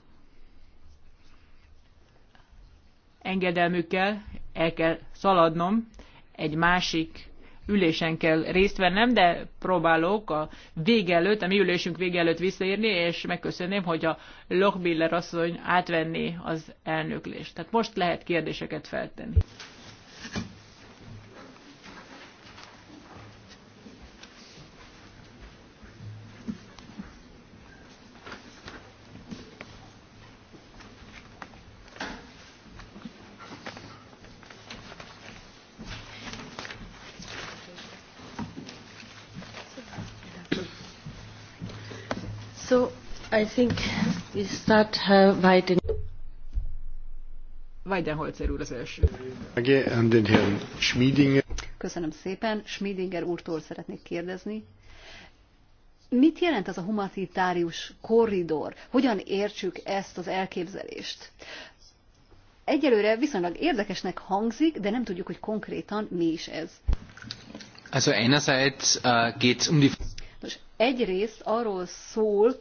Engedelmükkel el kell szaladnom egy másik ülésen kell részt vennem, de próbálok a vége előtt, a mi ülésünk vége előtt visszaírni, és megköszönném, hogy a Lochbiller asszony átvenni az elnöklést. Tehát most lehet kérdéseket feltenni. I think we start uh, Weidenholzer úr az első. Köszönöm szépen. Schmidinger úrtól szeretnék kérdezni. Mit jelent ez a humanitárius korridor? Hogyan értsük ezt az elképzelést? Egyelőre viszonylag érdekesnek hangzik, de nem tudjuk, hogy konkrétan mi is ez. Also einerseits uh, um die... Nos, egyrészt arról szól,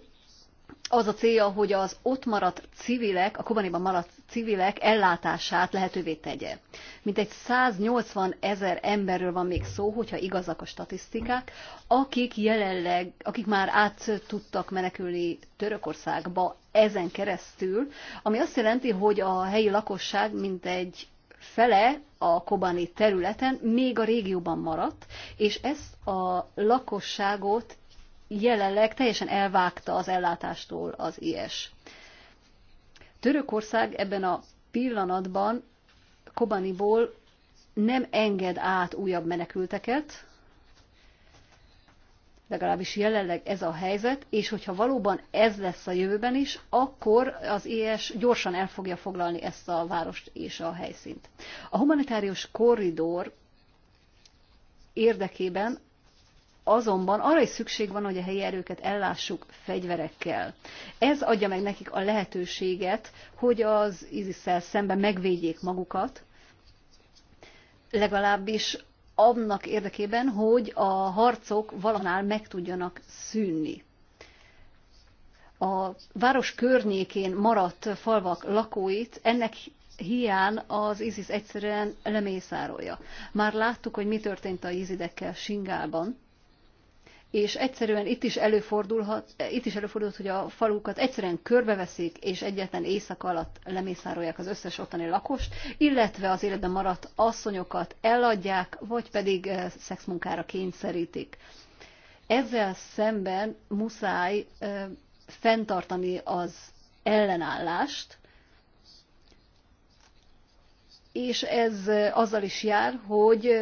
az a célja, hogy az ott maradt civilek, a Kobaniban maradt civilek ellátását lehetővé tegye. Mintegy 180 ezer emberről van még szó, hogyha igazak a statisztikák, akik jelenleg, akik már át tudtak menekülni Törökországba ezen keresztül, ami azt jelenti, hogy a helyi lakosság mintegy fele a kobani területen még a régióban maradt, és ezt a lakosságot jelenleg teljesen elvágta az ellátástól az IS. Törökország ebben a pillanatban Kobaniból nem enged át újabb menekülteket, legalábbis jelenleg ez a helyzet, és hogyha valóban ez lesz a jövőben is, akkor az IS gyorsan el fogja foglalni ezt a várost és a helyszínt. A humanitárius korridor érdekében azonban arra is szükség van, hogy a helyi erőket ellássuk fegyverekkel. Ez adja meg nekik a lehetőséget, hogy az ISIS-szel szemben megvédjék magukat, legalábbis annak érdekében, hogy a harcok valanál meg tudjanak szűnni. A város környékén maradt falvak lakóit ennek hián az ISIS egyszerűen lemészárolja. Már láttuk, hogy mi történt a izidekkel Singában, és egyszerűen itt is, előfordulhat, itt is előfordulhat, hogy a falukat egyszerűen körbeveszik, és egyetlen éjszaka alatt lemészárolják az összes ottani lakost, illetve az életben maradt asszonyokat eladják, vagy pedig eh, szexmunkára kényszerítik. Ezzel szemben muszáj eh, fenntartani az ellenállást, és ez eh, azzal is jár, hogy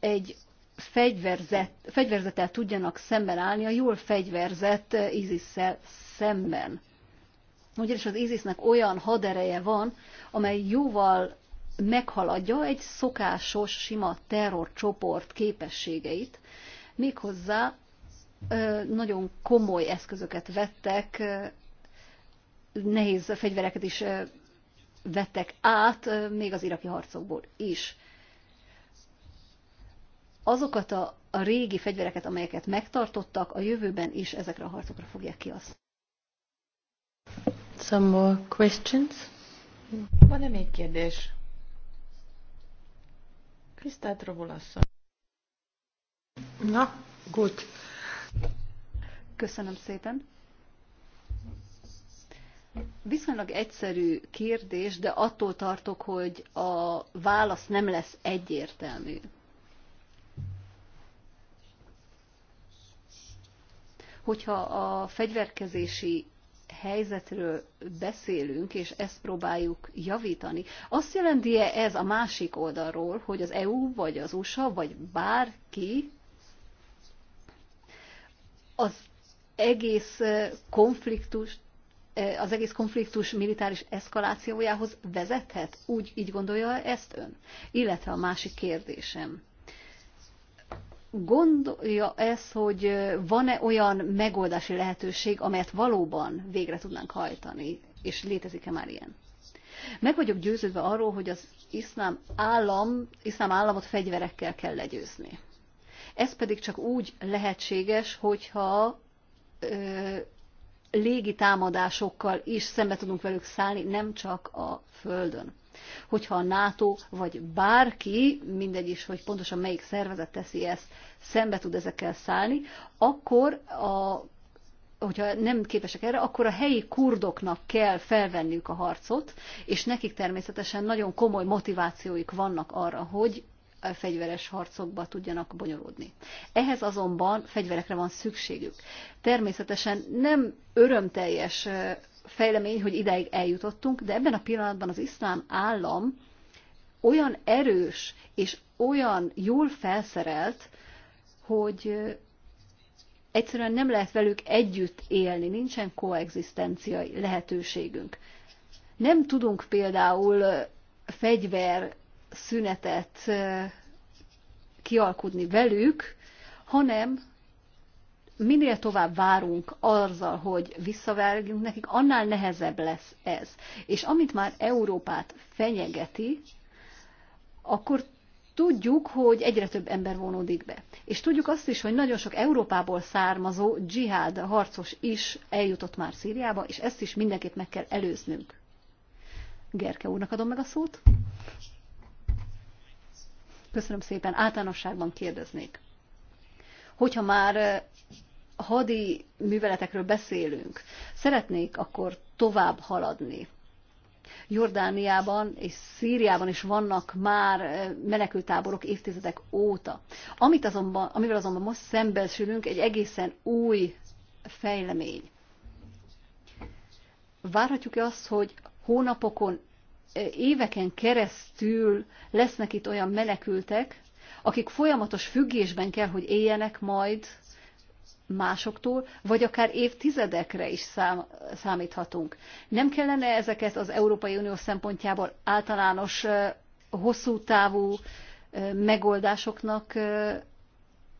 egy fegyverzet, fegyverzettel tudjanak szemben állni a jól fegyverzett ISIS-szel szemben. Ugyanis az ISIS-nek olyan hadereje van, amely jóval meghaladja egy szokásos, sima terrorcsoport képességeit, méghozzá nagyon komoly eszközöket vettek, nehéz fegyvereket is vettek át, még az iraki harcokból is azokat a, a régi fegyvereket, amelyeket megtartottak, a jövőben is ezekre a harcokra fogják kiasználni. Some more questions? Van-e még kérdés? Krisztát Robolasszon. Na, good. Köszönöm szépen. Viszonylag egyszerű kérdés, de attól tartok, hogy a válasz nem lesz egyértelmű. Hogyha a fegyverkezési helyzetről beszélünk, és ezt próbáljuk javítani, azt jelenti-e ez a másik oldalról, hogy az EU, vagy az USA, vagy bárki az egész konfliktus az egész konfliktus militáris eszkalációjához vezethet? Úgy így gondolja ezt ön? Illetve a másik kérdésem gondolja ez, hogy van-e olyan megoldási lehetőség, amelyet valóban végre tudnánk hajtani, és létezik-e már ilyen? Meg vagyok győződve arról, hogy az iszlám állam, iszlám államot fegyverekkel kell legyőzni. Ez pedig csak úgy lehetséges, hogyha ö, légi támadásokkal is szembe tudunk velük szállni, nem csak a földön. Hogyha a NATO vagy bárki, mindegy is, hogy pontosan melyik szervezet teszi ezt, szembe tud ezekkel szállni, akkor a hogyha nem képesek erre, akkor a helyi kurdoknak kell felvenniük a harcot, és nekik természetesen nagyon komoly motivációik vannak arra, hogy fegyveres harcokba tudjanak bonyolódni. Ehhez azonban fegyverekre van szükségük. Természetesen nem örömteljes fejlemény, hogy ideig eljutottunk, de ebben a pillanatban az iszlám állam olyan erős és olyan jól felszerelt, hogy egyszerűen nem lehet velük együtt élni, nincsen koexisztenciai lehetőségünk. Nem tudunk például fegyver szünetet kialkudni velük, hanem minél tovább várunk azzal, hogy visszavágjunk nekik, annál nehezebb lesz ez. És amit már Európát fenyegeti, akkor tudjuk, hogy egyre több ember vonódik be. És tudjuk azt is, hogy nagyon sok Európából származó dzsihád harcos is eljutott már Szíriába, és ezt is mindenképp meg kell előznünk. Gerke úrnak adom meg a szót. Köszönöm szépen. Általánosságban kérdeznék. Hogyha már hadi műveletekről beszélünk, szeretnék akkor tovább haladni. Jordániában és Szíriában is vannak már eh, menekültáborok évtizedek óta. Amit azonban, amivel azonban most szembesülünk, egy egészen új fejlemény. Várhatjuk-e azt, hogy hónapokon, eh, éveken keresztül lesznek itt olyan menekültek, akik folyamatos függésben kell, hogy éljenek majd másoktól, vagy akár évtizedekre is szám, számíthatunk. Nem kellene ezeket az Európai Unió szempontjából általános, hosszú távú megoldásoknak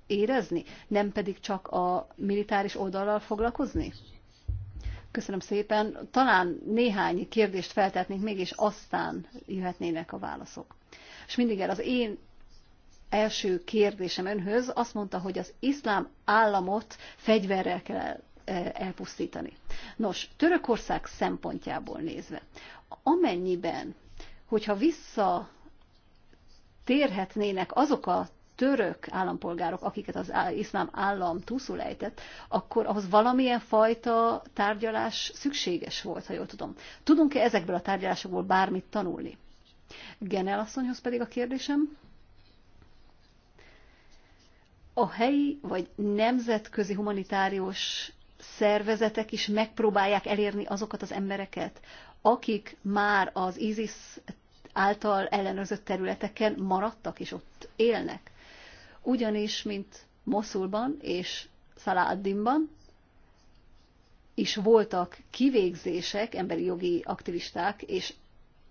érezni, nem pedig csak a militáris oldalral foglalkozni? Köszönöm szépen. Talán néhány kérdést feltetnénk mégis, aztán jöhetnének a válaszok. És mindig el az én első kérdésem önhöz. Azt mondta, hogy az iszlám államot fegyverrel kell e, elpusztítani. Nos, Törökország szempontjából nézve, amennyiben, hogyha vissza térhetnének azok a török állampolgárok, akiket az iszlám állam túszul ejtett, akkor ahhoz valamilyen fajta tárgyalás szükséges volt, ha jól tudom. Tudunk-e ezekből a tárgyalásokból bármit tanulni? Genel asszonyhoz pedig a kérdésem a helyi vagy nemzetközi humanitárius szervezetek is megpróbálják elérni azokat az embereket, akik már az ISIS által ellenőrzött területeken maradtak és ott élnek. Ugyanis, mint Moszulban és Szaláddinban is voltak kivégzések, emberi jogi aktivisták és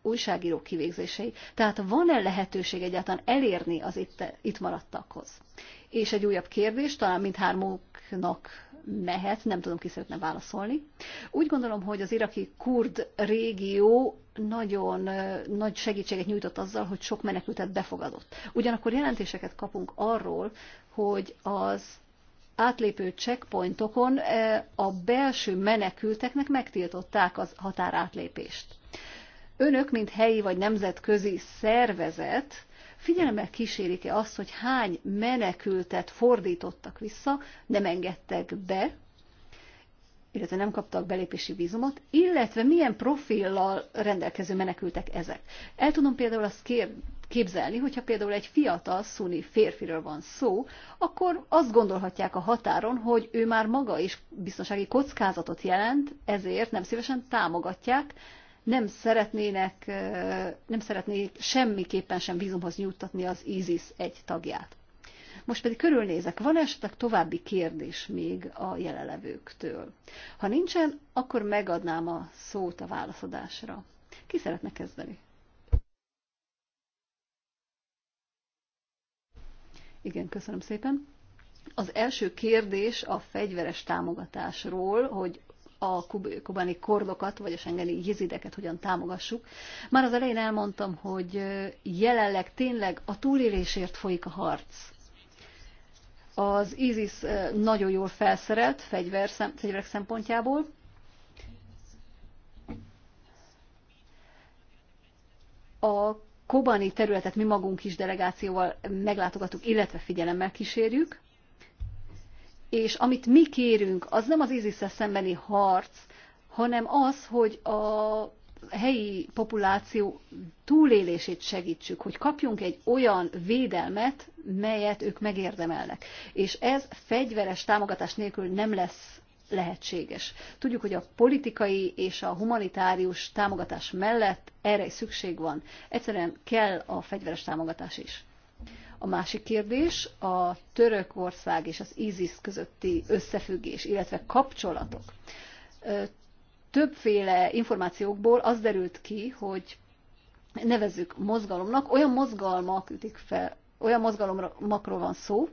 újságírók kivégzései. Tehát van-e lehetőség egyáltalán elérni az itt, itt maradtakhoz? És egy újabb kérdés, talán mindhármuknak mehet, nem tudom, ki szeretne válaszolni. Úgy gondolom, hogy az iraki kurd régió nagyon nagy segítséget nyújtott azzal, hogy sok menekültet befogadott. Ugyanakkor jelentéseket kapunk arról, hogy az átlépő checkpointokon a belső menekülteknek megtiltották az határátlépést önök, mint helyi vagy nemzetközi szervezet, figyelemmel kísérik-e azt, hogy hány menekültet fordítottak vissza, nem engedtek be, illetve nem kaptak belépési vízumot, illetve milyen profillal rendelkező menekültek ezek. El tudom például azt képzelni, hogyha például egy fiatal szuni férfiről van szó, akkor azt gondolhatják a határon, hogy ő már maga is biztonsági kockázatot jelent, ezért nem szívesen támogatják, nem szeretnének, nem szeretnék semmiképpen sem vízumhoz nyújtatni az ISIS egy tagját. Most pedig körülnézek, van esetleg további kérdés még a jelenlevőktől? Ha nincsen, akkor megadnám a szót a válaszadásra. Ki szeretne kezdeni? Igen, köszönöm szépen. Az első kérdés a fegyveres támogatásról, hogy a kubani kordokat, vagy a sengeli jezideket hogyan támogassuk. Már az elején elmondtam, hogy jelenleg tényleg a túlélésért folyik a harc. Az ISIS nagyon jól felszerelt fegyver, fegyverek szempontjából, a kobani területet mi magunk is delegációval meglátogatunk, illetve figyelemmel kísérjük és amit mi kérünk, az nem az isis szembeni harc, hanem az, hogy a helyi populáció túlélését segítsük, hogy kapjunk egy olyan védelmet, melyet ők megérdemelnek. És ez fegyveres támogatás nélkül nem lesz lehetséges. Tudjuk, hogy a politikai és a humanitárius támogatás mellett erre is szükség van. Egyszerűen kell a fegyveres támogatás is. A másik kérdés a Törökország és az ISIS közötti összefüggés, illetve kapcsolatok. Többféle információkból az derült ki, hogy nevezzük mozgalomnak, olyan mozgalmak ütik fel, olyan mozgalomakról van szó,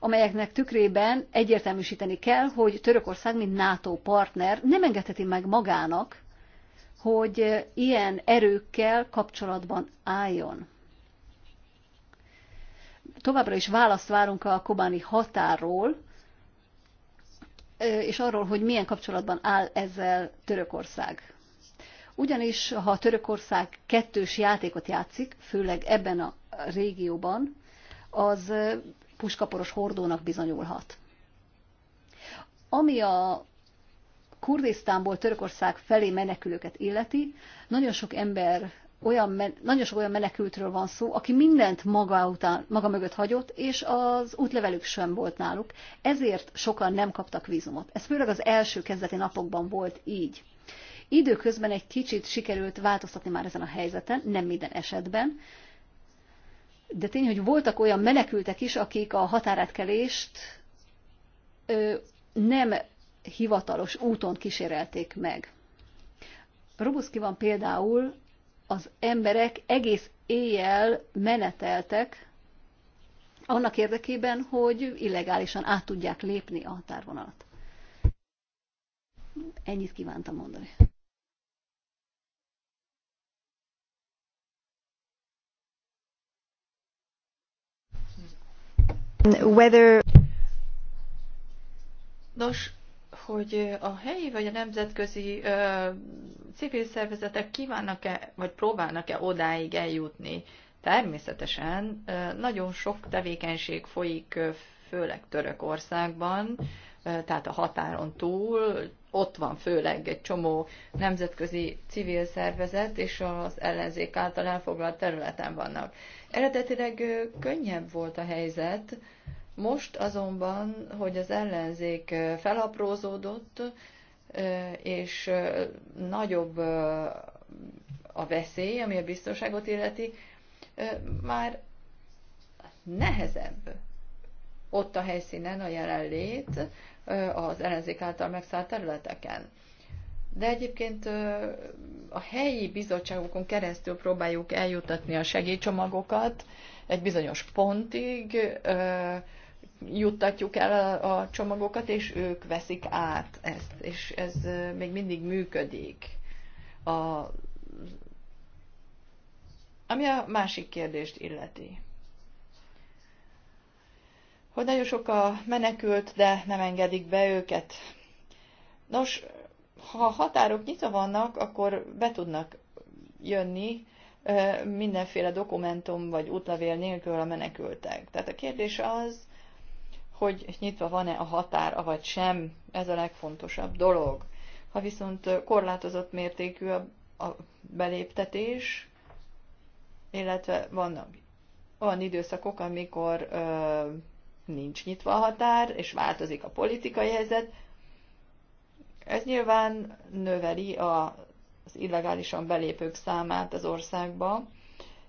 amelyeknek tükrében egyértelműsíteni kell, hogy Törökország, mint NATO partner nem engedheti meg magának, hogy ilyen erőkkel kapcsolatban álljon továbbra is választ várunk a kobáni határól, és arról, hogy milyen kapcsolatban áll ezzel Törökország. Ugyanis, ha Törökország kettős játékot játszik, főleg ebben a régióban, az puskaporos hordónak bizonyulhat. Ami a Kurdisztánból Törökország felé menekülőket illeti, nagyon sok ember olyan, nagyon sok olyan menekültről van szó, aki mindent maga, után, maga mögött hagyott, és az útlevelük sem volt náluk. Ezért sokan nem kaptak vízumot. Ez főleg az első kezdeti napokban volt így. Időközben egy kicsit sikerült változtatni már ezen a helyzeten, nem minden esetben, de tény, hogy voltak olyan menekültek is, akik a határátkelést ö, nem hivatalos úton kísérelték meg. Robuszki van például az emberek egész éjjel meneteltek annak érdekében, hogy illegálisan át tudják lépni a határvonalat. Ennyit kívántam mondani. Whether... Nos, hogy a helyi vagy a nemzetközi ö, civil szervezetek kívánnak-e, vagy próbálnak-e odáig eljutni. Természetesen ö, nagyon sok tevékenység folyik, ö, főleg Törökországban, ö, tehát a határon túl, ott van főleg egy csomó nemzetközi civil szervezet, és az ellenzék által elfoglalt területen vannak. Eredetileg könnyebb volt a helyzet, most azonban, hogy az ellenzék felaprózódott, és nagyobb a veszély, ami a biztonságot illeti, már nehezebb ott a helyszínen a jelenlét az ellenzék által megszállt területeken. De egyébként a helyi bizottságokon keresztül próbáljuk eljutatni a segélycsomagokat egy bizonyos pontig, juttatjuk el a, a csomagokat, és ők veszik át ezt, és ez még mindig működik. A, ami a másik kérdést illeti. Hogy nagyon sok a menekült, de nem engedik be őket. Nos, ha a határok nyitva vannak, akkor be tudnak jönni mindenféle dokumentum vagy útlevél nélkül a menekültek. Tehát a kérdés az, hogy nyitva van-e a határ, vagy sem, ez a legfontosabb dolog. Ha viszont korlátozott mértékű a, a beléptetés, illetve vannak olyan időszakok, amikor ö, nincs nyitva a határ, és változik a politikai helyzet, ez nyilván növeli a, az illegálisan belépők számát az országba,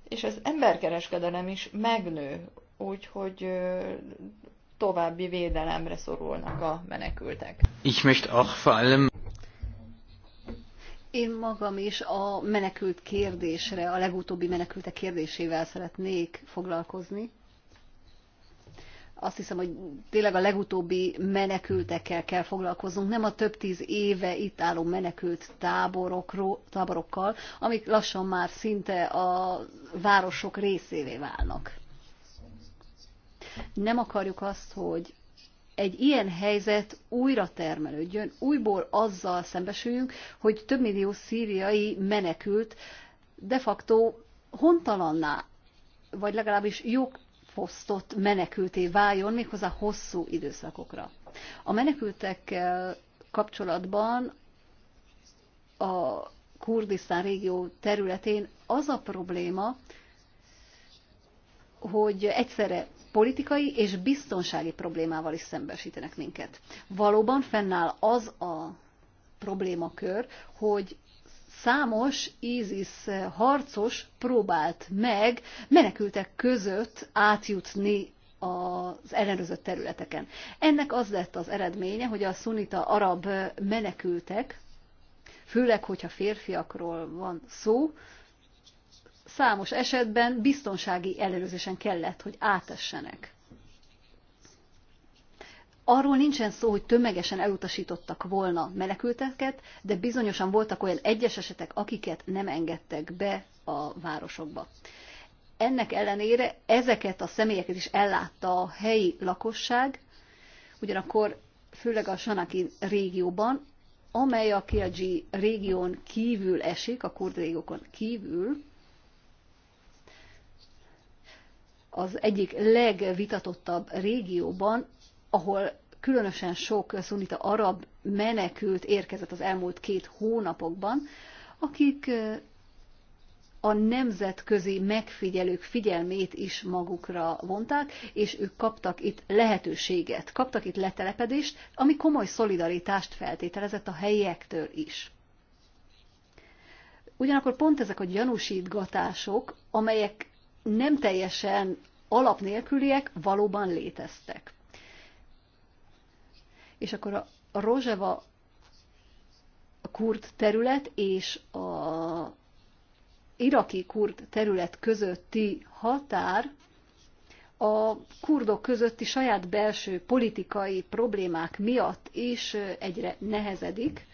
és az emberkereskedelem is megnő, úgyhogy további védelemre szorulnak a menekültek. Ich möchte auch vor allem én magam is a menekült kérdésre, a legutóbbi menekültek kérdésével szeretnék foglalkozni. Azt hiszem, hogy tényleg a legutóbbi menekültekkel kell foglalkoznunk, nem a több tíz éve itt álló menekült táborokról, táborokkal, amik lassan már szinte a városok részévé válnak. Nem akarjuk azt, hogy egy ilyen helyzet újra termelődjön, újból azzal szembesüljünk, hogy több millió szíriai menekült de facto hontalanná, vagy legalábbis jogfosztott menekülté váljon, méghozzá hosszú időszakokra. A menekültekkel kapcsolatban a Kurdisztán régió területén az a probléma, hogy egyszerre politikai és biztonsági problémával is szembesítenek minket. Valóban fennáll az a problémakör, hogy számos ISIS harcos próbált meg menekültek között átjutni az ellenőrzött területeken. Ennek az lett az eredménye, hogy a szunita arab menekültek, főleg, hogyha férfiakról van szó, számos esetben biztonsági ellenőrzésen kellett, hogy átessenek. Arról nincsen szó, hogy tömegesen elutasítottak volna menekülteket, de bizonyosan voltak olyan egyes esetek, akiket nem engedtek be a városokba. Ennek ellenére ezeket a személyeket is ellátta a helyi lakosság, ugyanakkor főleg a Sanaki régióban, amely a Kiadzsi régión kívül esik, a kurd régiókon kívül, az egyik legvitatottabb régióban, ahol különösen sok szunita arab menekült érkezett az elmúlt két hónapokban, akik a nemzetközi megfigyelők figyelmét is magukra vonták, és ők kaptak itt lehetőséget, kaptak itt letelepedést, ami komoly szolidaritást feltételezett a helyiektől is. Ugyanakkor pont ezek a gyanúsítgatások, amelyek nem teljesen alap nélküliek valóban léteztek. És akkor a Rozseva kurd terület és a iraki kurd terület közötti határ a kurdok közötti saját belső politikai problémák miatt is egyre nehezedik.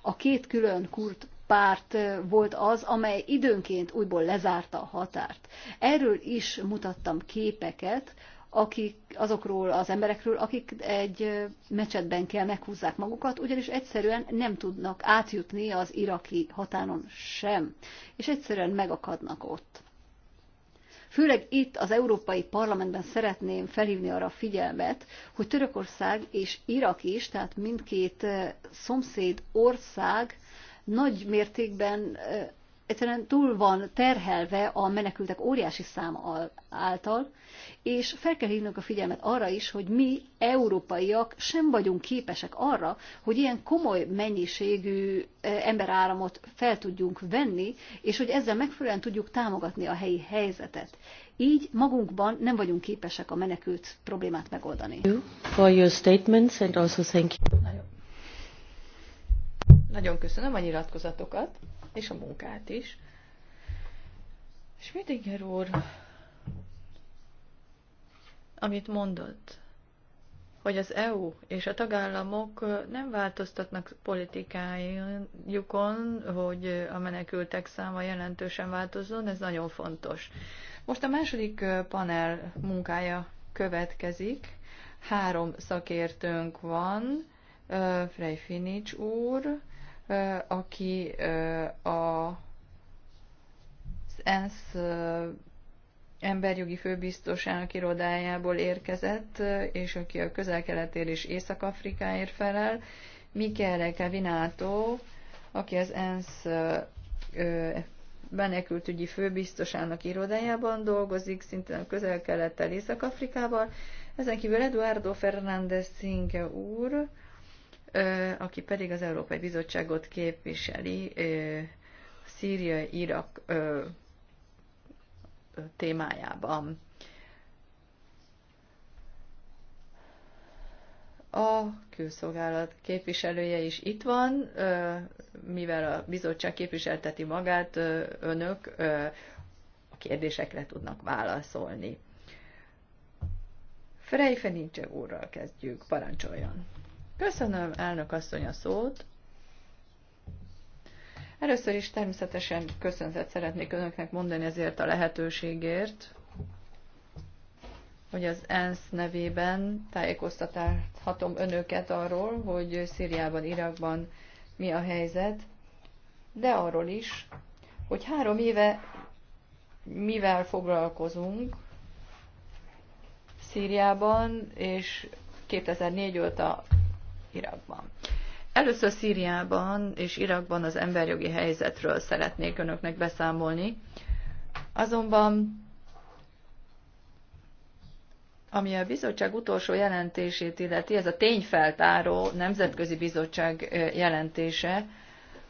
A két külön kurd párt volt az, amely időnként újból lezárta a határt. Erről is mutattam képeket, akik, azokról az emberekről, akik egy mecsetben kell meghúzzák magukat, ugyanis egyszerűen nem tudnak átjutni az iraki határon sem, és egyszerűen megakadnak ott. Főleg itt az Európai Parlamentben szeretném felhívni arra a figyelmet, hogy Törökország és Irak is, tehát mindkét szomszéd ország nagy mértékben egyszerűen túl van terhelve a menekültek óriási száma által, és fel kell hívnunk a figyelmet arra is, hogy mi, európaiak, sem vagyunk képesek arra, hogy ilyen komoly mennyiségű emberáramot fel tudjunk venni, és hogy ezzel megfelelően tudjuk támogatni a helyi helyzetet. Így magunkban nem vagyunk képesek a menekült problémát megoldani. For your statements and also thank you. Nagyon köszönöm a nyilatkozatokat, és a munkát is. És Schmidinger úr, amit mondott, hogy az EU és a tagállamok nem változtatnak politikájukon, hogy a menekültek száma jelentősen változzon, ez nagyon fontos. Most a második panel munkája következik. Három szakértőnk van, Finics úr, aki a ENSZ emberjogi főbiztosának irodájából érkezett, és aki a közel keletér és Észak-Afrikáért felel, Michele Cavinato, aki az ENSZ menekültügyi főbiztosának irodájában dolgozik, szintén a közel-kelettel, Észak-Afrikával. Ezen kívül Eduardo Fernández Cinque úr, aki pedig az Európai Bizottságot képviseli Szíria-Irak témájában. A külszolgálat képviselője is itt van, mivel a bizottság képviselteti magát, önök a kérdésekre tudnak válaszolni. nincs úrral kezdjük, parancsoljon! Köszönöm, elnök asszony, a szót. Először is természetesen köszöntet szeretnék önöknek mondani ezért a lehetőségért, hogy az ENSZ nevében tájékoztathatom önöket arról, hogy Szíriában, Irakban mi a helyzet, de arról is, hogy három éve mivel foglalkozunk Szíriában, és 2004 óta Irakban. Először Szíriában és Irakban az emberjogi helyzetről szeretnék önöknek beszámolni, azonban ami a bizottság utolsó jelentését illeti, ez a tényfeltáró nemzetközi bizottság jelentése,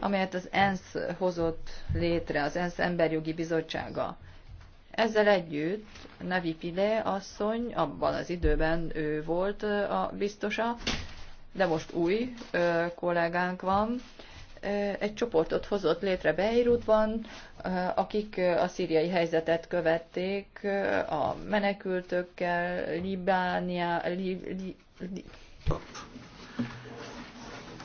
amelyet az ENSZ hozott létre, az ENSZ emberjogi bizottsága. Ezzel együtt Navi Pile asszony, abban az időben ő volt a biztosa, de most új ö, kollégánk van, egy csoportot hozott létre Beirutban, akik a szíriai helyzetet követték a menekültökkel, Libánia, li, li, li,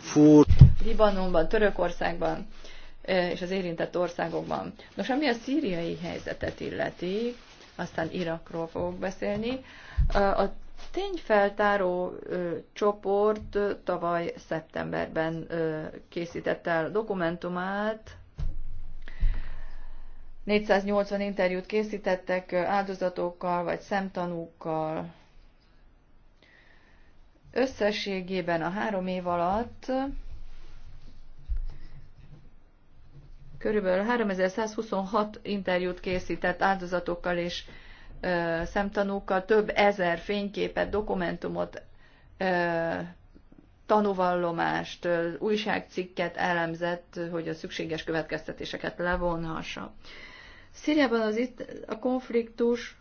Fúr. Libanonban, Törökországban és az érintett országokban. Nos, ami a szíriai helyzetet illeti, aztán Irakról fogok beszélni, a tényfeltáró ö, csoport ö, tavaly szeptemberben ö, készített el dokumentumát. 480 interjút készítettek áldozatokkal vagy szemtanúkkal. Összességében a három év alatt körülbelül 3126 interjút készített áldozatokkal és szemtanúkkal több ezer fényképet, dokumentumot, tanúvallomást, újságcikket elemzett, hogy a szükséges következtetéseket levonhassa. Szíriában az itt a konfliktus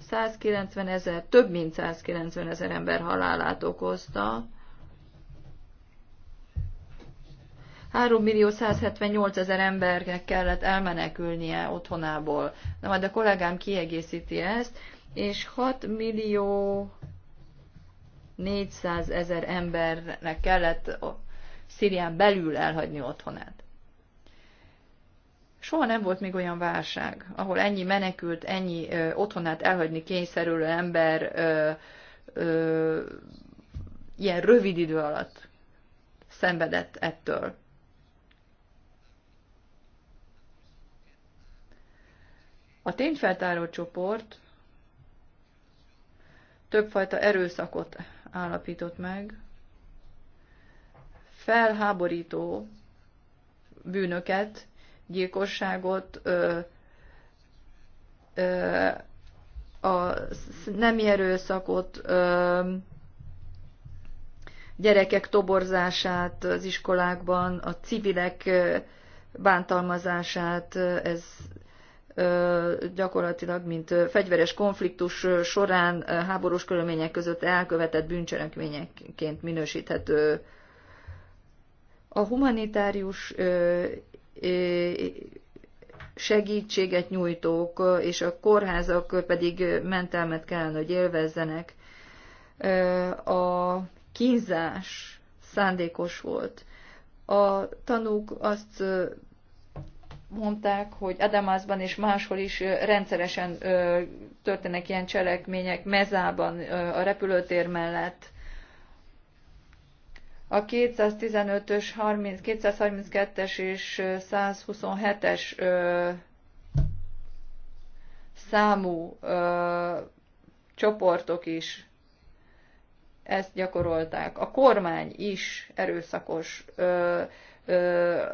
190 ezer, több mint 190 ezer ember halálát okozta, 3 millió 178 ezer embernek kellett elmenekülnie otthonából. Na majd a kollégám kiegészíti ezt, és 6 millió 400 ezer embernek kellett a Szírián belül elhagyni otthonát. Soha nem volt még olyan válság, ahol ennyi menekült, ennyi ö, otthonát elhagyni kényszerülő ember ö, ö, ilyen rövid idő alatt szenvedett ettől. A tényfeltáró csoport többfajta erőszakot állapított meg, felháborító bűnöket, gyilkosságot, ö, ö, a nemi erőszakot, ö, gyerekek toborzását az iskolákban, a civilek bántalmazását, ez gyakorlatilag, mint fegyveres konfliktus során háborús körülmények között elkövetett bűncselekményekként minősíthető. A humanitárius segítséget nyújtók és a kórházak pedig mentelmet kellene, hogy élvezzenek. A kínzás szándékos volt. A tanúk azt mondták, hogy Adamászban és máshol is rendszeresen történnek ilyen cselekmények, Mezában a repülőtér mellett. A 215-ös, 232-es és 127-es számú ö, csoportok is ezt gyakorolták. A kormány is erőszakos ö, ö,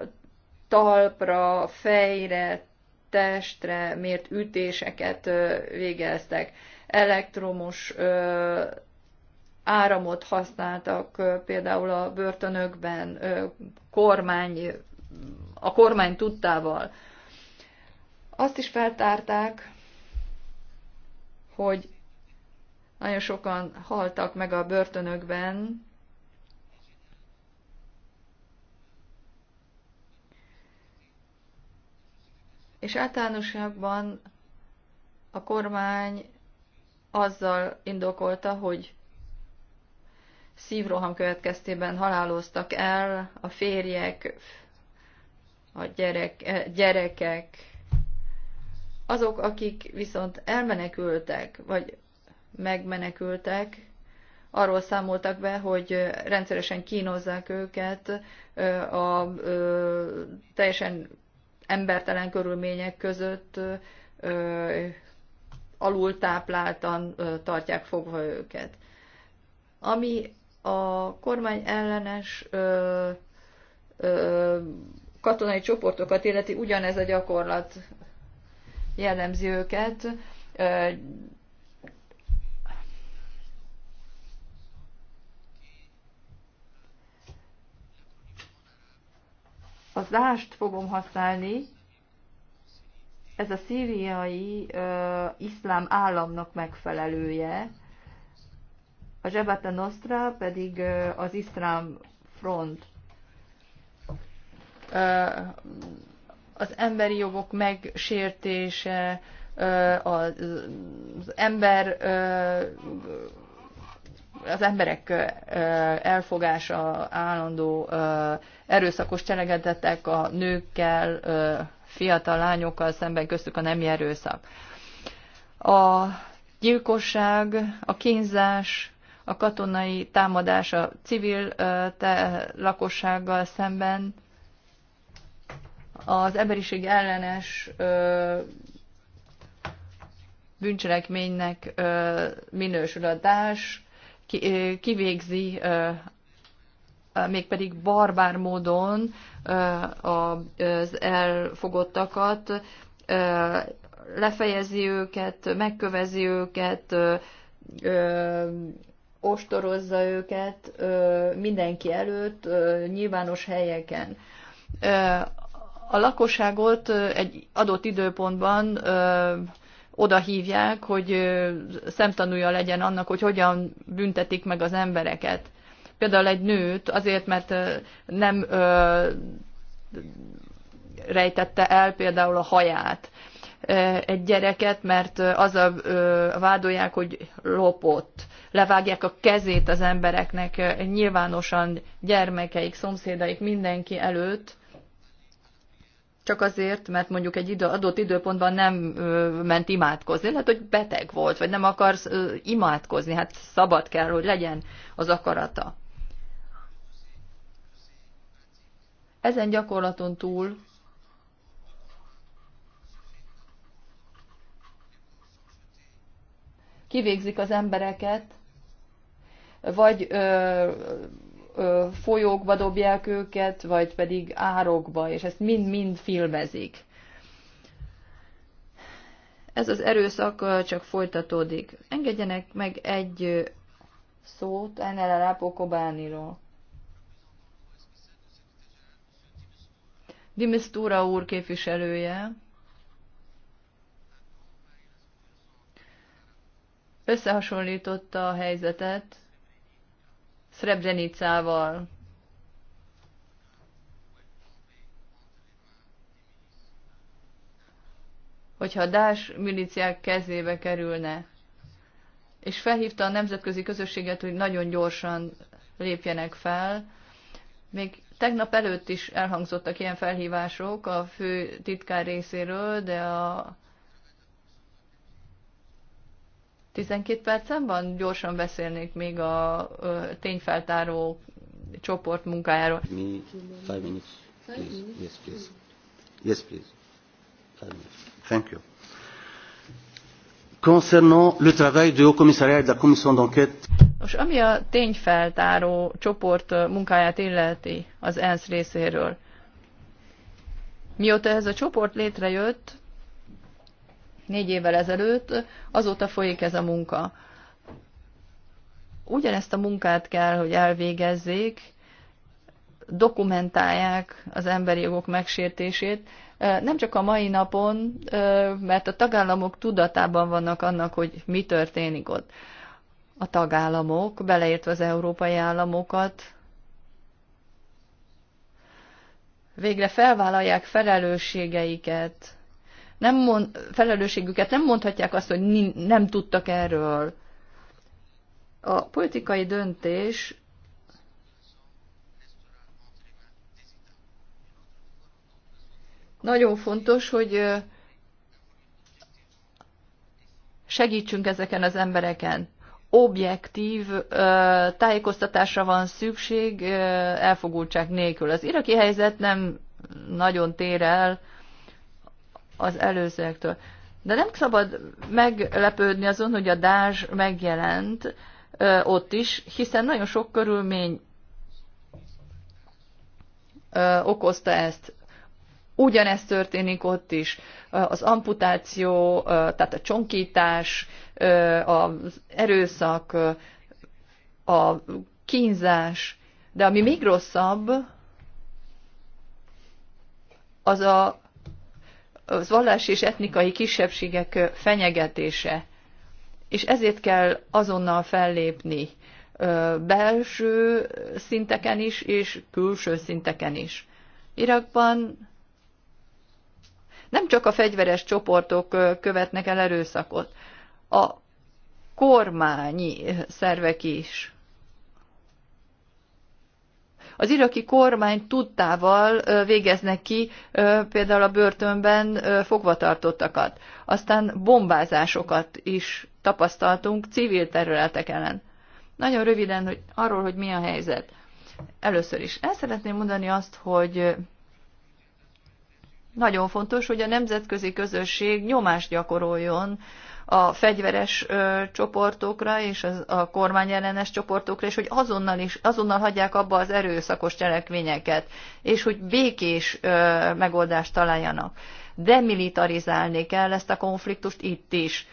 talpra, fejre, testre mért ütéseket végeztek, elektromos áramot használtak például a börtönökben, kormány, a kormány tudtával. Azt is feltárták, hogy nagyon sokan haltak meg a börtönökben, és általánosságban a kormány azzal indokolta, hogy szívroham következtében haláloztak el a férjek, a gyerek, e, gyerekek, azok, akik viszont elmenekültek, vagy megmenekültek, arról számoltak be, hogy rendszeresen kínozzák őket a teljesen embertelen körülmények között alultápláltan tartják fogva őket. Ami a kormány ellenes katonai csoportokat illeti, ugyanez a gyakorlat jellemzi őket A zást fogom használni, ez a szíriai ö, iszlám államnak megfelelője, a Zsebata Nostra pedig ö, az iszlám front. Ö, az emberi jogok megsértése, ö, az, az ember ö, az emberek elfogása állandó erőszakos cselekedetek a nőkkel, fiatal lányokkal szemben köztük a nemi erőszak. A gyilkosság, a kínzás, a katonai támadás a civil te, lakossággal szemben, az emberiség ellenes ö, bűncselekménynek ö, minősül a DAS, ki, ö, kivégzi ö, Eh, mégpedig barbár módon eh, az elfogottakat, eh, lefejezi őket, megkövezi őket, ostorozza őket mindenki előtt, nyilvános helyeken. A lakosságot egy adott időpontban oda hívják, hogy szemtanúja legyen annak, hogy hogyan büntetik meg az embereket például egy nőt azért, mert nem rejtette el például a haját egy gyereket, mert az a vádolják, hogy lopott. Levágják a kezét az embereknek nyilvánosan gyermekeik, szomszédaik, mindenki előtt, csak azért, mert mondjuk egy idő, adott időpontban nem ment imádkozni, lehet, hogy beteg volt, vagy nem akarsz imádkozni, hát szabad kell, hogy legyen az akarata. Ezen gyakorlaton túl kivégzik az embereket, vagy ö, ö, folyókba dobják őket, vagy pedig árokba, és ezt mind-mind filmezik. Ez az erőszak csak folytatódik. Engedjenek meg egy szót Enele Rápó Kobániról. Dimisztúra úr képviselője összehasonlította a helyzetet Srebrenicával. hogyha a Dás miliciák kezébe kerülne. És felhívta a nemzetközi közösséget, hogy nagyon gyorsan lépjenek fel. Még Tegnap előtt is elhangzottak ilyen felhívások a fő titkár részéről, de a 12 percen van, gyorsan beszélnék még a tényfeltáró csoport munkájáról. Mi, five minutes, please. Yes, please. Yes, please. Five minutes. Thank you. Concernant le travail du Haut Commissariat et de la Commission d'enquête. Most ami a tényfeltáró csoport munkáját illeti az ENSZ részéről, mióta ez a csoport létrejött, négy évvel ezelőtt, azóta folyik ez a munka. Ugyanezt a munkát kell, hogy elvégezzék, dokumentálják az emberi jogok megsértését, nem csak a mai napon, mert a tagállamok tudatában vannak annak, hogy mi történik ott a tagállamok, beleértve az európai államokat, végre felvállalják felelősségeiket, nem mond, felelősségüket, nem mondhatják azt, hogy nem tudtak erről. A politikai döntés nagyon fontos, hogy segítsünk ezeken az embereken objektív tájékoztatásra van szükség elfogultság nélkül. Az iraki helyzet nem nagyon tér el az előzőektől. De nem szabad meglepődni azon, hogy a Dázs megjelent ö, ott is, hiszen nagyon sok körülmény ö, okozta ezt. Ugyanezt történik ott is. Az amputáció, tehát a csonkítás, az erőszak, a kínzás, de ami még rosszabb, az a az vallási és etnikai kisebbségek fenyegetése. És ezért kell azonnal fellépni belső szinteken is, és külső szinteken is. Irakban nem csak a fegyveres csoportok követnek el erőszakot, a kormányi szervek is. Az iraki kormány tudtával végeznek ki például a börtönben fogvatartottakat. Aztán bombázásokat is tapasztaltunk civil területek ellen. Nagyon röviden hogy arról, hogy mi a helyzet. Először is el szeretném mondani azt, hogy nagyon fontos, hogy a nemzetközi közösség nyomást gyakoroljon a fegyveres ö, csoportokra és az, a kormányellenes csoportokra, és hogy azonnal is azonnal hagyják abba az erőszakos cselekvényeket, és hogy békés ö, megoldást találjanak. Demilitarizálni kell ezt a konfliktust itt is,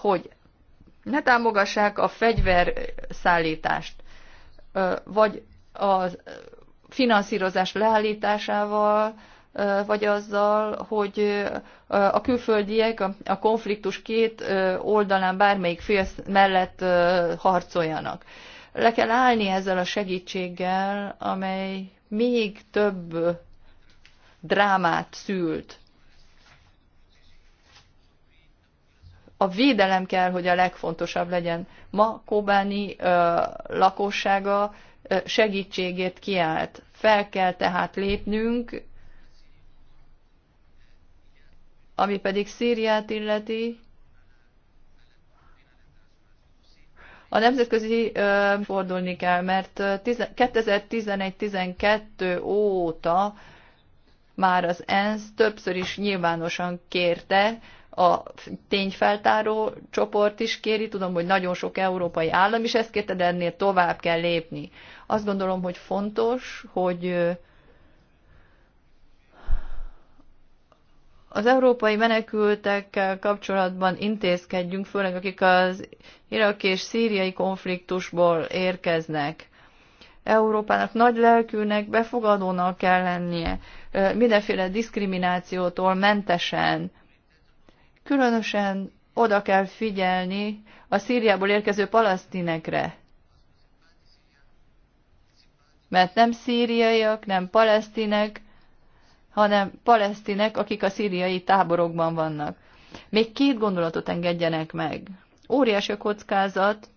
hogy ne támogassák a fegyverszállítást, ö, vagy a finanszírozás leállításával, vagy azzal, hogy a külföldiek a konfliktus két oldalán bármelyik fél mellett harcoljanak. Le kell állni ezzel a segítséggel, amely még több drámát szült. A védelem kell, hogy a legfontosabb legyen. Ma Kobáni ö, lakossága ö, segítségét kiállt. Fel kell tehát lépnünk, Ami pedig Szíriát illeti, A nemzetközi ö, fordulni kell, mert 2011-12 óta már az ENSZ többször is nyilvánosan kérte, a tényfeltáró csoport is kéri, tudom, hogy nagyon sok európai állam is ezt kérte, de ennél tovább kell lépni. Azt gondolom, hogy fontos, hogy az európai menekültekkel kapcsolatban intézkedjünk, főleg akik az iraki és szíriai konfliktusból érkeznek. Európának nagy lelkűnek, befogadónak kell lennie, mindenféle diszkriminációtól mentesen. Különösen oda kell figyelni a Szíriából érkező palasztinekre. Mert nem szíriaiak, nem palesztinek, hanem palesztinek, akik a szíriai táborokban vannak. Még két gondolatot engedjenek meg. Óriási a kockázat,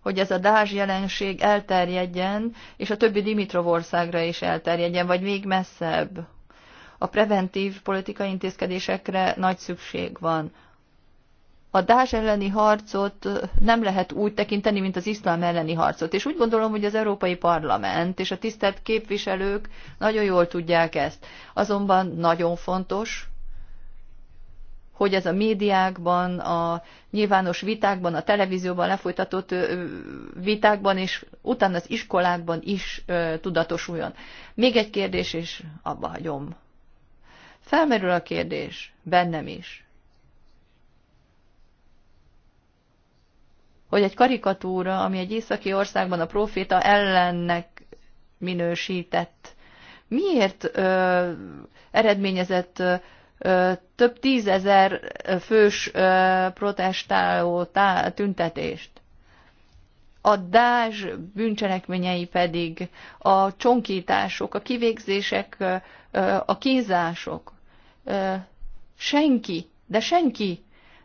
hogy ez a dázs jelenség elterjedjen, és a többi Dimitrov országra is elterjedjen, vagy még messzebb. A preventív politikai intézkedésekre nagy szükség van a Dás elleni harcot nem lehet úgy tekinteni, mint az iszlám elleni harcot. És úgy gondolom, hogy az Európai Parlament és a tisztelt képviselők nagyon jól tudják ezt. Azonban nagyon fontos, hogy ez a médiákban, a nyilvános vitákban, a televízióban lefolytatott vitákban, és utána az iskolákban is tudatosuljon. Még egy kérdés, és abba hagyom. Felmerül a kérdés, bennem is hogy egy karikatúra, ami egy északi országban a proféta ellennek minősített, miért ö, eredményezett ö, több tízezer fős ö, protestáló tá, tüntetést? a dázs bűncselekményei pedig a csonkítások, a kivégzések, a kínzások. Senki, de senki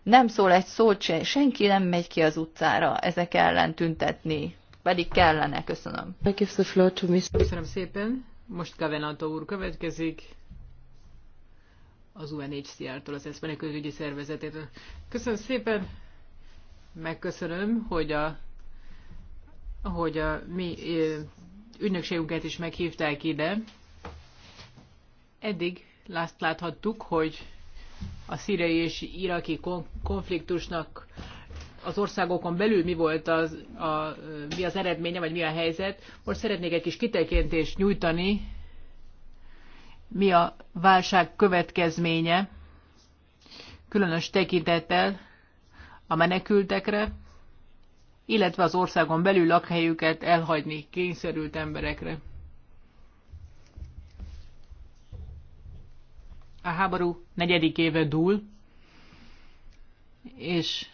nem szól egy szót se, senki nem megy ki az utcára ezek ellen tüntetni, pedig kellene, köszönöm. Köszönöm szépen, most Kavenanto úr következik az UNHCR-tól, az Eszpeni közügyi szervezetétől. Köszönöm szépen, megköszönöm, hogy a, hogy a mi ügynökségünket is meghívták ide. Eddig azt láthattuk, hogy a szíriai és iraki konfliktusnak az országokon belül mi volt az, a, mi az eredménye, vagy mi a helyzet. Most szeretnék egy kis kitekintést nyújtani, mi a válság következménye, különös tekintettel a menekültekre, illetve az országon belül lakhelyüket elhagyni kényszerült emberekre. a háború negyedik éve dúl, és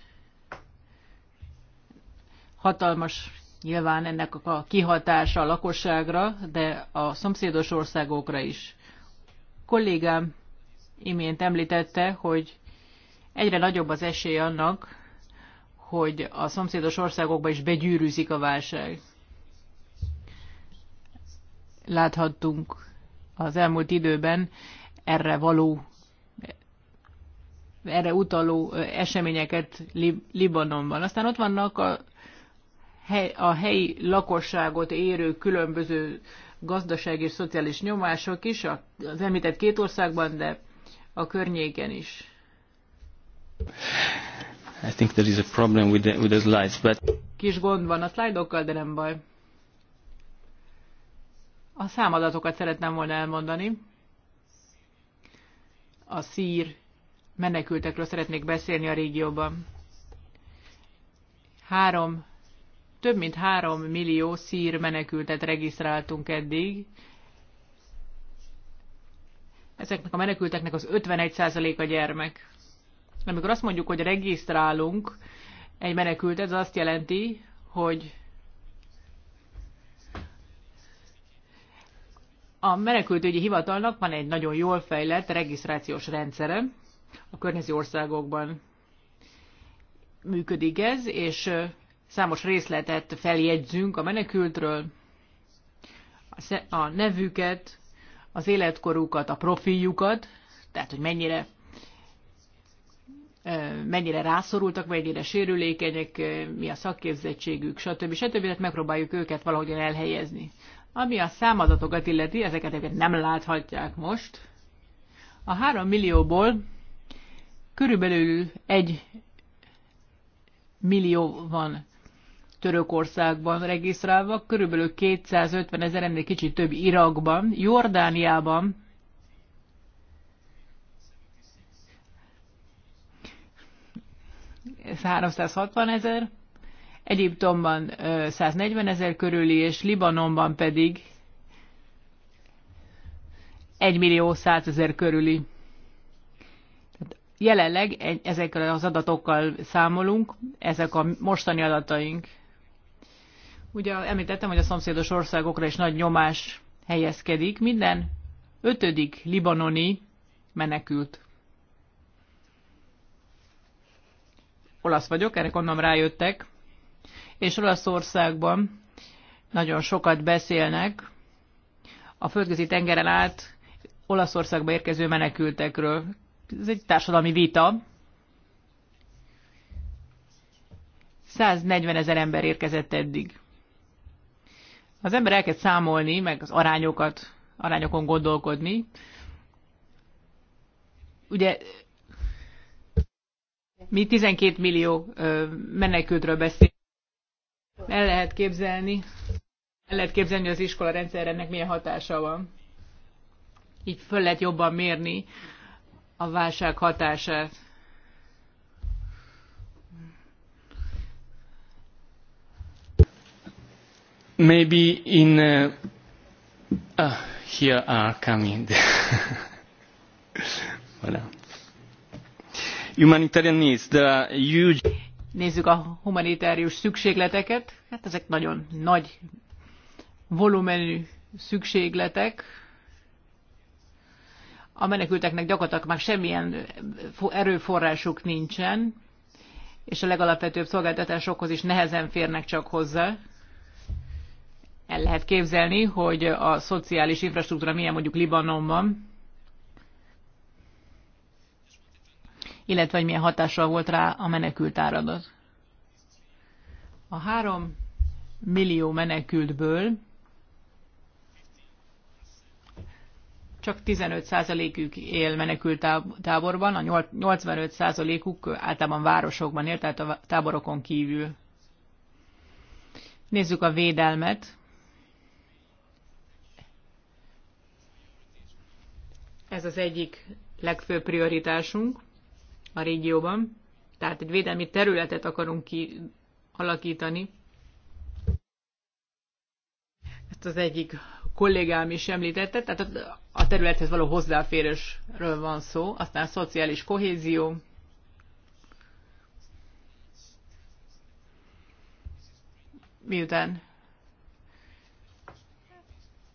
hatalmas nyilván ennek a kihatása a lakosságra, de a szomszédos országokra is. Kollégám imént említette, hogy egyre nagyobb az esély annak, hogy a szomszédos országokba is begyűrűzik a válság. Láthattunk az elmúlt időben erre való, erre utaló eseményeket Lib Libanonban. Aztán ott vannak a, hely, a helyi lakosságot érő különböző gazdasági és szociális nyomások is, az említett két országban, de a környéken is. I think there is a problem with the, with the slides, but... Kis gond van a szlájdokkal, de nem baj. A számadatokat szeretném volna elmondani a szír menekültekről szeretnék beszélni a régióban. Három, több mint három millió szír menekültet regisztráltunk eddig. Ezeknek a menekülteknek az 51% a gyermek. Amikor azt mondjuk, hogy regisztrálunk egy menekültet, ez azt jelenti, hogy A menekültügyi hivatalnak van egy nagyon jól fejlett regisztrációs rendszere, a környező országokban működik ez, és számos részletet feljegyzünk a menekültről, a nevüket, az életkorukat, a profiljukat, tehát hogy mennyire mennyire rászorultak, mennyire sérülékenyek, mi a szakképzettségük, stb. stb. stb. Tehát megpróbáljuk őket valahogyan elhelyezni. Ami a számadatokat illeti, ezeket egyébként nem láthatják most. A 3 millióból körülbelül 1 millió van Törökországban regisztrálva, körülbelül 250 ezer, ennél kicsit több Irakban, Jordániában, ez 360 ezer, Egyiptomban 140 ezer körüli, és Libanonban pedig 1 millió 100 ezer körüli. Jelenleg ezekkel az adatokkal számolunk, ezek a mostani adataink. Ugye említettem, hogy a szomszédos országokra is nagy nyomás helyezkedik. Minden ötödik libanoni menekült. Olasz vagyok, erre onnan rájöttek és Olaszországban nagyon sokat beszélnek a földközi tengeren át Olaszországba érkező menekültekről. Ez egy társadalmi vita. 140 ezer ember érkezett eddig. Az ember elkezd számolni, meg az arányokat, arányokon gondolkodni. Ugye mi 12 millió menekültről beszélünk. El lehet képzelni, el lehet képzelni, hogy az iskola rendszer ennek milyen hatása van. Így föl lehet jobban mérni a válság hatását. Maybe in uh, uh, here are coming. voilà. Humanitarian needs. There are huge nézzük a humanitárius szükségleteket, hát ezek nagyon nagy volumenű szükségletek, a menekülteknek gyakorlatilag már semmilyen erőforrásuk nincsen, és a legalapvetőbb szolgáltatásokhoz is nehezen férnek csak hozzá. El lehet képzelni, hogy a szociális infrastruktúra milyen mondjuk Libanonban, illetve hogy milyen hatással volt rá a menekült áradat. A három millió menekültből csak 15%-ük él menekült táborban, a 85%-uk általában városokban él, tehát a táborokon kívül. Nézzük a védelmet. Ez az egyik legfőbb prioritásunk a régióban, tehát egy védelmi területet akarunk kialakítani. Ezt az egyik kollégám is említette, tehát a területhez való hozzáférésről van szó, aztán a szociális kohézió, miután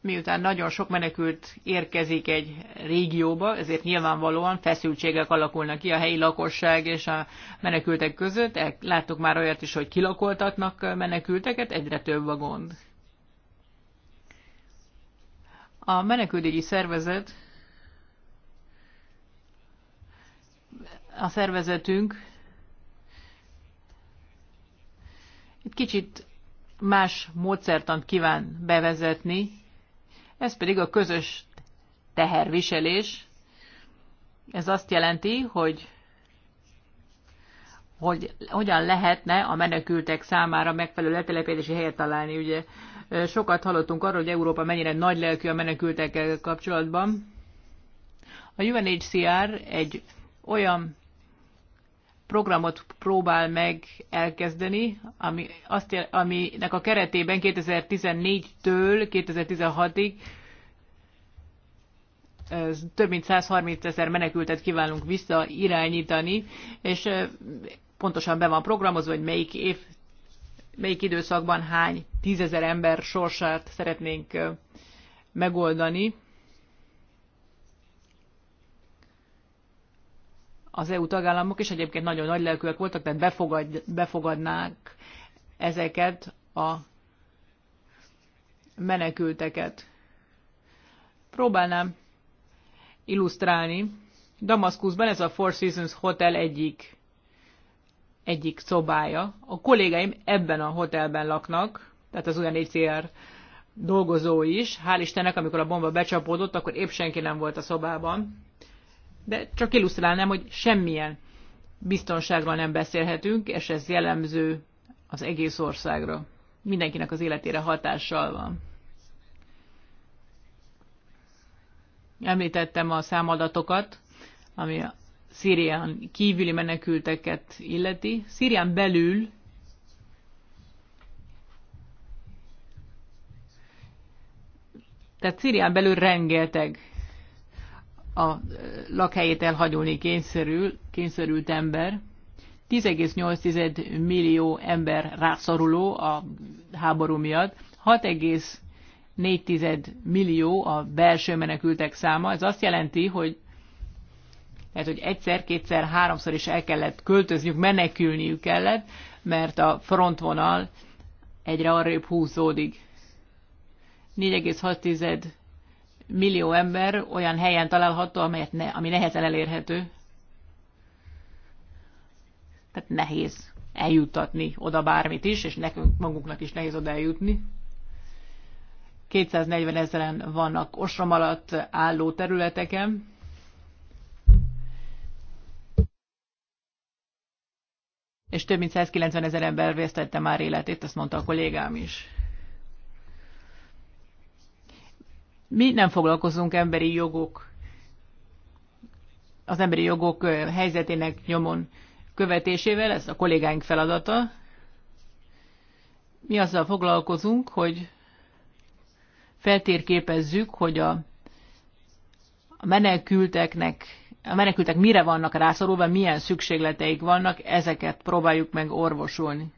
miután nagyon sok menekült érkezik egy régióba, ezért nyilvánvalóan feszültségek alakulnak ki a helyi lakosság és a menekültek között. E, láttuk már olyat is, hogy kilakoltatnak menekülteket, egyre több a gond. A menekültügyi szervezet, a szervezetünk egy kicsit más módszertant kíván bevezetni, ez pedig a közös teherviselés. Ez azt jelenti, hogy hogy hogyan lehetne a menekültek számára megfelelő letelepedési helyet találni. Ugye sokat hallottunk arról, hogy Európa mennyire nagy lelkű a menekültekkel kapcsolatban. A UNHCR egy olyan programot próbál meg elkezdeni, ami azt, jel, aminek a keretében 2014-től 2016-ig több mint 130 ezer menekültet kívánunk visszairányítani, és pontosan be van programozva, hogy melyik év, melyik időszakban hány tízezer ember sorsát szeretnénk megoldani. az EU tagállamok is egyébként nagyon nagy lelkűek voltak, tehát befogad, befogadnák ezeket a menekülteket. Próbálnám illusztrálni. Damaszkuszban ez a Four Seasons Hotel egyik, egyik szobája. A kollégáim ebben a hotelben laknak, tehát az olyan ECR dolgozó is. Hál' Istennek, amikor a bomba becsapódott, akkor épp senki nem volt a szobában de csak illusztrálnám, hogy semmilyen biztonsággal nem beszélhetünk, és ez jellemző az egész országra. Mindenkinek az életére hatással van. Említettem a számadatokat, ami a Szírián kívüli menekülteket illeti. Szírián belül tehát Szírián belül rengeteg a lakhelyét elhagyolni kényszerül, kényszerült ember. 10,8 millió ember rászoruló a háború miatt, 6,4 millió a belső menekültek száma. Ez azt jelenti, hogy tehát, hogy egyszer, kétszer, háromszor is el kellett költözniük, menekülniük kellett, mert a frontvonal egyre arrébb húzódik millió ember olyan helyen található, amelyet ne, ami nehezen elérhető. Tehát nehéz eljutatni oda bármit is, és nekünk magunknak is nehéz oda eljutni. 240 ezeren vannak osrom alatt álló területeken. És több mint 190 ezer ember vesztette már életét, ezt mondta a kollégám is. Mi nem foglalkozunk emberi jogok, az emberi jogok helyzetének nyomon követésével, ez a kollégáink feladata. Mi azzal foglalkozunk, hogy feltérképezzük, hogy a, menekülteknek, a menekültek mire vannak rászorulva, milyen szükségleteik vannak, ezeket próbáljuk meg orvosolni.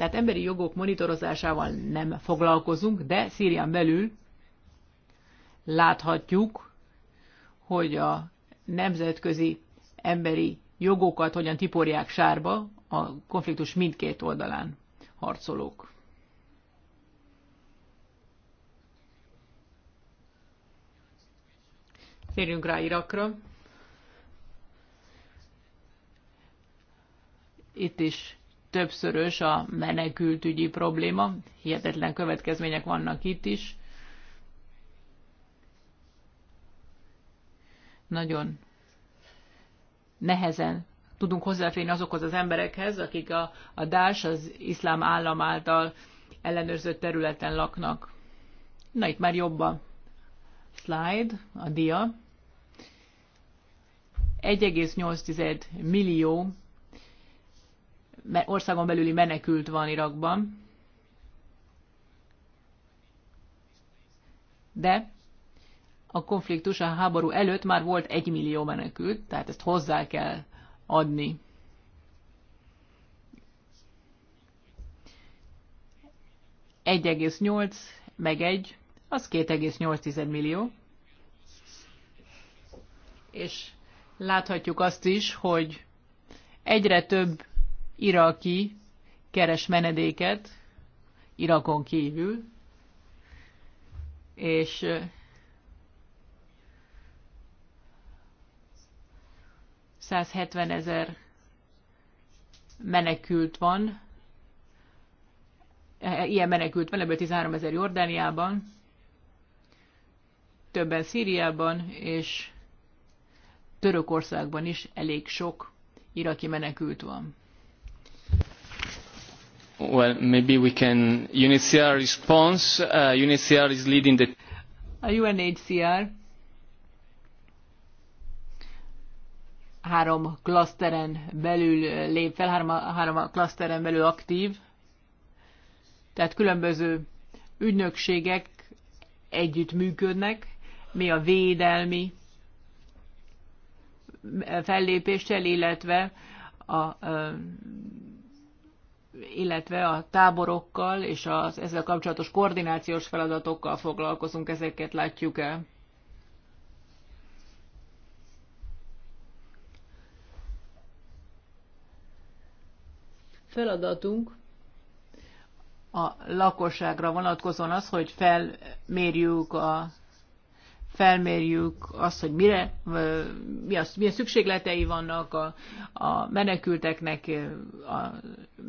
Tehát emberi jogok monitorozásával nem foglalkozunk, de Szírián belül láthatjuk, hogy a nemzetközi emberi jogokat hogyan tiporják sárba a konfliktus mindkét oldalán harcolók. Térjünk rá Irakra. Itt is többszörös a menekültügyi probléma, hihetetlen következmények vannak itt is. Nagyon nehezen tudunk hozzáférni azokhoz az emberekhez, akik a, a Dás, az iszlám állam által ellenőrzött területen laknak. Na itt már jobb a slide, a dia. 1,8 millió országon belüli menekült van Irakban, de a konfliktus, a háború előtt már volt egy millió menekült, tehát ezt hozzá kell adni. Egy egész nyolc, meg egy, az 2,8 millió. És láthatjuk azt is, hogy egyre több iraki keres menedéket Irakon kívül, és ezer menekült van, e, e, ilyen menekült van, ebből 13 ezer Jordániában, többen Szíriában, és Törökországban is elég sok iraki menekült van. Well, maybe we can UNHCR response. Uh, UNHCR is leading the. A UNHCR három klaszteren belül uh, lép fel, három, három klaszteren belül aktív. Tehát különböző ügynökségek együtt működnek. Mi a védelmi uh, fellépéssel, illetve a, a uh, illetve a táborokkal és az ezzel kapcsolatos koordinációs feladatokkal foglalkozunk, ezeket látjuk el. Feladatunk a lakosságra vonatkozóan az, hogy felmérjük a felmérjük azt, hogy mire, mi az, milyen szükségletei vannak a, a menekülteknek, a,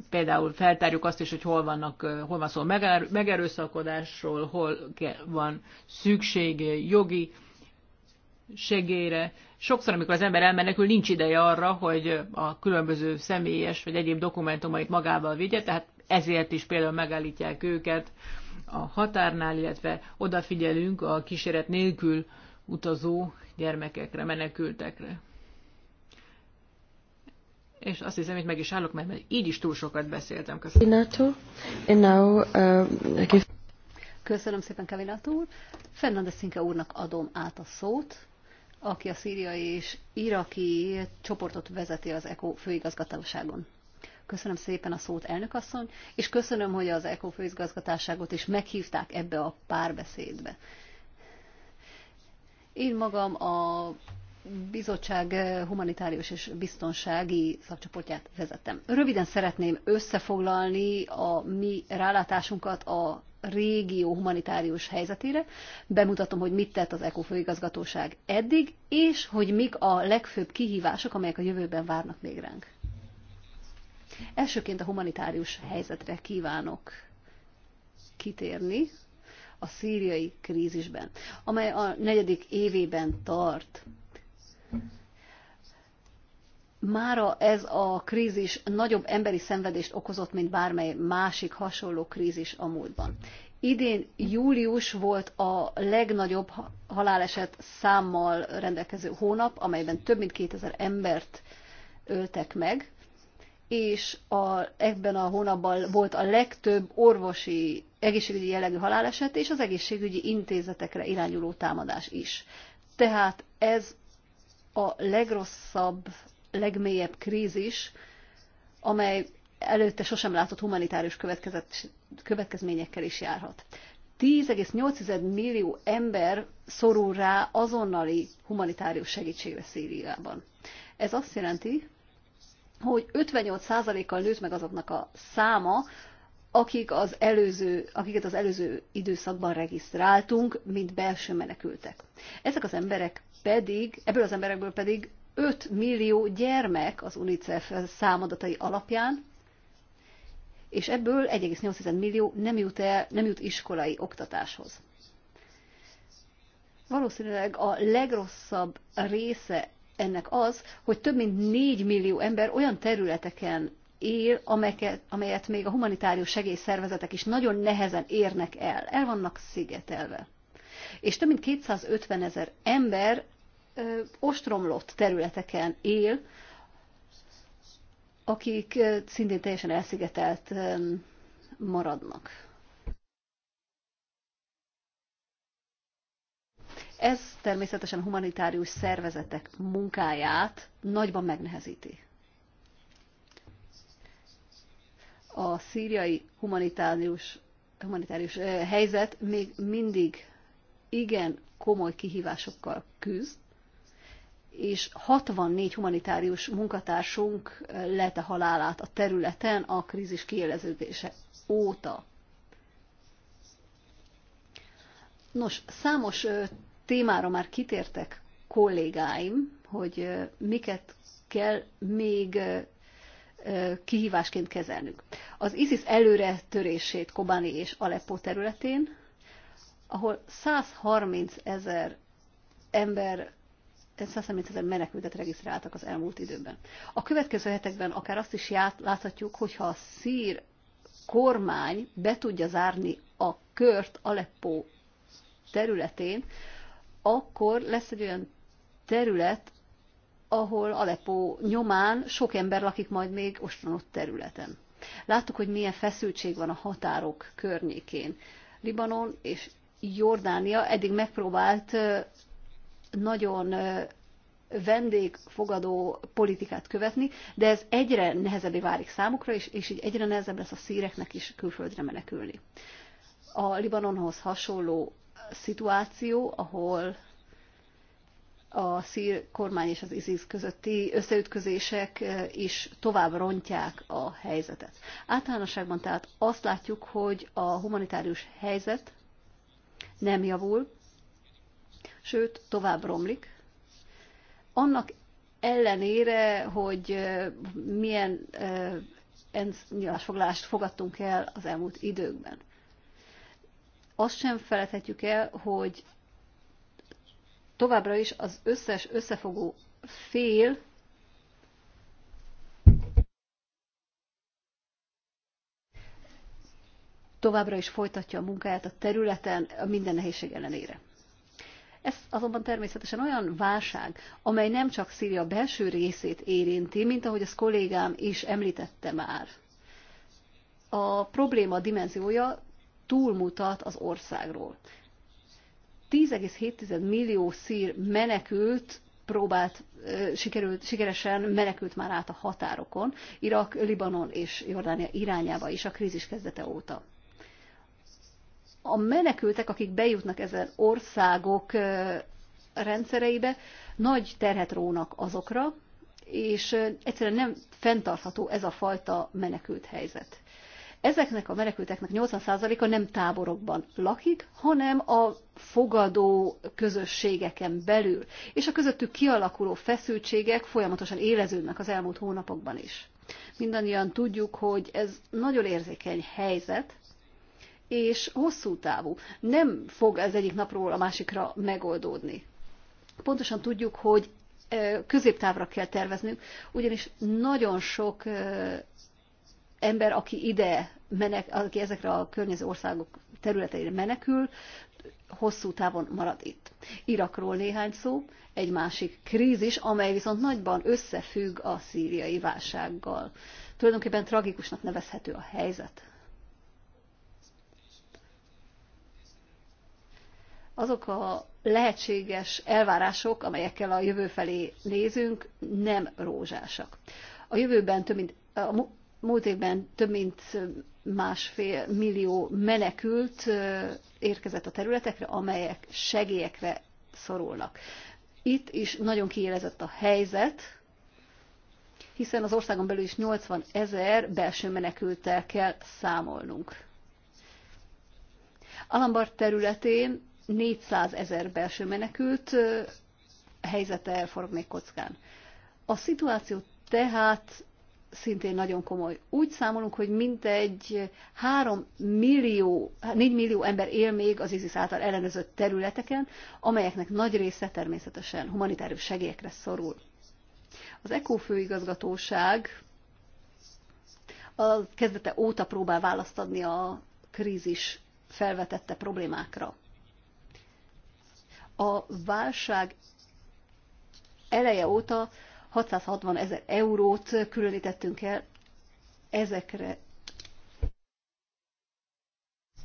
például feltárjuk azt is, hogy hol, vannak, hol van szó megerőszakodásról, hol van szükség jogi segélyre. Sokszor, amikor az ember elmenekül, nincs ideje arra, hogy a különböző személyes vagy egyéb dokumentumait magával vigye, tehát ezért is például megállítják őket a határnál, illetve odafigyelünk a kíséret nélkül utazó gyermekekre, menekültekre. És azt hiszem, hogy meg is állok, mert így is túl sokat beszéltem. Köszönöm. Uh, Köszönöm szépen, Kavinató úr. Fernandez Szinke úrnak adom át a szót, aki a szíriai és iraki csoportot vezeti az ECO főigazgatóságon. Köszönöm szépen a szót, elnök asszony, és köszönöm, hogy az ECO főigazgatásságot is meghívták ebbe a párbeszédbe. Én magam a bizottság humanitárius és biztonsági szakcsoportját vezettem. Röviden szeretném összefoglalni a mi rálátásunkat a régió humanitárius helyzetére. Bemutatom, hogy mit tett az ECO főigazgatóság eddig, és hogy mik a legfőbb kihívások, amelyek a jövőben várnak még ránk. Elsőként a humanitárius helyzetre kívánok kitérni a szíriai krízisben, amely a negyedik évében tart. Mára ez a krízis nagyobb emberi szenvedést okozott, mint bármely másik hasonló krízis a múltban. Idén július volt a legnagyobb haláleset számmal rendelkező hónap, amelyben több mint 2000 embert öltek meg és a, ebben a hónapban volt a legtöbb orvosi, egészségügyi jellegű haláleset, és az egészségügyi intézetekre irányuló támadás is. Tehát ez a legrosszabb, legmélyebb krízis, amely előtte sosem látott humanitárius következményekkel is járhat. 10,8 millió ember szorul rá azonnali humanitárius segítségre Szíriában. Ez azt jelenti, hogy 58%-kal nőtt meg azoknak a száma, akik az előző, akiket az előző időszakban regisztráltunk, mint belső menekültek. Ezek az emberek pedig, ebből az emberekből pedig 5 millió gyermek az UNICEF számadatai alapján, és ebből 1,8 millió nem jut, el, nem jut iskolai oktatáshoz. Valószínűleg a legrosszabb része ennek az, hogy több mint 4 millió ember olyan területeken él, amelyet, amelyet még a humanitárius segélyszervezetek is nagyon nehezen érnek el. El vannak szigetelve. És több mint 250 ezer ember ö, ostromlott területeken él, akik ö, szintén teljesen elszigetelt ö, maradnak. Ez természetesen a humanitárius szervezetek munkáját nagyban megnehezíti. A szíriai humanitárius, humanitárius helyzet még mindig igen komoly kihívásokkal küzd, és 64 humanitárius munkatársunk lete halálát a területen a krízis kieleződése óta. Nos, számos témára már kitértek kollégáim, hogy miket kell még kihívásként kezelnünk. Az ISIS előre törését Kobani és Aleppo területén, ahol 130 ezer ember 130 eh, ezer menekültet regisztráltak az elmúlt időben. A következő hetekben akár azt is ját, láthatjuk, hogyha a szír kormány be tudja zárni a kört Aleppo területén, akkor lesz egy olyan terület, ahol Aleppo nyomán sok ember lakik majd még ostronott területen. Láttuk, hogy milyen feszültség van a határok környékén. Libanon és Jordánia eddig megpróbált nagyon vendégfogadó politikát követni, de ez egyre nehezebbé válik számukra, és, és így egyre nehezebb lesz a szíreknek is külföldre menekülni. A Libanonhoz hasonló szituáció, ahol a szír kormány és az ISIS közötti összeütközések eh, is tovább rontják a helyzetet. Általánosságban tehát azt látjuk, hogy a humanitárius helyzet nem javul, sőt, tovább romlik. Annak ellenére, hogy eh, milyen eh, ENSZ nyilásfoglalást fogadtunk el az elmúlt időkben azt sem felejthetjük el, hogy továbbra is az összes összefogó fél továbbra is folytatja a munkáját a területen a minden nehézség ellenére. Ez azonban természetesen olyan válság, amely nem csak Szíria belső részét érinti, mint ahogy az kollégám is említette már. A probléma dimenziója túlmutat az országról. 10,7 millió szír menekült próbált, sikerült, sikeresen menekült már át a határokon, Irak, Libanon és Jordánia irányába is a krízis kezdete óta. A menekültek, akik bejutnak ezen országok rendszereibe, nagy terhet rónak azokra, és egyszerűen nem fenntartható ez a fajta menekült helyzet. Ezeknek a menekülteknek 80%-a nem táborokban lakik, hanem a fogadó közösségeken belül, és a közöttük kialakuló feszültségek folyamatosan éleződnek az elmúlt hónapokban is. Mindannyian tudjuk, hogy ez nagyon érzékeny helyzet, és hosszú távú. Nem fog ez egyik napról a másikra megoldódni. Pontosan tudjuk, hogy középtávra kell terveznünk, ugyanis nagyon sok ember, aki ide menek, aki ezekre a környező országok területeire menekül, hosszú távon marad itt. Irakról néhány szó, egy másik krízis, amely viszont nagyban összefügg a szíriai válsággal. Tulajdonképpen tragikusnak nevezhető a helyzet. Azok a lehetséges elvárások, amelyekkel a jövő felé nézünk, nem rózsásak. A jövőben több mint a Múlt évben több mint másfél millió menekült érkezett a területekre, amelyek segélyekre szorulnak. Itt is nagyon kiélezett a helyzet, hiszen az országon belül is 80 ezer belső menekültel kell számolnunk. Alambar területén 400 ezer belső menekült helyzete elforog még kockán. A szituáció tehát szintén nagyon komoly. Úgy számolunk, hogy mintegy 3 millió, 4 millió ember él még az ISIS által ellenőrzött területeken, amelyeknek nagy része természetesen humanitárius segélyekre szorul. Az ECO főigazgatóság a kezdete óta próbál választ adni a krízis felvetette problémákra. A válság eleje óta 660 ezer eurót különítettünk el ezekre,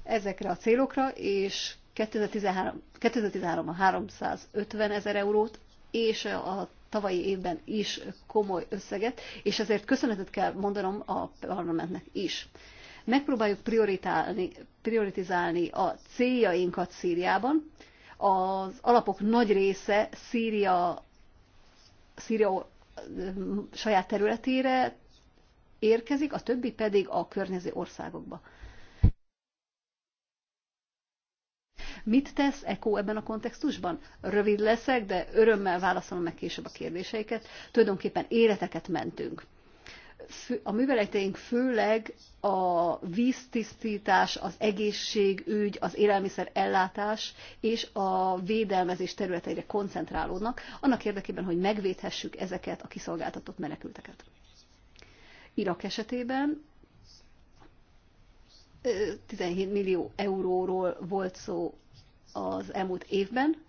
ezekre a célokra, és 2013, 2013 350 ezer eurót, és a tavalyi évben is komoly összeget, és ezért köszönetet kell mondanom a parlamentnek is. Megpróbáljuk prioritizálni a céljainkat Szíriában. Az alapok nagy része Szíria, Szíria saját területére érkezik, a többi pedig a környező országokba. Mit tesz ECO ebben a kontextusban? Rövid leszek, de örömmel válaszolom meg később a kérdéseiket. Tulajdonképpen életeket mentünk a műveleteink főleg a víztisztítás, az egészségügy, az élelmiszer ellátás és a védelmezés területeire koncentrálódnak, annak érdekében, hogy megvédhessük ezeket a kiszolgáltatott menekülteket. Irak esetében 17 millió euróról volt szó az elmúlt évben,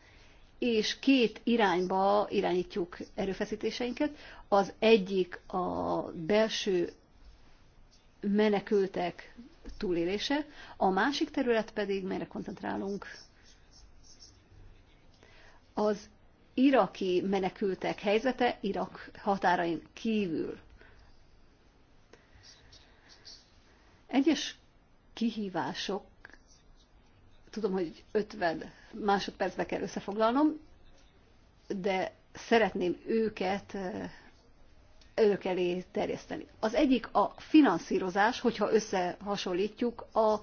és két irányba irányítjuk erőfeszítéseinket. Az egyik a belső menekültek túlélése, a másik terület pedig, melyre koncentrálunk, az iraki menekültek helyzete Irak határain kívül. Egyes kihívások, tudom, hogy 50 másodpercbe kell összefoglalnom, de szeretném őket eh, önök elé terjeszteni. Az egyik a finanszírozás, hogyha összehasonlítjuk a,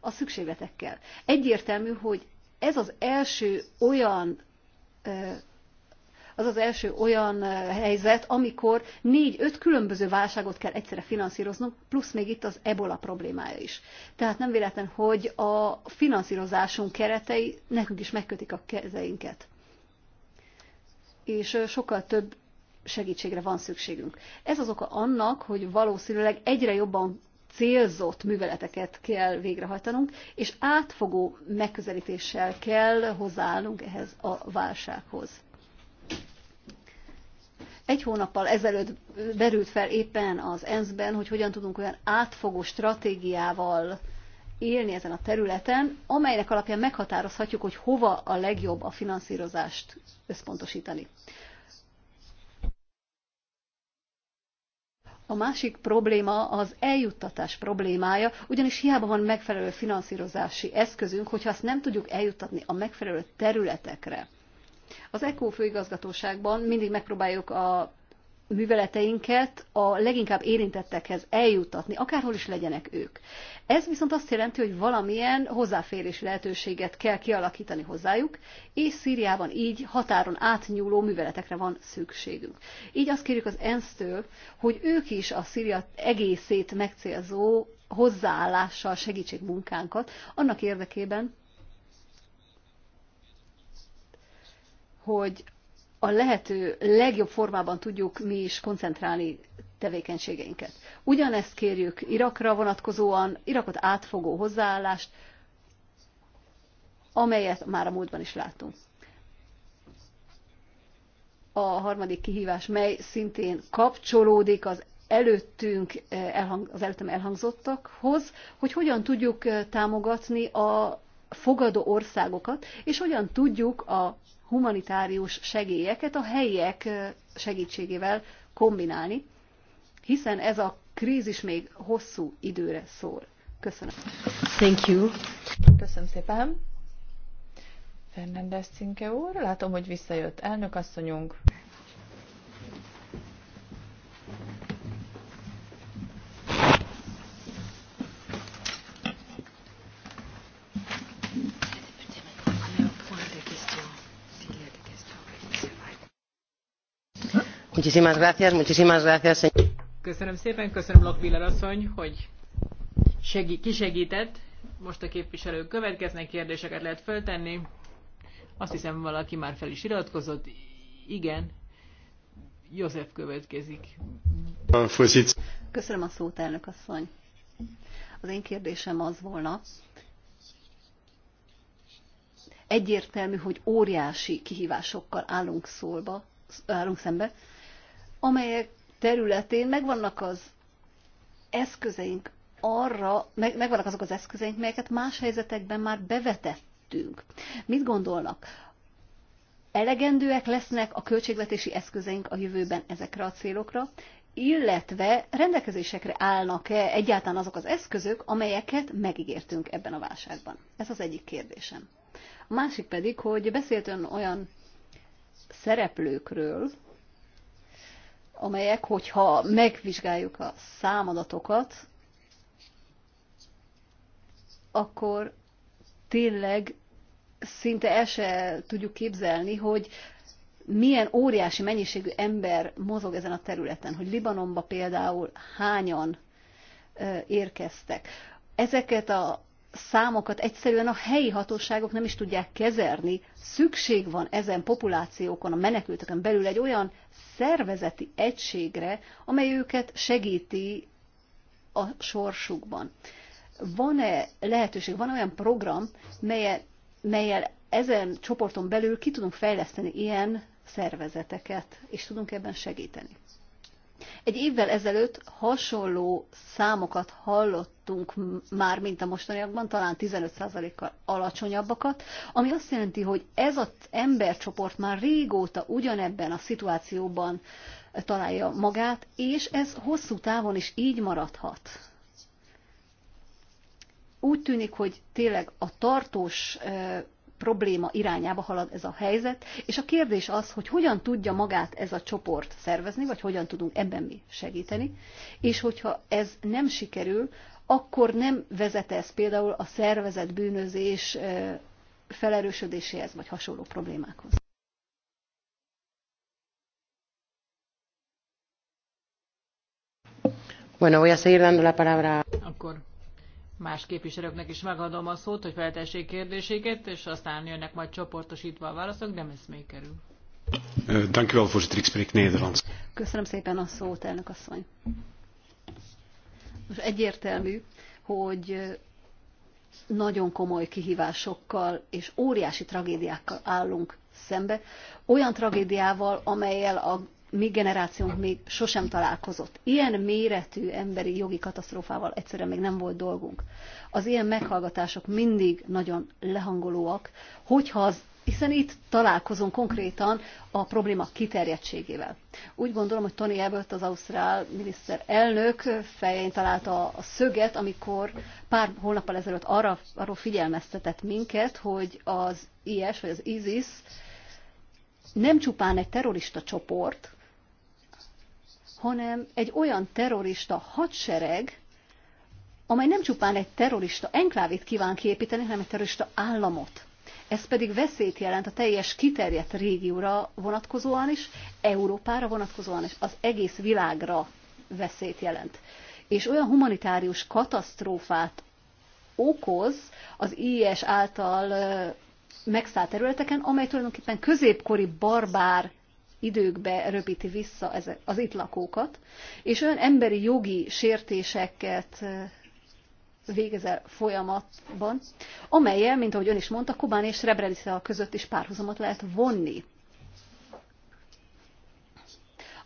a szükségletekkel. Egyértelmű, hogy ez az első olyan az az első olyan helyzet, amikor négy-öt különböző válságot kell egyszerre finanszíroznunk, plusz még itt az ebola problémája is. Tehát nem véletlen, hogy a finanszírozásunk keretei nekünk is megkötik a kezeinket. És sokkal több segítségre van szükségünk. Ez az oka annak, hogy valószínűleg egyre jobban célzott műveleteket kell végrehajtanunk, és átfogó megközelítéssel kell hozzáállnunk ehhez a válsághoz. Egy hónappal ezelőtt berült fel éppen az ENSZ-ben, hogy hogyan tudunk olyan átfogó stratégiával élni ezen a területen, amelynek alapján meghatározhatjuk, hogy hova a legjobb a finanszírozást összpontosítani. A másik probléma az eljuttatás problémája, ugyanis hiába van megfelelő finanszírozási eszközünk, hogyha azt nem tudjuk eljuttatni a megfelelő területekre. Az ECO főigazgatóságban mindig megpróbáljuk a műveleteinket a leginkább érintettekhez eljutatni, akárhol is legyenek ők. Ez viszont azt jelenti, hogy valamilyen hozzáférés lehetőséget kell kialakítani hozzájuk, és Szíriában így határon átnyúló műveletekre van szükségünk. Így azt kérjük az ENSZ-től, hogy ők is a Szíria egészét megcélzó hozzáállással segítsék munkánkat, annak érdekében, hogy a lehető legjobb formában tudjuk mi is koncentrálni tevékenységeinket. Ugyanezt kérjük Irakra vonatkozóan, Irakot átfogó hozzáállást, amelyet már a múltban is láttunk. A harmadik kihívás, mely szintén kapcsolódik az előttünk, eh, az előttem elhangzottakhoz, hogy hogyan tudjuk eh, támogatni a fogadó országokat, és hogyan tudjuk a humanitárius segélyeket a helyiek segítségével kombinálni, hiszen ez a krízis még hosszú időre szól. Köszönöm. Thank you. Köszönöm szépen. Fernandez Cinke úr, látom, hogy visszajött elnök asszonyunk. Köszönöm szépen, köszönöm lochbihler asszony, hogy kisegtett Most a képviselők következnek, kérdéseket lehet föltenni. Azt hiszem, valaki már fel is iratkozott. Igen, József következik. Köszönöm a szót, elnök asszony. Az én kérdésem az volna, egyértelmű, hogy óriási kihívásokkal állunk, szólba, állunk szembe, amelyek területén megvannak az eszközeink arra, meg, megvannak azok az eszközeink, melyeket más helyzetekben már bevetettünk. Mit gondolnak? Elegendőek lesznek a költségvetési eszközeink a jövőben ezekre a célokra, illetve rendelkezésekre állnak-e egyáltalán azok az eszközök, amelyeket megígértünk ebben a válságban? Ez az egyik kérdésem. A másik pedig, hogy beszélt ön olyan szereplőkről, amelyek, hogyha megvizsgáljuk a számadatokat, akkor tényleg szinte el se tudjuk képzelni, hogy milyen óriási mennyiségű ember mozog ezen a területen, hogy Libanonba például hányan érkeztek. Ezeket a számokat egyszerűen a helyi hatóságok nem is tudják kezelni. Szükség van ezen populációkon, a menekülteken belül egy olyan szervezeti egységre, amely őket segíti a sorsukban. Van-e lehetőség, van olyan program, melyel, melyel ezen csoporton belül ki tudunk fejleszteni ilyen szervezeteket, és tudunk ebben segíteni? Egy évvel ezelőtt hasonló számokat hallottunk már, mint a mostaniakban, talán 15%-kal alacsonyabbakat, ami azt jelenti, hogy ez az embercsoport már régóta ugyanebben a szituációban találja magát, és ez hosszú távon is így maradhat úgy tűnik, hogy tényleg a tartós probléma irányába halad ez a helyzet, és a kérdés az, hogy hogyan tudja magát ez a csoport szervezni, vagy hogyan tudunk ebben mi segíteni, és hogyha ez nem sikerül, akkor nem vezet ez például a szervezet bűnözés felerősödéséhez, vagy hasonló problémákhoz. Bueno, voy a seguir dando la palabra. Acord más képviselőknek is megadom a szót, hogy feltessék kérdéseket, és aztán jönnek majd csoportosítva a válaszok, de ez még kerül. Köszönöm szépen a szót, elnök asszony. Most egyértelmű, hogy eh, nagyon komoly kihívásokkal és óriási tragédiákkal állunk szembe, olyan tragédiával, amelyel a mi generációnk még sosem találkozott. Ilyen méretű emberi jogi katasztrófával egyszerűen még nem volt dolgunk. Az ilyen meghallgatások mindig nagyon lehangolóak, hogyha az hiszen itt találkozunk konkrétan a probléma kiterjedtségével. Úgy gondolom, hogy Tony Abbott, az ausztrál miniszter elnök fején találta a szöget, amikor pár hónappal ezelőtt arra, arról figyelmeztetett minket, hogy az IS vagy az ISIS nem csupán egy terrorista csoport, hanem egy olyan terrorista hadsereg, amely nem csupán egy terrorista enklávét kíván kiépíteni, hanem egy terrorista államot. Ez pedig veszélyt jelent a teljes kiterjedt régióra vonatkozóan is, Európára vonatkozóan is, az egész világra veszélyt jelent. És olyan humanitárius katasztrófát okoz az IS által megszállt területeken, amely tulajdonképpen középkori barbár időkbe röpíti vissza az itt lakókat, és olyan emberi jogi sértéseket végez el folyamatban, amelyel, mint ahogy ön is mondta, Kobán és Srebrenica között is párhuzamot lehet vonni.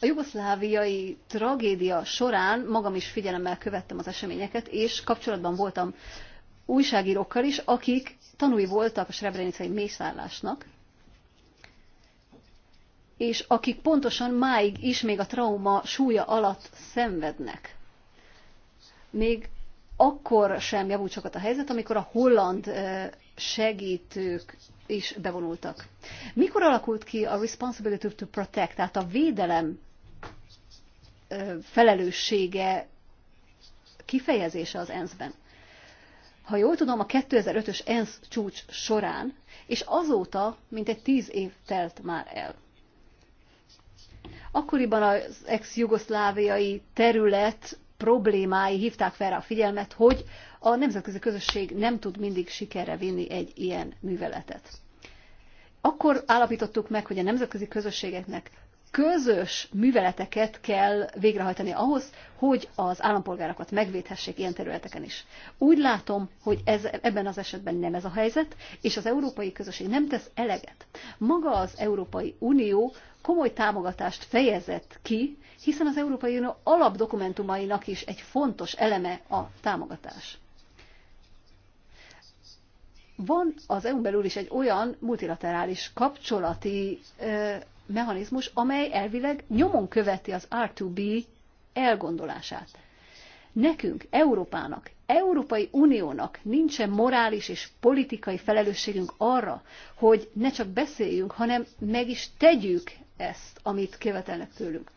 A jugoszláviai tragédia során magam is figyelemmel követtem az eseményeket, és kapcsolatban voltam újságírókkal is, akik tanúi voltak a srebrenicai mészállásnak, és akik pontosan máig is még a trauma súlya alatt szenvednek. Még akkor sem javult sokat a helyzet, amikor a holland segítők is bevonultak. Mikor alakult ki a responsibility to protect, tehát a védelem felelőssége kifejezése az ENSZ-ben? Ha jól tudom, a 2005-ös ENSZ csúcs során, és azóta mintegy tíz év telt már el. Akkoriban az ex-jugoszláviai terület problémái hívták fel a figyelmet, hogy a nemzetközi közösség nem tud mindig sikerre vinni egy ilyen műveletet. Akkor állapítottuk meg, hogy a nemzetközi közösségeknek közös műveleteket kell végrehajtani ahhoz, hogy az állampolgárokat megvédhessék ilyen területeken is. Úgy látom, hogy ez, ebben az esetben nem ez a helyzet, és az európai közösség nem tesz eleget. Maga az Európai Unió komoly támogatást fejezett ki, hiszen az Európai Unió alapdokumentumainak is egy fontos eleme a támogatás. Van az EU-n belül is egy olyan multilaterális kapcsolati mechanizmus, amely elvileg nyomon követi az R2B elgondolását. Nekünk, Európának, Európai Uniónak nincsen morális és politikai felelősségünk arra, hogy ne csak beszéljünk, hanem meg is tegyük ezt, amit követelnek tőlünk.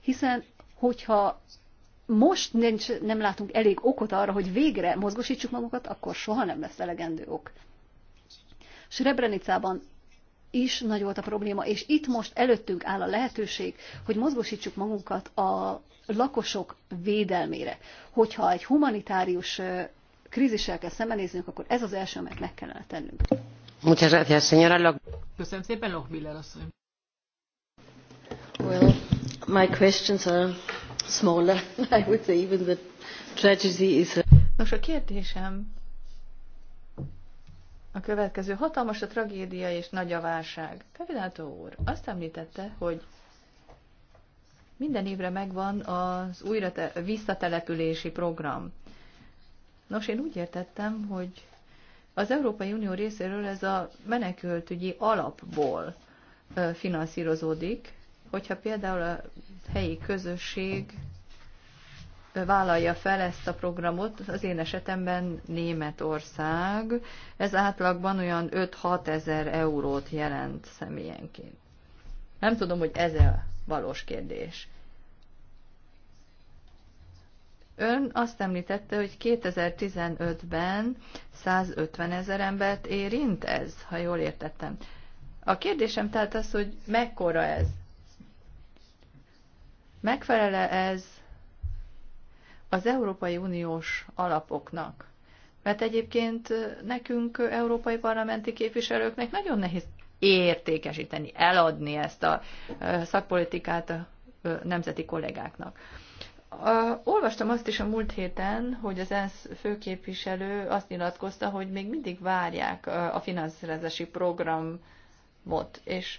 Hiszen, hogyha most nincs, nem látunk elég okot arra, hogy végre mozgosítsuk magunkat, akkor soha nem lesz elegendő ok. Srebrenicában is nagy volt a probléma, és itt most előttünk áll a lehetőség, hogy mozgósítsuk magunkat a lakosok védelmére. Hogyha egy humanitárius krízissel kell szembenéznünk, akkor ez az első, amit meg kellene tennünk. Muchas gracias, señora Köszönöm szépen, Lokbiller asszony. Well, my questions are smaller. I would say even the tragedy is... Nos, a kérdésem a következő hatalmas a tragédia és nagy a válság. Kavinátó úr azt említette, hogy minden évre megvan az újra te- visszatelepülési program. Nos, én úgy értettem, hogy az Európai Unió részéről ez a menekültügyi alapból finanszírozódik, hogyha például a helyi közösség vállalja fel ezt a programot, az én esetemben Németország, ez átlagban olyan 5-6 ezer eurót jelent személyenként. Nem tudom, hogy ez a valós kérdés. Ön azt említette, hogy 2015-ben 150 ezer embert érint ez, ha jól értettem. A kérdésem tehát az, hogy mekkora ez? Megfelele ez az Európai Uniós alapoknak. Mert egyébként nekünk, európai parlamenti képviselőknek nagyon nehéz értékesíteni, eladni ezt a szakpolitikát a nemzeti kollégáknak. Olvastam azt is a múlt héten, hogy az ENSZ főképviselő azt nyilatkozta, hogy még mindig várják a finanszírozási programot, és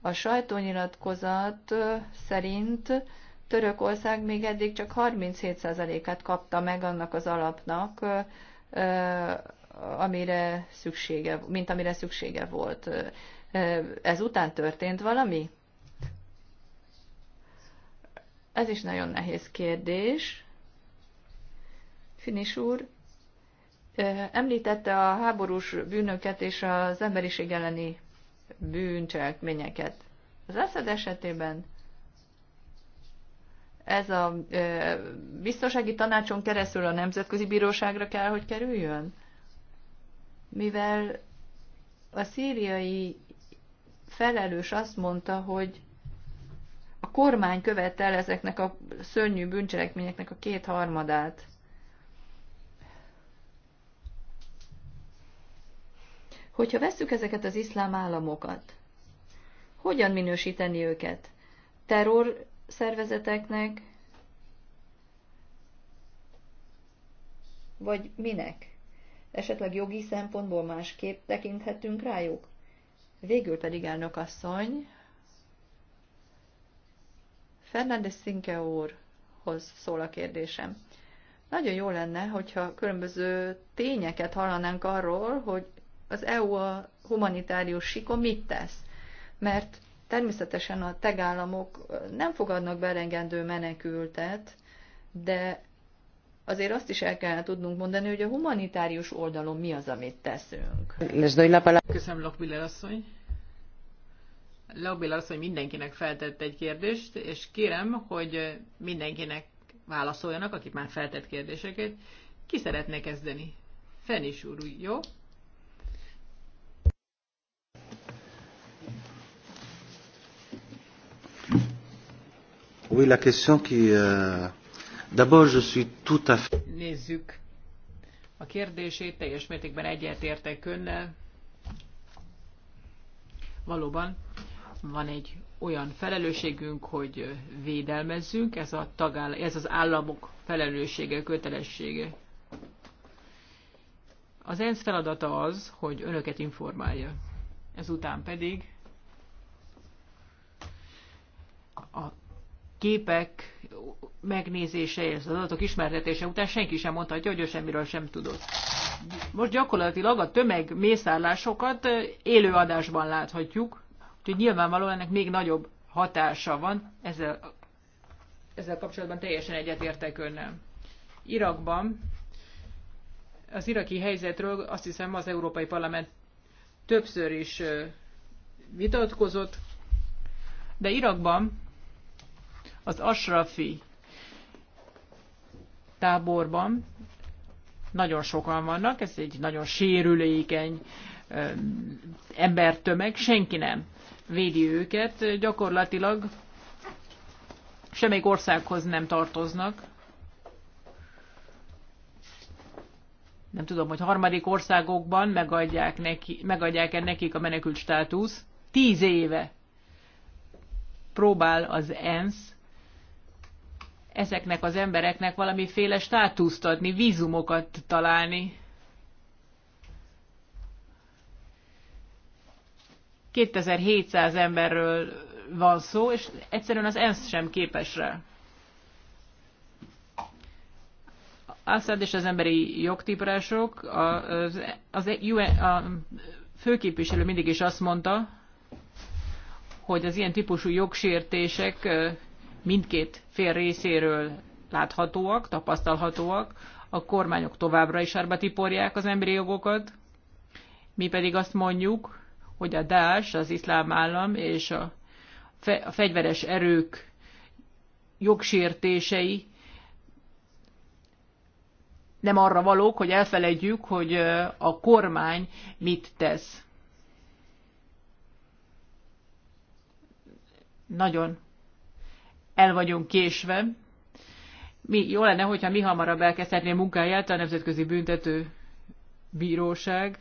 a sajtónyilatkozat szerint Törökország még eddig csak 37%-át kapta meg annak az alapnak, amire szüksége, mint amire szüksége volt. Ez után történt valami? Ez is nagyon nehéz kérdés. Finis úr, említette a háborús bűnöket és az emberiség elleni bűncselekményeket. Az eszed esetében ez a biztonsági tanácson keresztül a Nemzetközi Bíróságra kell, hogy kerüljön? Mivel a szíriai felelős azt mondta, hogy a kormány követte el ezeknek a szörnyű bűncselekményeknek a kétharmadát. Hogyha vesszük ezeket az iszlám államokat, hogyan minősíteni őket? Terror szervezeteknek, vagy minek? Esetleg jogi szempontból másképp tekinthetünk rájuk? Végül pedig elnök asszony, Fernández Szinke úrhoz szól a kérdésem. Nagyon jó lenne, hogyha különböző tényeket hallanánk arról, hogy az EU a humanitárius sikon mit tesz. Mert Természetesen a tagállamok nem fogadnak belengendő menekültet, de azért azt is el kell tudnunk mondani, hogy a humanitárius oldalon mi az, amit teszünk. Köszönöm, Lokmiller asszony. Lokmiller asszony mindenkinek feltett egy kérdést, és kérem, hogy mindenkinek válaszoljanak, akik már feltett kérdéseket. Ki szeretne kezdeni? Fenis úr, jó? Oui, la question qui... Euh... D'abord, je suis tout à fait... Nézzük a kérdését, teljes mértékben egyetértek önnel. Valóban van egy olyan felelősségünk, hogy védelmezzünk, ez, a tagáll- ez az államok felelőssége, kötelessége. Az ENSZ feladata az, hogy önöket informálja. Ezután pedig a képek megnézése és az adatok ismertetése után senki sem mondta, hogy ő semmiről sem tudott. Most gyakorlatilag a tömeg mészárlásokat élő láthatjuk, úgyhogy nyilvánvalóan ennek még nagyobb hatása van, ezzel, ezzel kapcsolatban teljesen egyetértek önnel. Irakban az iraki helyzetről azt hiszem az Európai Parlament többször is vitatkozott, de Irakban az Asrafi táborban nagyon sokan vannak, ez egy nagyon sérülékeny embertömeg, senki nem védi őket, gyakorlatilag semmelyik országhoz nem tartoznak. Nem tudom, hogy harmadik országokban megadják, neki, megadják-e nekik a menekült státusz. Tíz éve próbál az ENSZ ezeknek az embereknek valamiféle státuszt adni, vízumokat találni. 2700 emberről van szó, és egyszerűen az ENSZ sem képes rá. Assad és az emberi jogtiprások, az, az UN, a főképviselő mindig is azt mondta, hogy az ilyen típusú jogsértések mindkét fél részéről láthatóak, tapasztalhatóak, a kormányok továbbra is árba tiporják az emberi jogokat, mi pedig azt mondjuk, hogy a DAS, az iszlám állam és a, fe, a fegyveres erők jogsértései nem arra valók, hogy elfeledjük, hogy a kormány mit tesz. Nagyon el vagyunk késve. Mi, jó lenne, hogyha mi hamarabb elkezdhetné a munkáját a Nemzetközi Büntető Bíróság,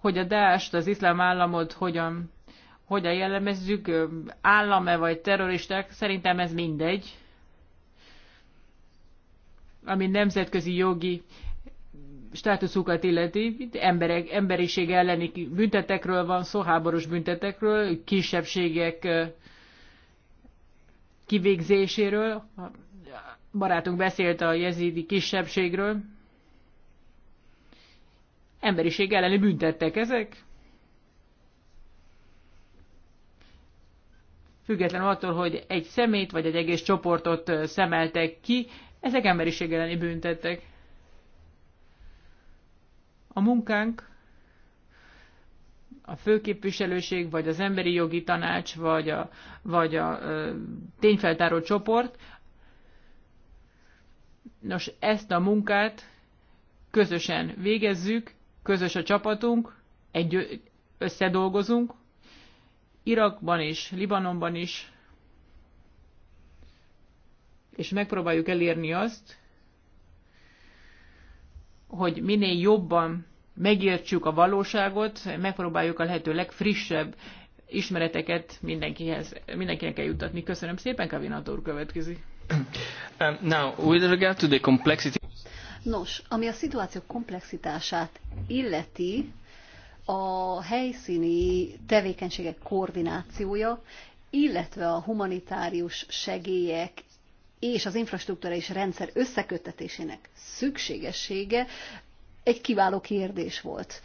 hogy a Dást, az iszlám államot hogyan, hogyan jellemezzük, állame vagy terroristák, szerintem ez mindegy. Ami nemzetközi jogi státuszukat illeti, itt emberek, emberiség elleni büntetekről van szó, háborús büntetekről, kisebbségek kivégzéséről. A barátunk beszélt a jezidi kisebbségről. Emberiség elleni büntettek ezek. Függetlenül attól, hogy egy szemét vagy egy egész csoportot szemeltek ki, ezek emberiség elleni büntettek. A munkánk a főképviselőség, vagy az emberi jogi tanács, vagy a, vagy a ö, tényfeltáró csoport. Nos, ezt a munkát közösen végezzük, közös a csapatunk, egy, összedolgozunk, Irakban is, Libanonban is, és megpróbáljuk elérni azt, hogy minél jobban megértsük a valóságot, megpróbáljuk a lehető legfrissebb ismereteket mindenkihez, mindenkinek eljutatni. Köszönöm szépen, Kavinator következik. Um, now, with regard to the complexity... Nos, ami a szituáció komplexitását illeti, a helyszíni tevékenységek koordinációja, illetve a humanitárius segélyek és az infrastruktúra és rendszer összeköttetésének szükségessége egy kiváló kérdés volt.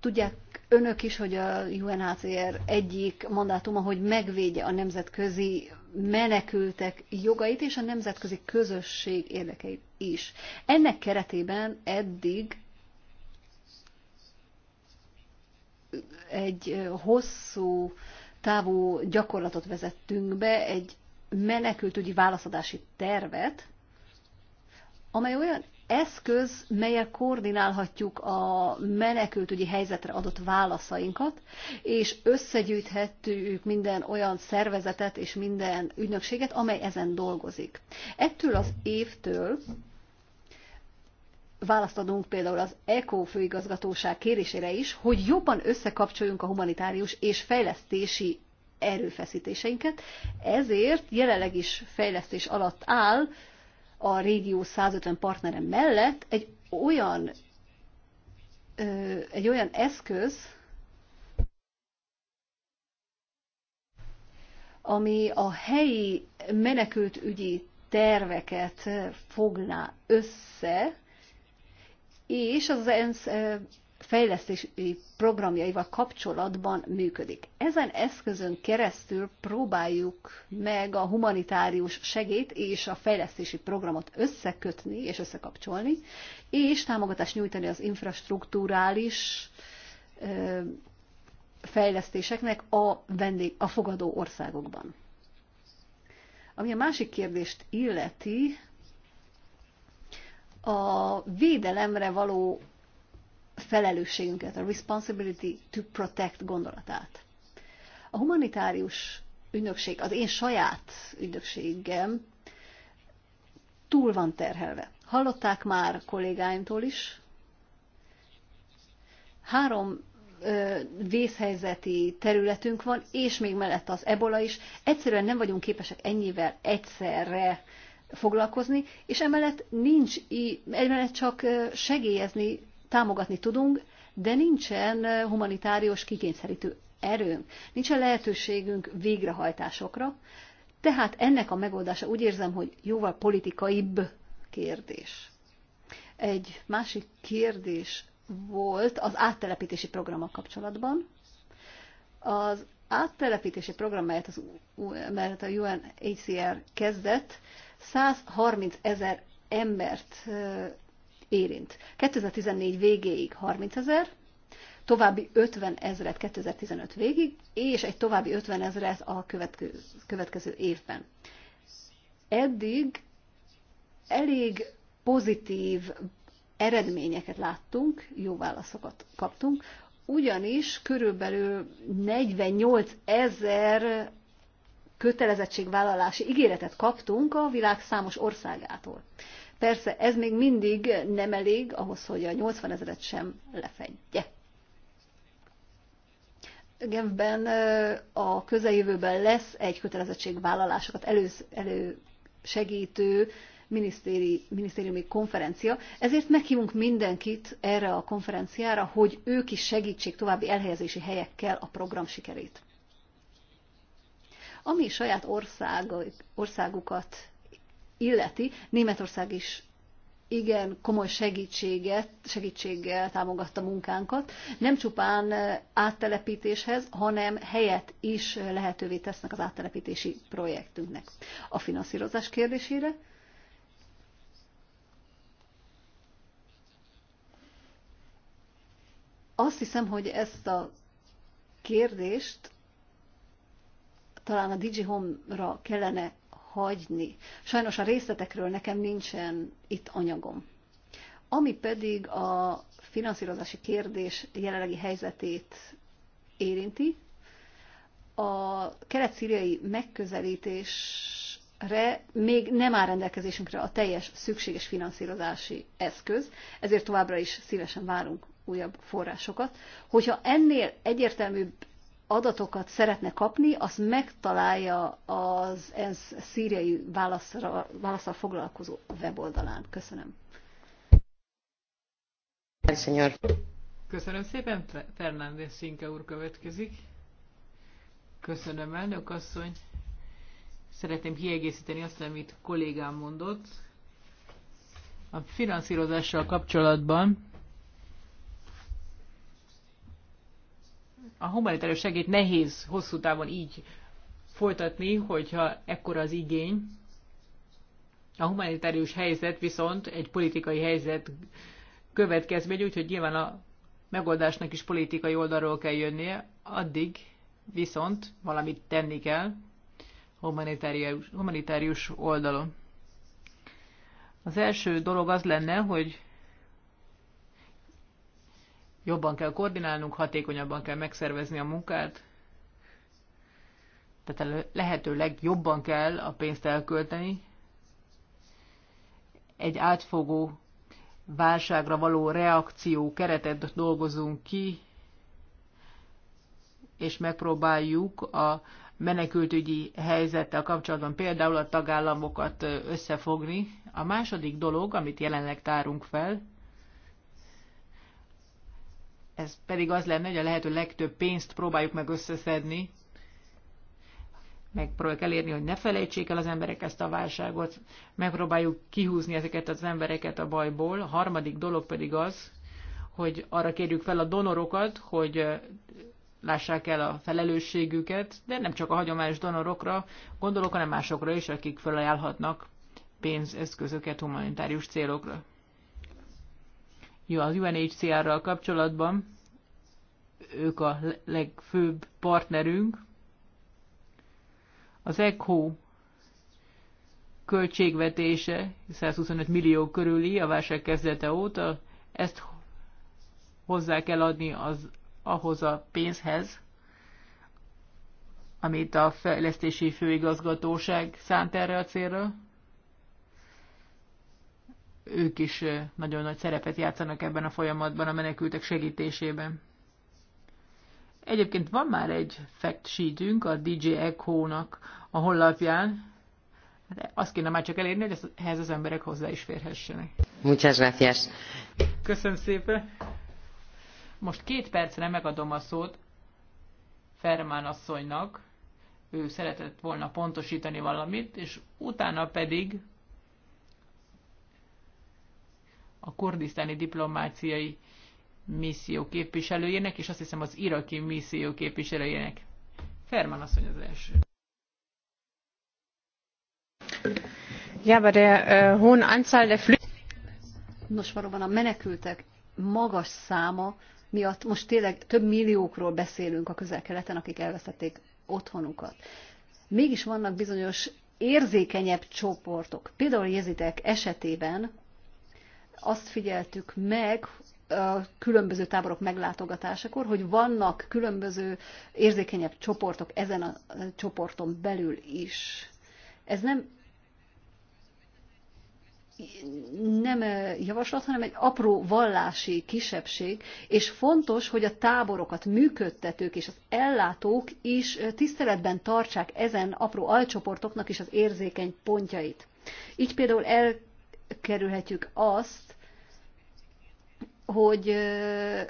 Tudják önök is, hogy a UNHCR egyik mandátuma, hogy megvédje a nemzetközi menekültek jogait és a nemzetközi közösség érdekeit is. Ennek keretében eddig egy hosszú távú gyakorlatot vezettünk be, egy menekültügyi válaszadási tervet, amely olyan eszköz, melyel koordinálhatjuk a menekültügyi helyzetre adott válaszainkat, és összegyűjthetjük minden olyan szervezetet és minden ügynökséget, amely ezen dolgozik. Ettől az évtől választ adunk például az ECO főigazgatóság kérésére is, hogy jobban összekapcsoljunk a humanitárius és fejlesztési erőfeszítéseinket, ezért jelenleg is fejlesztés alatt áll a régió 150 partnere mellett egy olyan, egy olyan eszköz, ami a helyi menekültügyi terveket fogná össze, és az ENSZ fejlesztési programjaival kapcsolatban működik. Ezen eszközön keresztül próbáljuk meg a humanitárius segét és a fejlesztési programot összekötni és összekapcsolni, és támogatást nyújtani az infrastruktúrális fejlesztéseknek a, vendég, a fogadó országokban. Ami a másik kérdést illeti, a védelemre való felelősségünket, a responsibility to protect gondolatát. A humanitárius ügynökség, az én saját ügynökségem túl van terhelve. Hallották már kollégáimtól is. Három ö, vészhelyzeti területünk van, és még mellett az ebola is. Egyszerűen nem vagyunk képesek ennyivel egyszerre foglalkozni, és emellett nincs, emellett csak segélyezni támogatni tudunk, de nincsen humanitárius kikényszerítő erőnk, nincsen lehetőségünk végrehajtásokra, tehát ennek a megoldása úgy érzem, hogy jóval politikaibb kérdés. Egy másik kérdés volt az áttelepítési programmal kapcsolatban. Az áttelepítési program, melyet, az, melyet a UNHCR kezdett, 130 ezer embert érint. 2014 végéig 30 ezer, további 50 ezeret 2015 végig, és egy további 50 ezeret a következő, következő évben. Eddig elég pozitív eredményeket láttunk, jó válaszokat kaptunk, ugyanis körülbelül 48 ezer kötelezettségvállalási ígéretet kaptunk a világ számos országától. Persze ez még mindig nem elég ahhoz, hogy a 80 ezeret sem lefedje. Genfben a közeljövőben lesz egy kötelezettségvállalásokat elősegítő minisztéri, minisztériumi konferencia, ezért meghívunk mindenkit erre a konferenciára, hogy ők is segítsék további elhelyezési helyekkel a program sikerét. Ami saját ország, országukat illeti, Németország is igen komoly segítséget, segítséggel támogatta munkánkat. Nem csupán áttelepítéshez, hanem helyet is lehetővé tesznek az áttelepítési projektünknek. A finanszírozás kérdésére. Azt hiszem, hogy ezt a kérdést talán a Digi Home-ra kellene hagyni. Sajnos a részletekről nekem nincsen itt anyagom. Ami pedig a finanszírozási kérdés jelenlegi helyzetét érinti, a kelet-szíriai megközelítésre még nem áll rendelkezésünkre a teljes szükséges finanszírozási eszköz, ezért továbbra is szívesen várunk újabb forrásokat. Hogyha ennél egyértelműbb adatokat szeretne kapni, az megtalálja az ENSZ szíriai válaszra, válaszra foglalkozó weboldalán. Köszönöm. Köszönöm, Köszönöm szépen, Fernández Szinke úr következik. Köszönöm, elnök asszony. Szeretném kiegészíteni azt, amit kollégám mondott. A finanszírozással kapcsolatban a humanitárius segít nehéz hosszú távon így folytatni, hogyha ekkora az igény. A humanitárius helyzet viszont egy politikai helyzet következmény, úgyhogy nyilván a megoldásnak is politikai oldalról kell jönnie, addig viszont valamit tenni kell humanitárius, humanitárius oldalon. Az első dolog az lenne, hogy jobban kell koordinálnunk, hatékonyabban kell megszervezni a munkát, tehát lehetőleg jobban kell a pénzt elkölteni. Egy átfogó válságra való reakció keretet dolgozunk ki, és megpróbáljuk a menekültügyi helyzettel kapcsolatban például a tagállamokat összefogni. A második dolog, amit jelenleg tárunk fel, ez pedig az lenne, hogy a lehető legtöbb pénzt próbáljuk meg összeszedni, megpróbáljuk elérni, hogy ne felejtsék el az emberek ezt a válságot, megpróbáljuk kihúzni ezeket az embereket a bajból. A harmadik dolog pedig az, hogy arra kérjük fel a donorokat, hogy lássák el a felelősségüket, de nem csak a hagyományos donorokra gondolok, hanem másokra is, akik felajánlhatnak pénzeszközöket humanitárius célokra az UNHCR-ral kapcsolatban. Ők a legfőbb partnerünk. Az ECHO költségvetése 125 millió körüli a válság kezdete óta. Ezt hozzá kell adni az, ahhoz a pénzhez, amit a fejlesztési főigazgatóság szánt erre a célra ők is nagyon nagy szerepet játszanak ebben a folyamatban, a menekültek segítésében. Egyébként van már egy fact sheetünk a DJ Echo-nak a honlapján, de hát azt kéne már csak elérni, hogy ehhez az emberek hozzá is férhessenek. Muchas gracias. Köszönöm szépen. Most két percre megadom a szót Fermán asszonynak. Ő szeretett volna pontosítani valamit, és utána pedig a kurdisztáni diplomáciai misszió képviselőjének, és azt hiszem az iraki misszió képviselőjének. Ferman asszony az első. Ja, de der äh, hohen Anzahl der Nos, valóban a menekültek magas száma miatt most tényleg több milliókról beszélünk a közel-keleten, akik elvesztették otthonukat. Mégis vannak bizonyos érzékenyebb csoportok. Például jezitek esetében azt figyeltük meg, a különböző táborok meglátogatásakor, hogy vannak különböző érzékenyebb csoportok ezen a csoporton belül is. Ez nem nem javaslat, hanem egy apró vallási kisebbség, és fontos, hogy a táborokat működtetők és az ellátók is tiszteletben tartsák ezen apró alcsoportoknak is az érzékeny pontjait. Így például elkerülhetjük azt, hogy,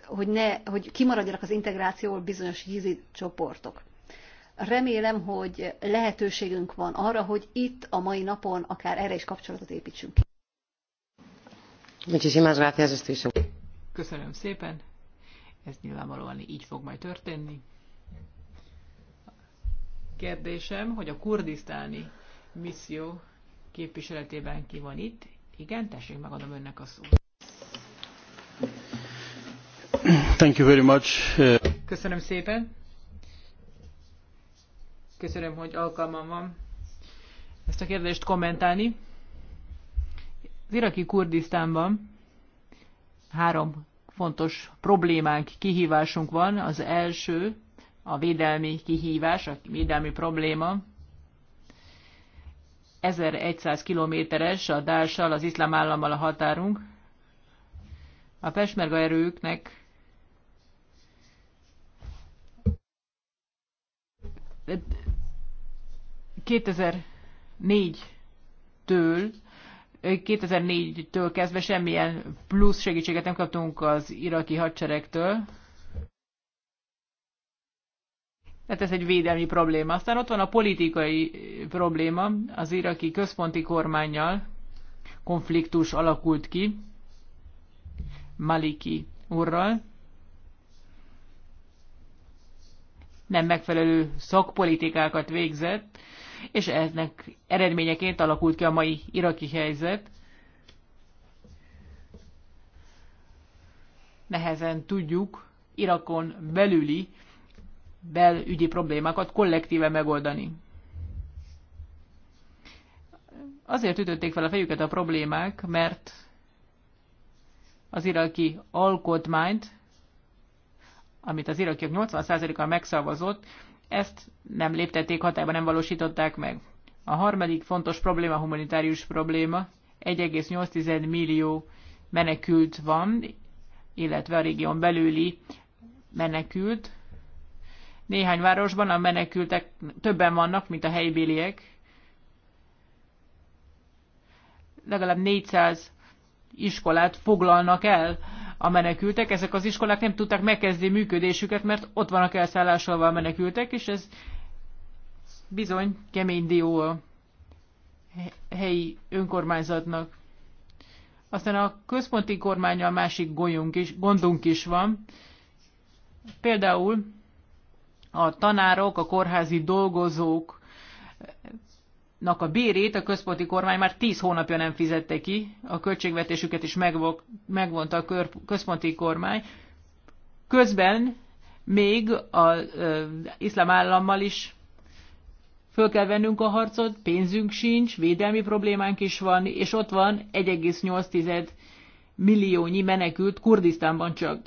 hogy, ne, hogy kimaradjanak az integrációból bizonyos hízi csoportok. Remélem, hogy lehetőségünk van arra, hogy itt a mai napon akár erre is kapcsolatot építsünk Köszönöm szépen. Ez nyilvánvalóan így fog majd történni. Kérdésem, hogy a kurdisztáni misszió képviseletében ki van itt? Igen, tessék, megadom önnek a szót. Thank you very much. Köszönöm szépen. Köszönöm, hogy alkalmam van ezt a kérdést kommentálni. Az iraki Kurdisztánban három fontos problémánk, kihívásunk van. Az első a védelmi kihívás, a védelmi probléma. 1100 kilométeres a Dással, az iszlám állammal a határunk. A Pesmerga erőknek 2004-től 2004-től kezdve semmilyen plusz segítséget nem kaptunk az iraki hadseregtől. Tehát ez egy védelmi probléma. Aztán ott van a politikai probléma, az iraki központi kormányjal konfliktus alakult ki, Maliki urral. nem megfelelő szakpolitikákat végzett, és ennek eredményeként alakult ki a mai iraki helyzet. Nehezen tudjuk Irakon belüli belügyi problémákat kollektíve megoldani. Azért ütötték fel a fejüket a problémák, mert az iraki alkotmányt amit az irakiak 80%-a megszavazott, ezt nem léptették hatályba, nem valósították meg. A harmadik fontos probléma, humanitárius probléma, 1,8 millió menekült van, illetve a régión belüli menekült. Néhány városban a menekültek többen vannak, mint a helybéliek. Legalább 400 iskolát foglalnak el a menekültek. Ezek az iskolák nem tudták megkezdeni működésüket, mert ott vannak elszállásolva a menekültek, és ez bizony kemény dió a helyi önkormányzatnak. Aztán a központi kormánya a másik is, gondunk is van. Például a tanárok, a kórházi dolgozók a bérét a központi kormány már 10 hónapja nem fizette ki, a költségvetésüket is megvonta a központi kormány. Közben még az iszlám állammal is föl kell vennünk a harcot, pénzünk sincs, védelmi problémánk is van, és ott van 1,8 milliónyi menekült Kurdisztánban csak.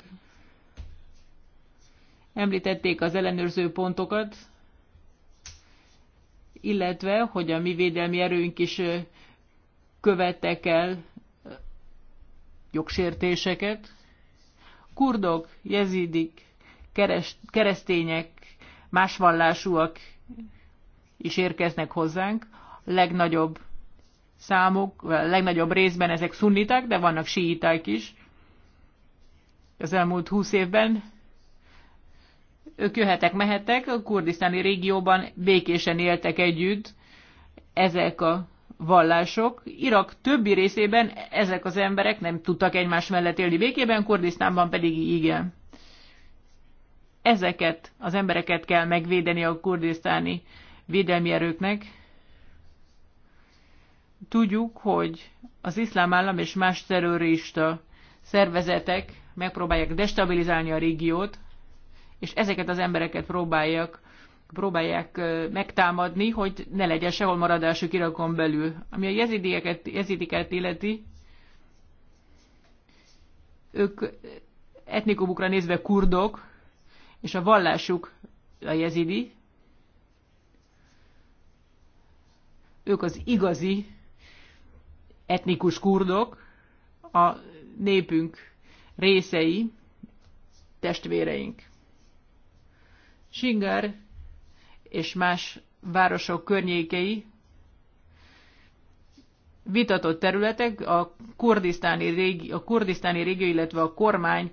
Említették az ellenőrző pontokat, illetve hogy a mi védelmi erőink is követtek el jogsértéseket. Kurdok, jezidik, keresztények, más vallásúak is érkeznek hozzánk. Legnagyobb számuk, legnagyobb részben ezek szunniták, de vannak síiták is. Az elmúlt húsz évben ők jöhetek, mehetek, a kurdisztáni régióban békésen éltek együtt ezek a vallások. Irak többi részében ezek az emberek nem tudtak egymás mellett élni békében, Kurdisztánban pedig igen. Ezeket az embereket kell megvédeni a kurdisztáni védelmi erőknek. Tudjuk, hogy az iszlám állam és más terrorista szervezetek megpróbálják destabilizálni a régiót, és ezeket az embereket próbálják, próbálják megtámadni, hogy ne legyen sehol maradásuk Irakon belül. Ami a jezidieket, jezidiket illeti, ők etnikumukra nézve kurdok, és a vallásuk a jezidi, ők az igazi etnikus kurdok, a népünk részei, testvéreink. Singer és más városok környékei vitatott területek, a kurdisztáni, régi, a kurdisztáni régió, illetve a kormány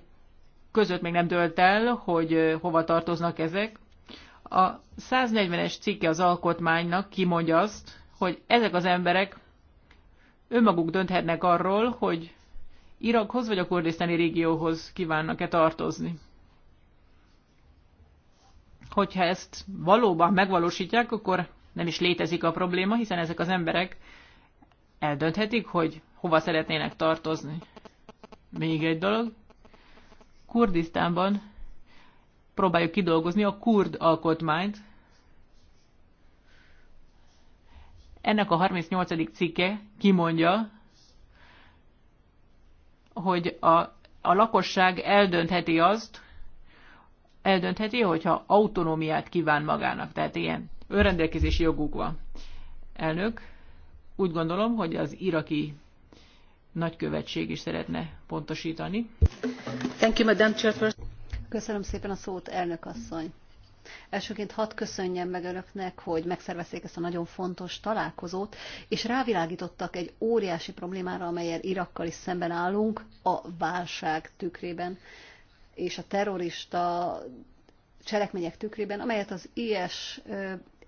között még nem dölt el, hogy hova tartoznak ezek. A 140-es cikke az alkotmánynak kimondja azt, hogy ezek az emberek önmaguk dönthetnek arról, hogy Irakhoz vagy a kurdisztáni régióhoz kívánnak-e tartozni hogyha ezt valóban megvalósítják, akkor nem is létezik a probléma, hiszen ezek az emberek eldönthetik, hogy hova szeretnének tartozni. Még egy dolog. Kurdisztánban próbáljuk kidolgozni a kurd alkotmányt. Ennek a 38. cikke kimondja, hogy a, a lakosság eldöntheti azt, eldöntheti, hogyha autonómiát kíván magának. Tehát ilyen önrendelkezési joguk van. Elnök, úgy gondolom, hogy az iraki nagykövetség is szeretne pontosítani. Thank you, Madam Köszönöm szépen a szót, elnök asszony. Elsőként hadd köszönjem meg önöknek, hogy megszervezték ezt a nagyon fontos találkozót, és rávilágítottak egy óriási problémára, amelyel Irakkal is szemben állunk, a válság tükrében és a terrorista cselekmények tükrében, amelyet az IS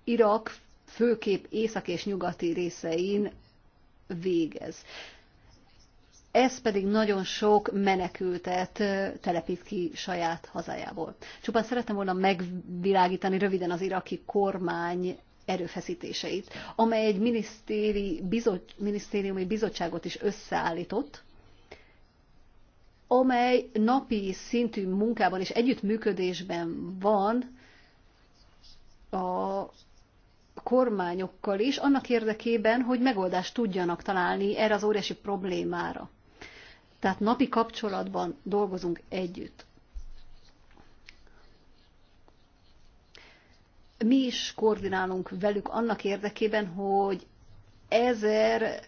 Irak főkép észak és nyugati részein végez. Ez pedig nagyon sok menekültet telepít ki saját hazájából. Csupán szeretem volna megvilágítani röviden az iraki kormány erőfeszítéseit, amely egy bizot, minisztériumi bizottságot is összeállított, amely napi szintű munkában és együttműködésben van a kormányokkal is, annak érdekében, hogy megoldást tudjanak találni erre az óriási problémára. Tehát napi kapcsolatban dolgozunk együtt. Mi is koordinálunk velük annak érdekében, hogy ezer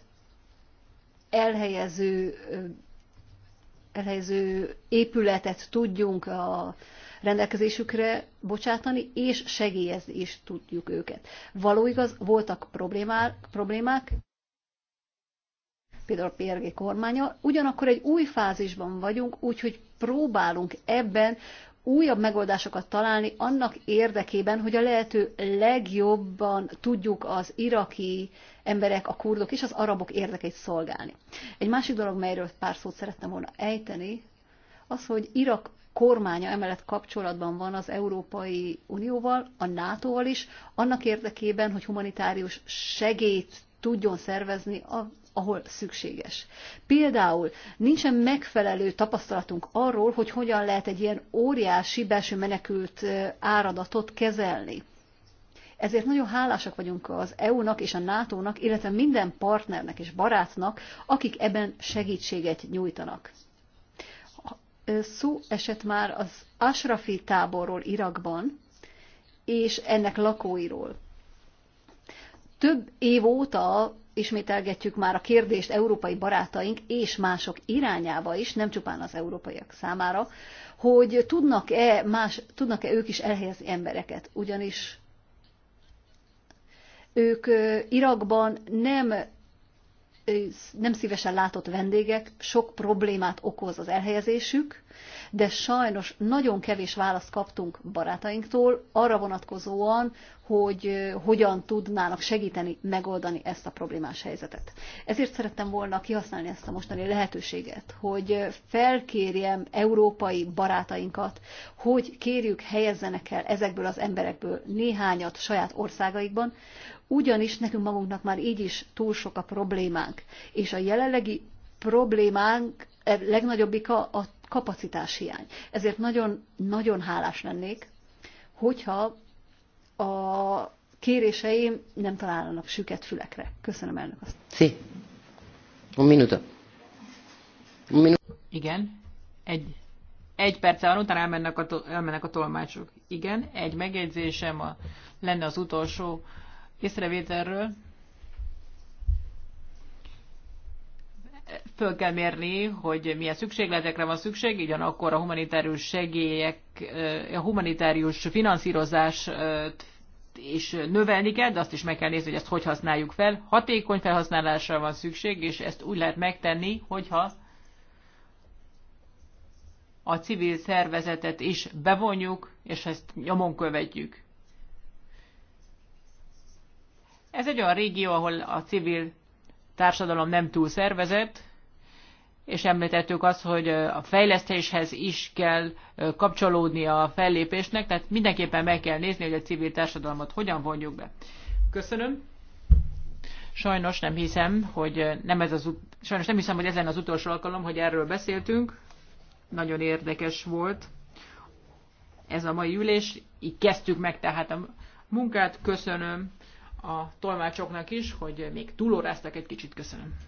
elhelyező elhelyező épületet tudjunk a rendelkezésükre bocsátani, és segélyezni is tudjuk őket. Való igaz, voltak problémák, problémák például a PRG kormánya, ugyanakkor egy új fázisban vagyunk, úgyhogy próbálunk ebben újabb megoldásokat találni annak érdekében, hogy a lehető legjobban tudjuk az iraki emberek, a kurdok és az arabok érdekeit szolgálni. Egy másik dolog, melyről pár szót szerettem volna ejteni, az, hogy Irak kormánya emellett kapcsolatban van az Európai Unióval, a NATO-val is, annak érdekében, hogy humanitárius segélyt tudjon szervezni az ahol szükséges. Például nincsen megfelelő tapasztalatunk arról, hogy hogyan lehet egy ilyen óriási belső menekült áradatot kezelni. Ezért nagyon hálásak vagyunk az EU-nak és a NATO-nak, illetve minden partnernek és barátnak, akik ebben segítséget nyújtanak. Szó esett már az Ashrafi táborról Irakban, és ennek lakóiról. Több év óta ismételgetjük már a kérdést európai barátaink és mások irányába is, nem csupán az európaiak számára, hogy tudnak-e más, tudnak-e ők is elhelyezni embereket, ugyanis ők Irakban nem nem szívesen látott vendégek, sok problémát okoz az elhelyezésük, de sajnos nagyon kevés választ kaptunk barátainktól arra vonatkozóan, hogy hogyan tudnának segíteni megoldani ezt a problémás helyzetet. Ezért szerettem volna kihasználni ezt a mostani lehetőséget, hogy felkérjem európai barátainkat, hogy kérjük helyezzenek el ezekből az emberekből néhányat saját országaikban, ugyanis nekünk magunknak már így is túl sok a problémánk, és a jelenlegi problémánk eh, legnagyobbika a hiány. Ezért nagyon-nagyon hálás lennék, hogyha a kéréseim nem találnak süket fülekre. Köszönöm elnök azt. Szi. Un minuto. Un minuto. Igen. Egy, egy perce van, utána elmennek a, elmennek a tolmácsok. Igen, egy megjegyzésem a, lenne az utolsó észrevételről. föl kell mérni, hogy milyen szükségletekre van szükség, ugyanakkor a humanitárius segélyek, a humanitárius finanszírozás és növelni kell, de azt is meg kell nézni, hogy ezt hogy használjuk fel. Hatékony felhasználásra van szükség, és ezt úgy lehet megtenni, hogyha a civil szervezetet is bevonjuk, és ezt nyomon követjük. Ez egy olyan régió, ahol a civil társadalom nem túl szervezett, és említettük azt, hogy a fejlesztéshez is kell kapcsolódni a fellépésnek, tehát mindenképpen meg kell nézni, hogy a civil társadalmat hogyan vonjuk be. Köszönöm. Sajnos nem hiszem, hogy nem ez az, sajnos nem hiszem, hogy ezen az utolsó alkalom, hogy erről beszéltünk. Nagyon érdekes volt ez a mai ülés. Így kezdtük meg tehát a munkát. Köszönöm a tolmácsoknak is, hogy még túlóráztak egy kicsit. Köszönöm.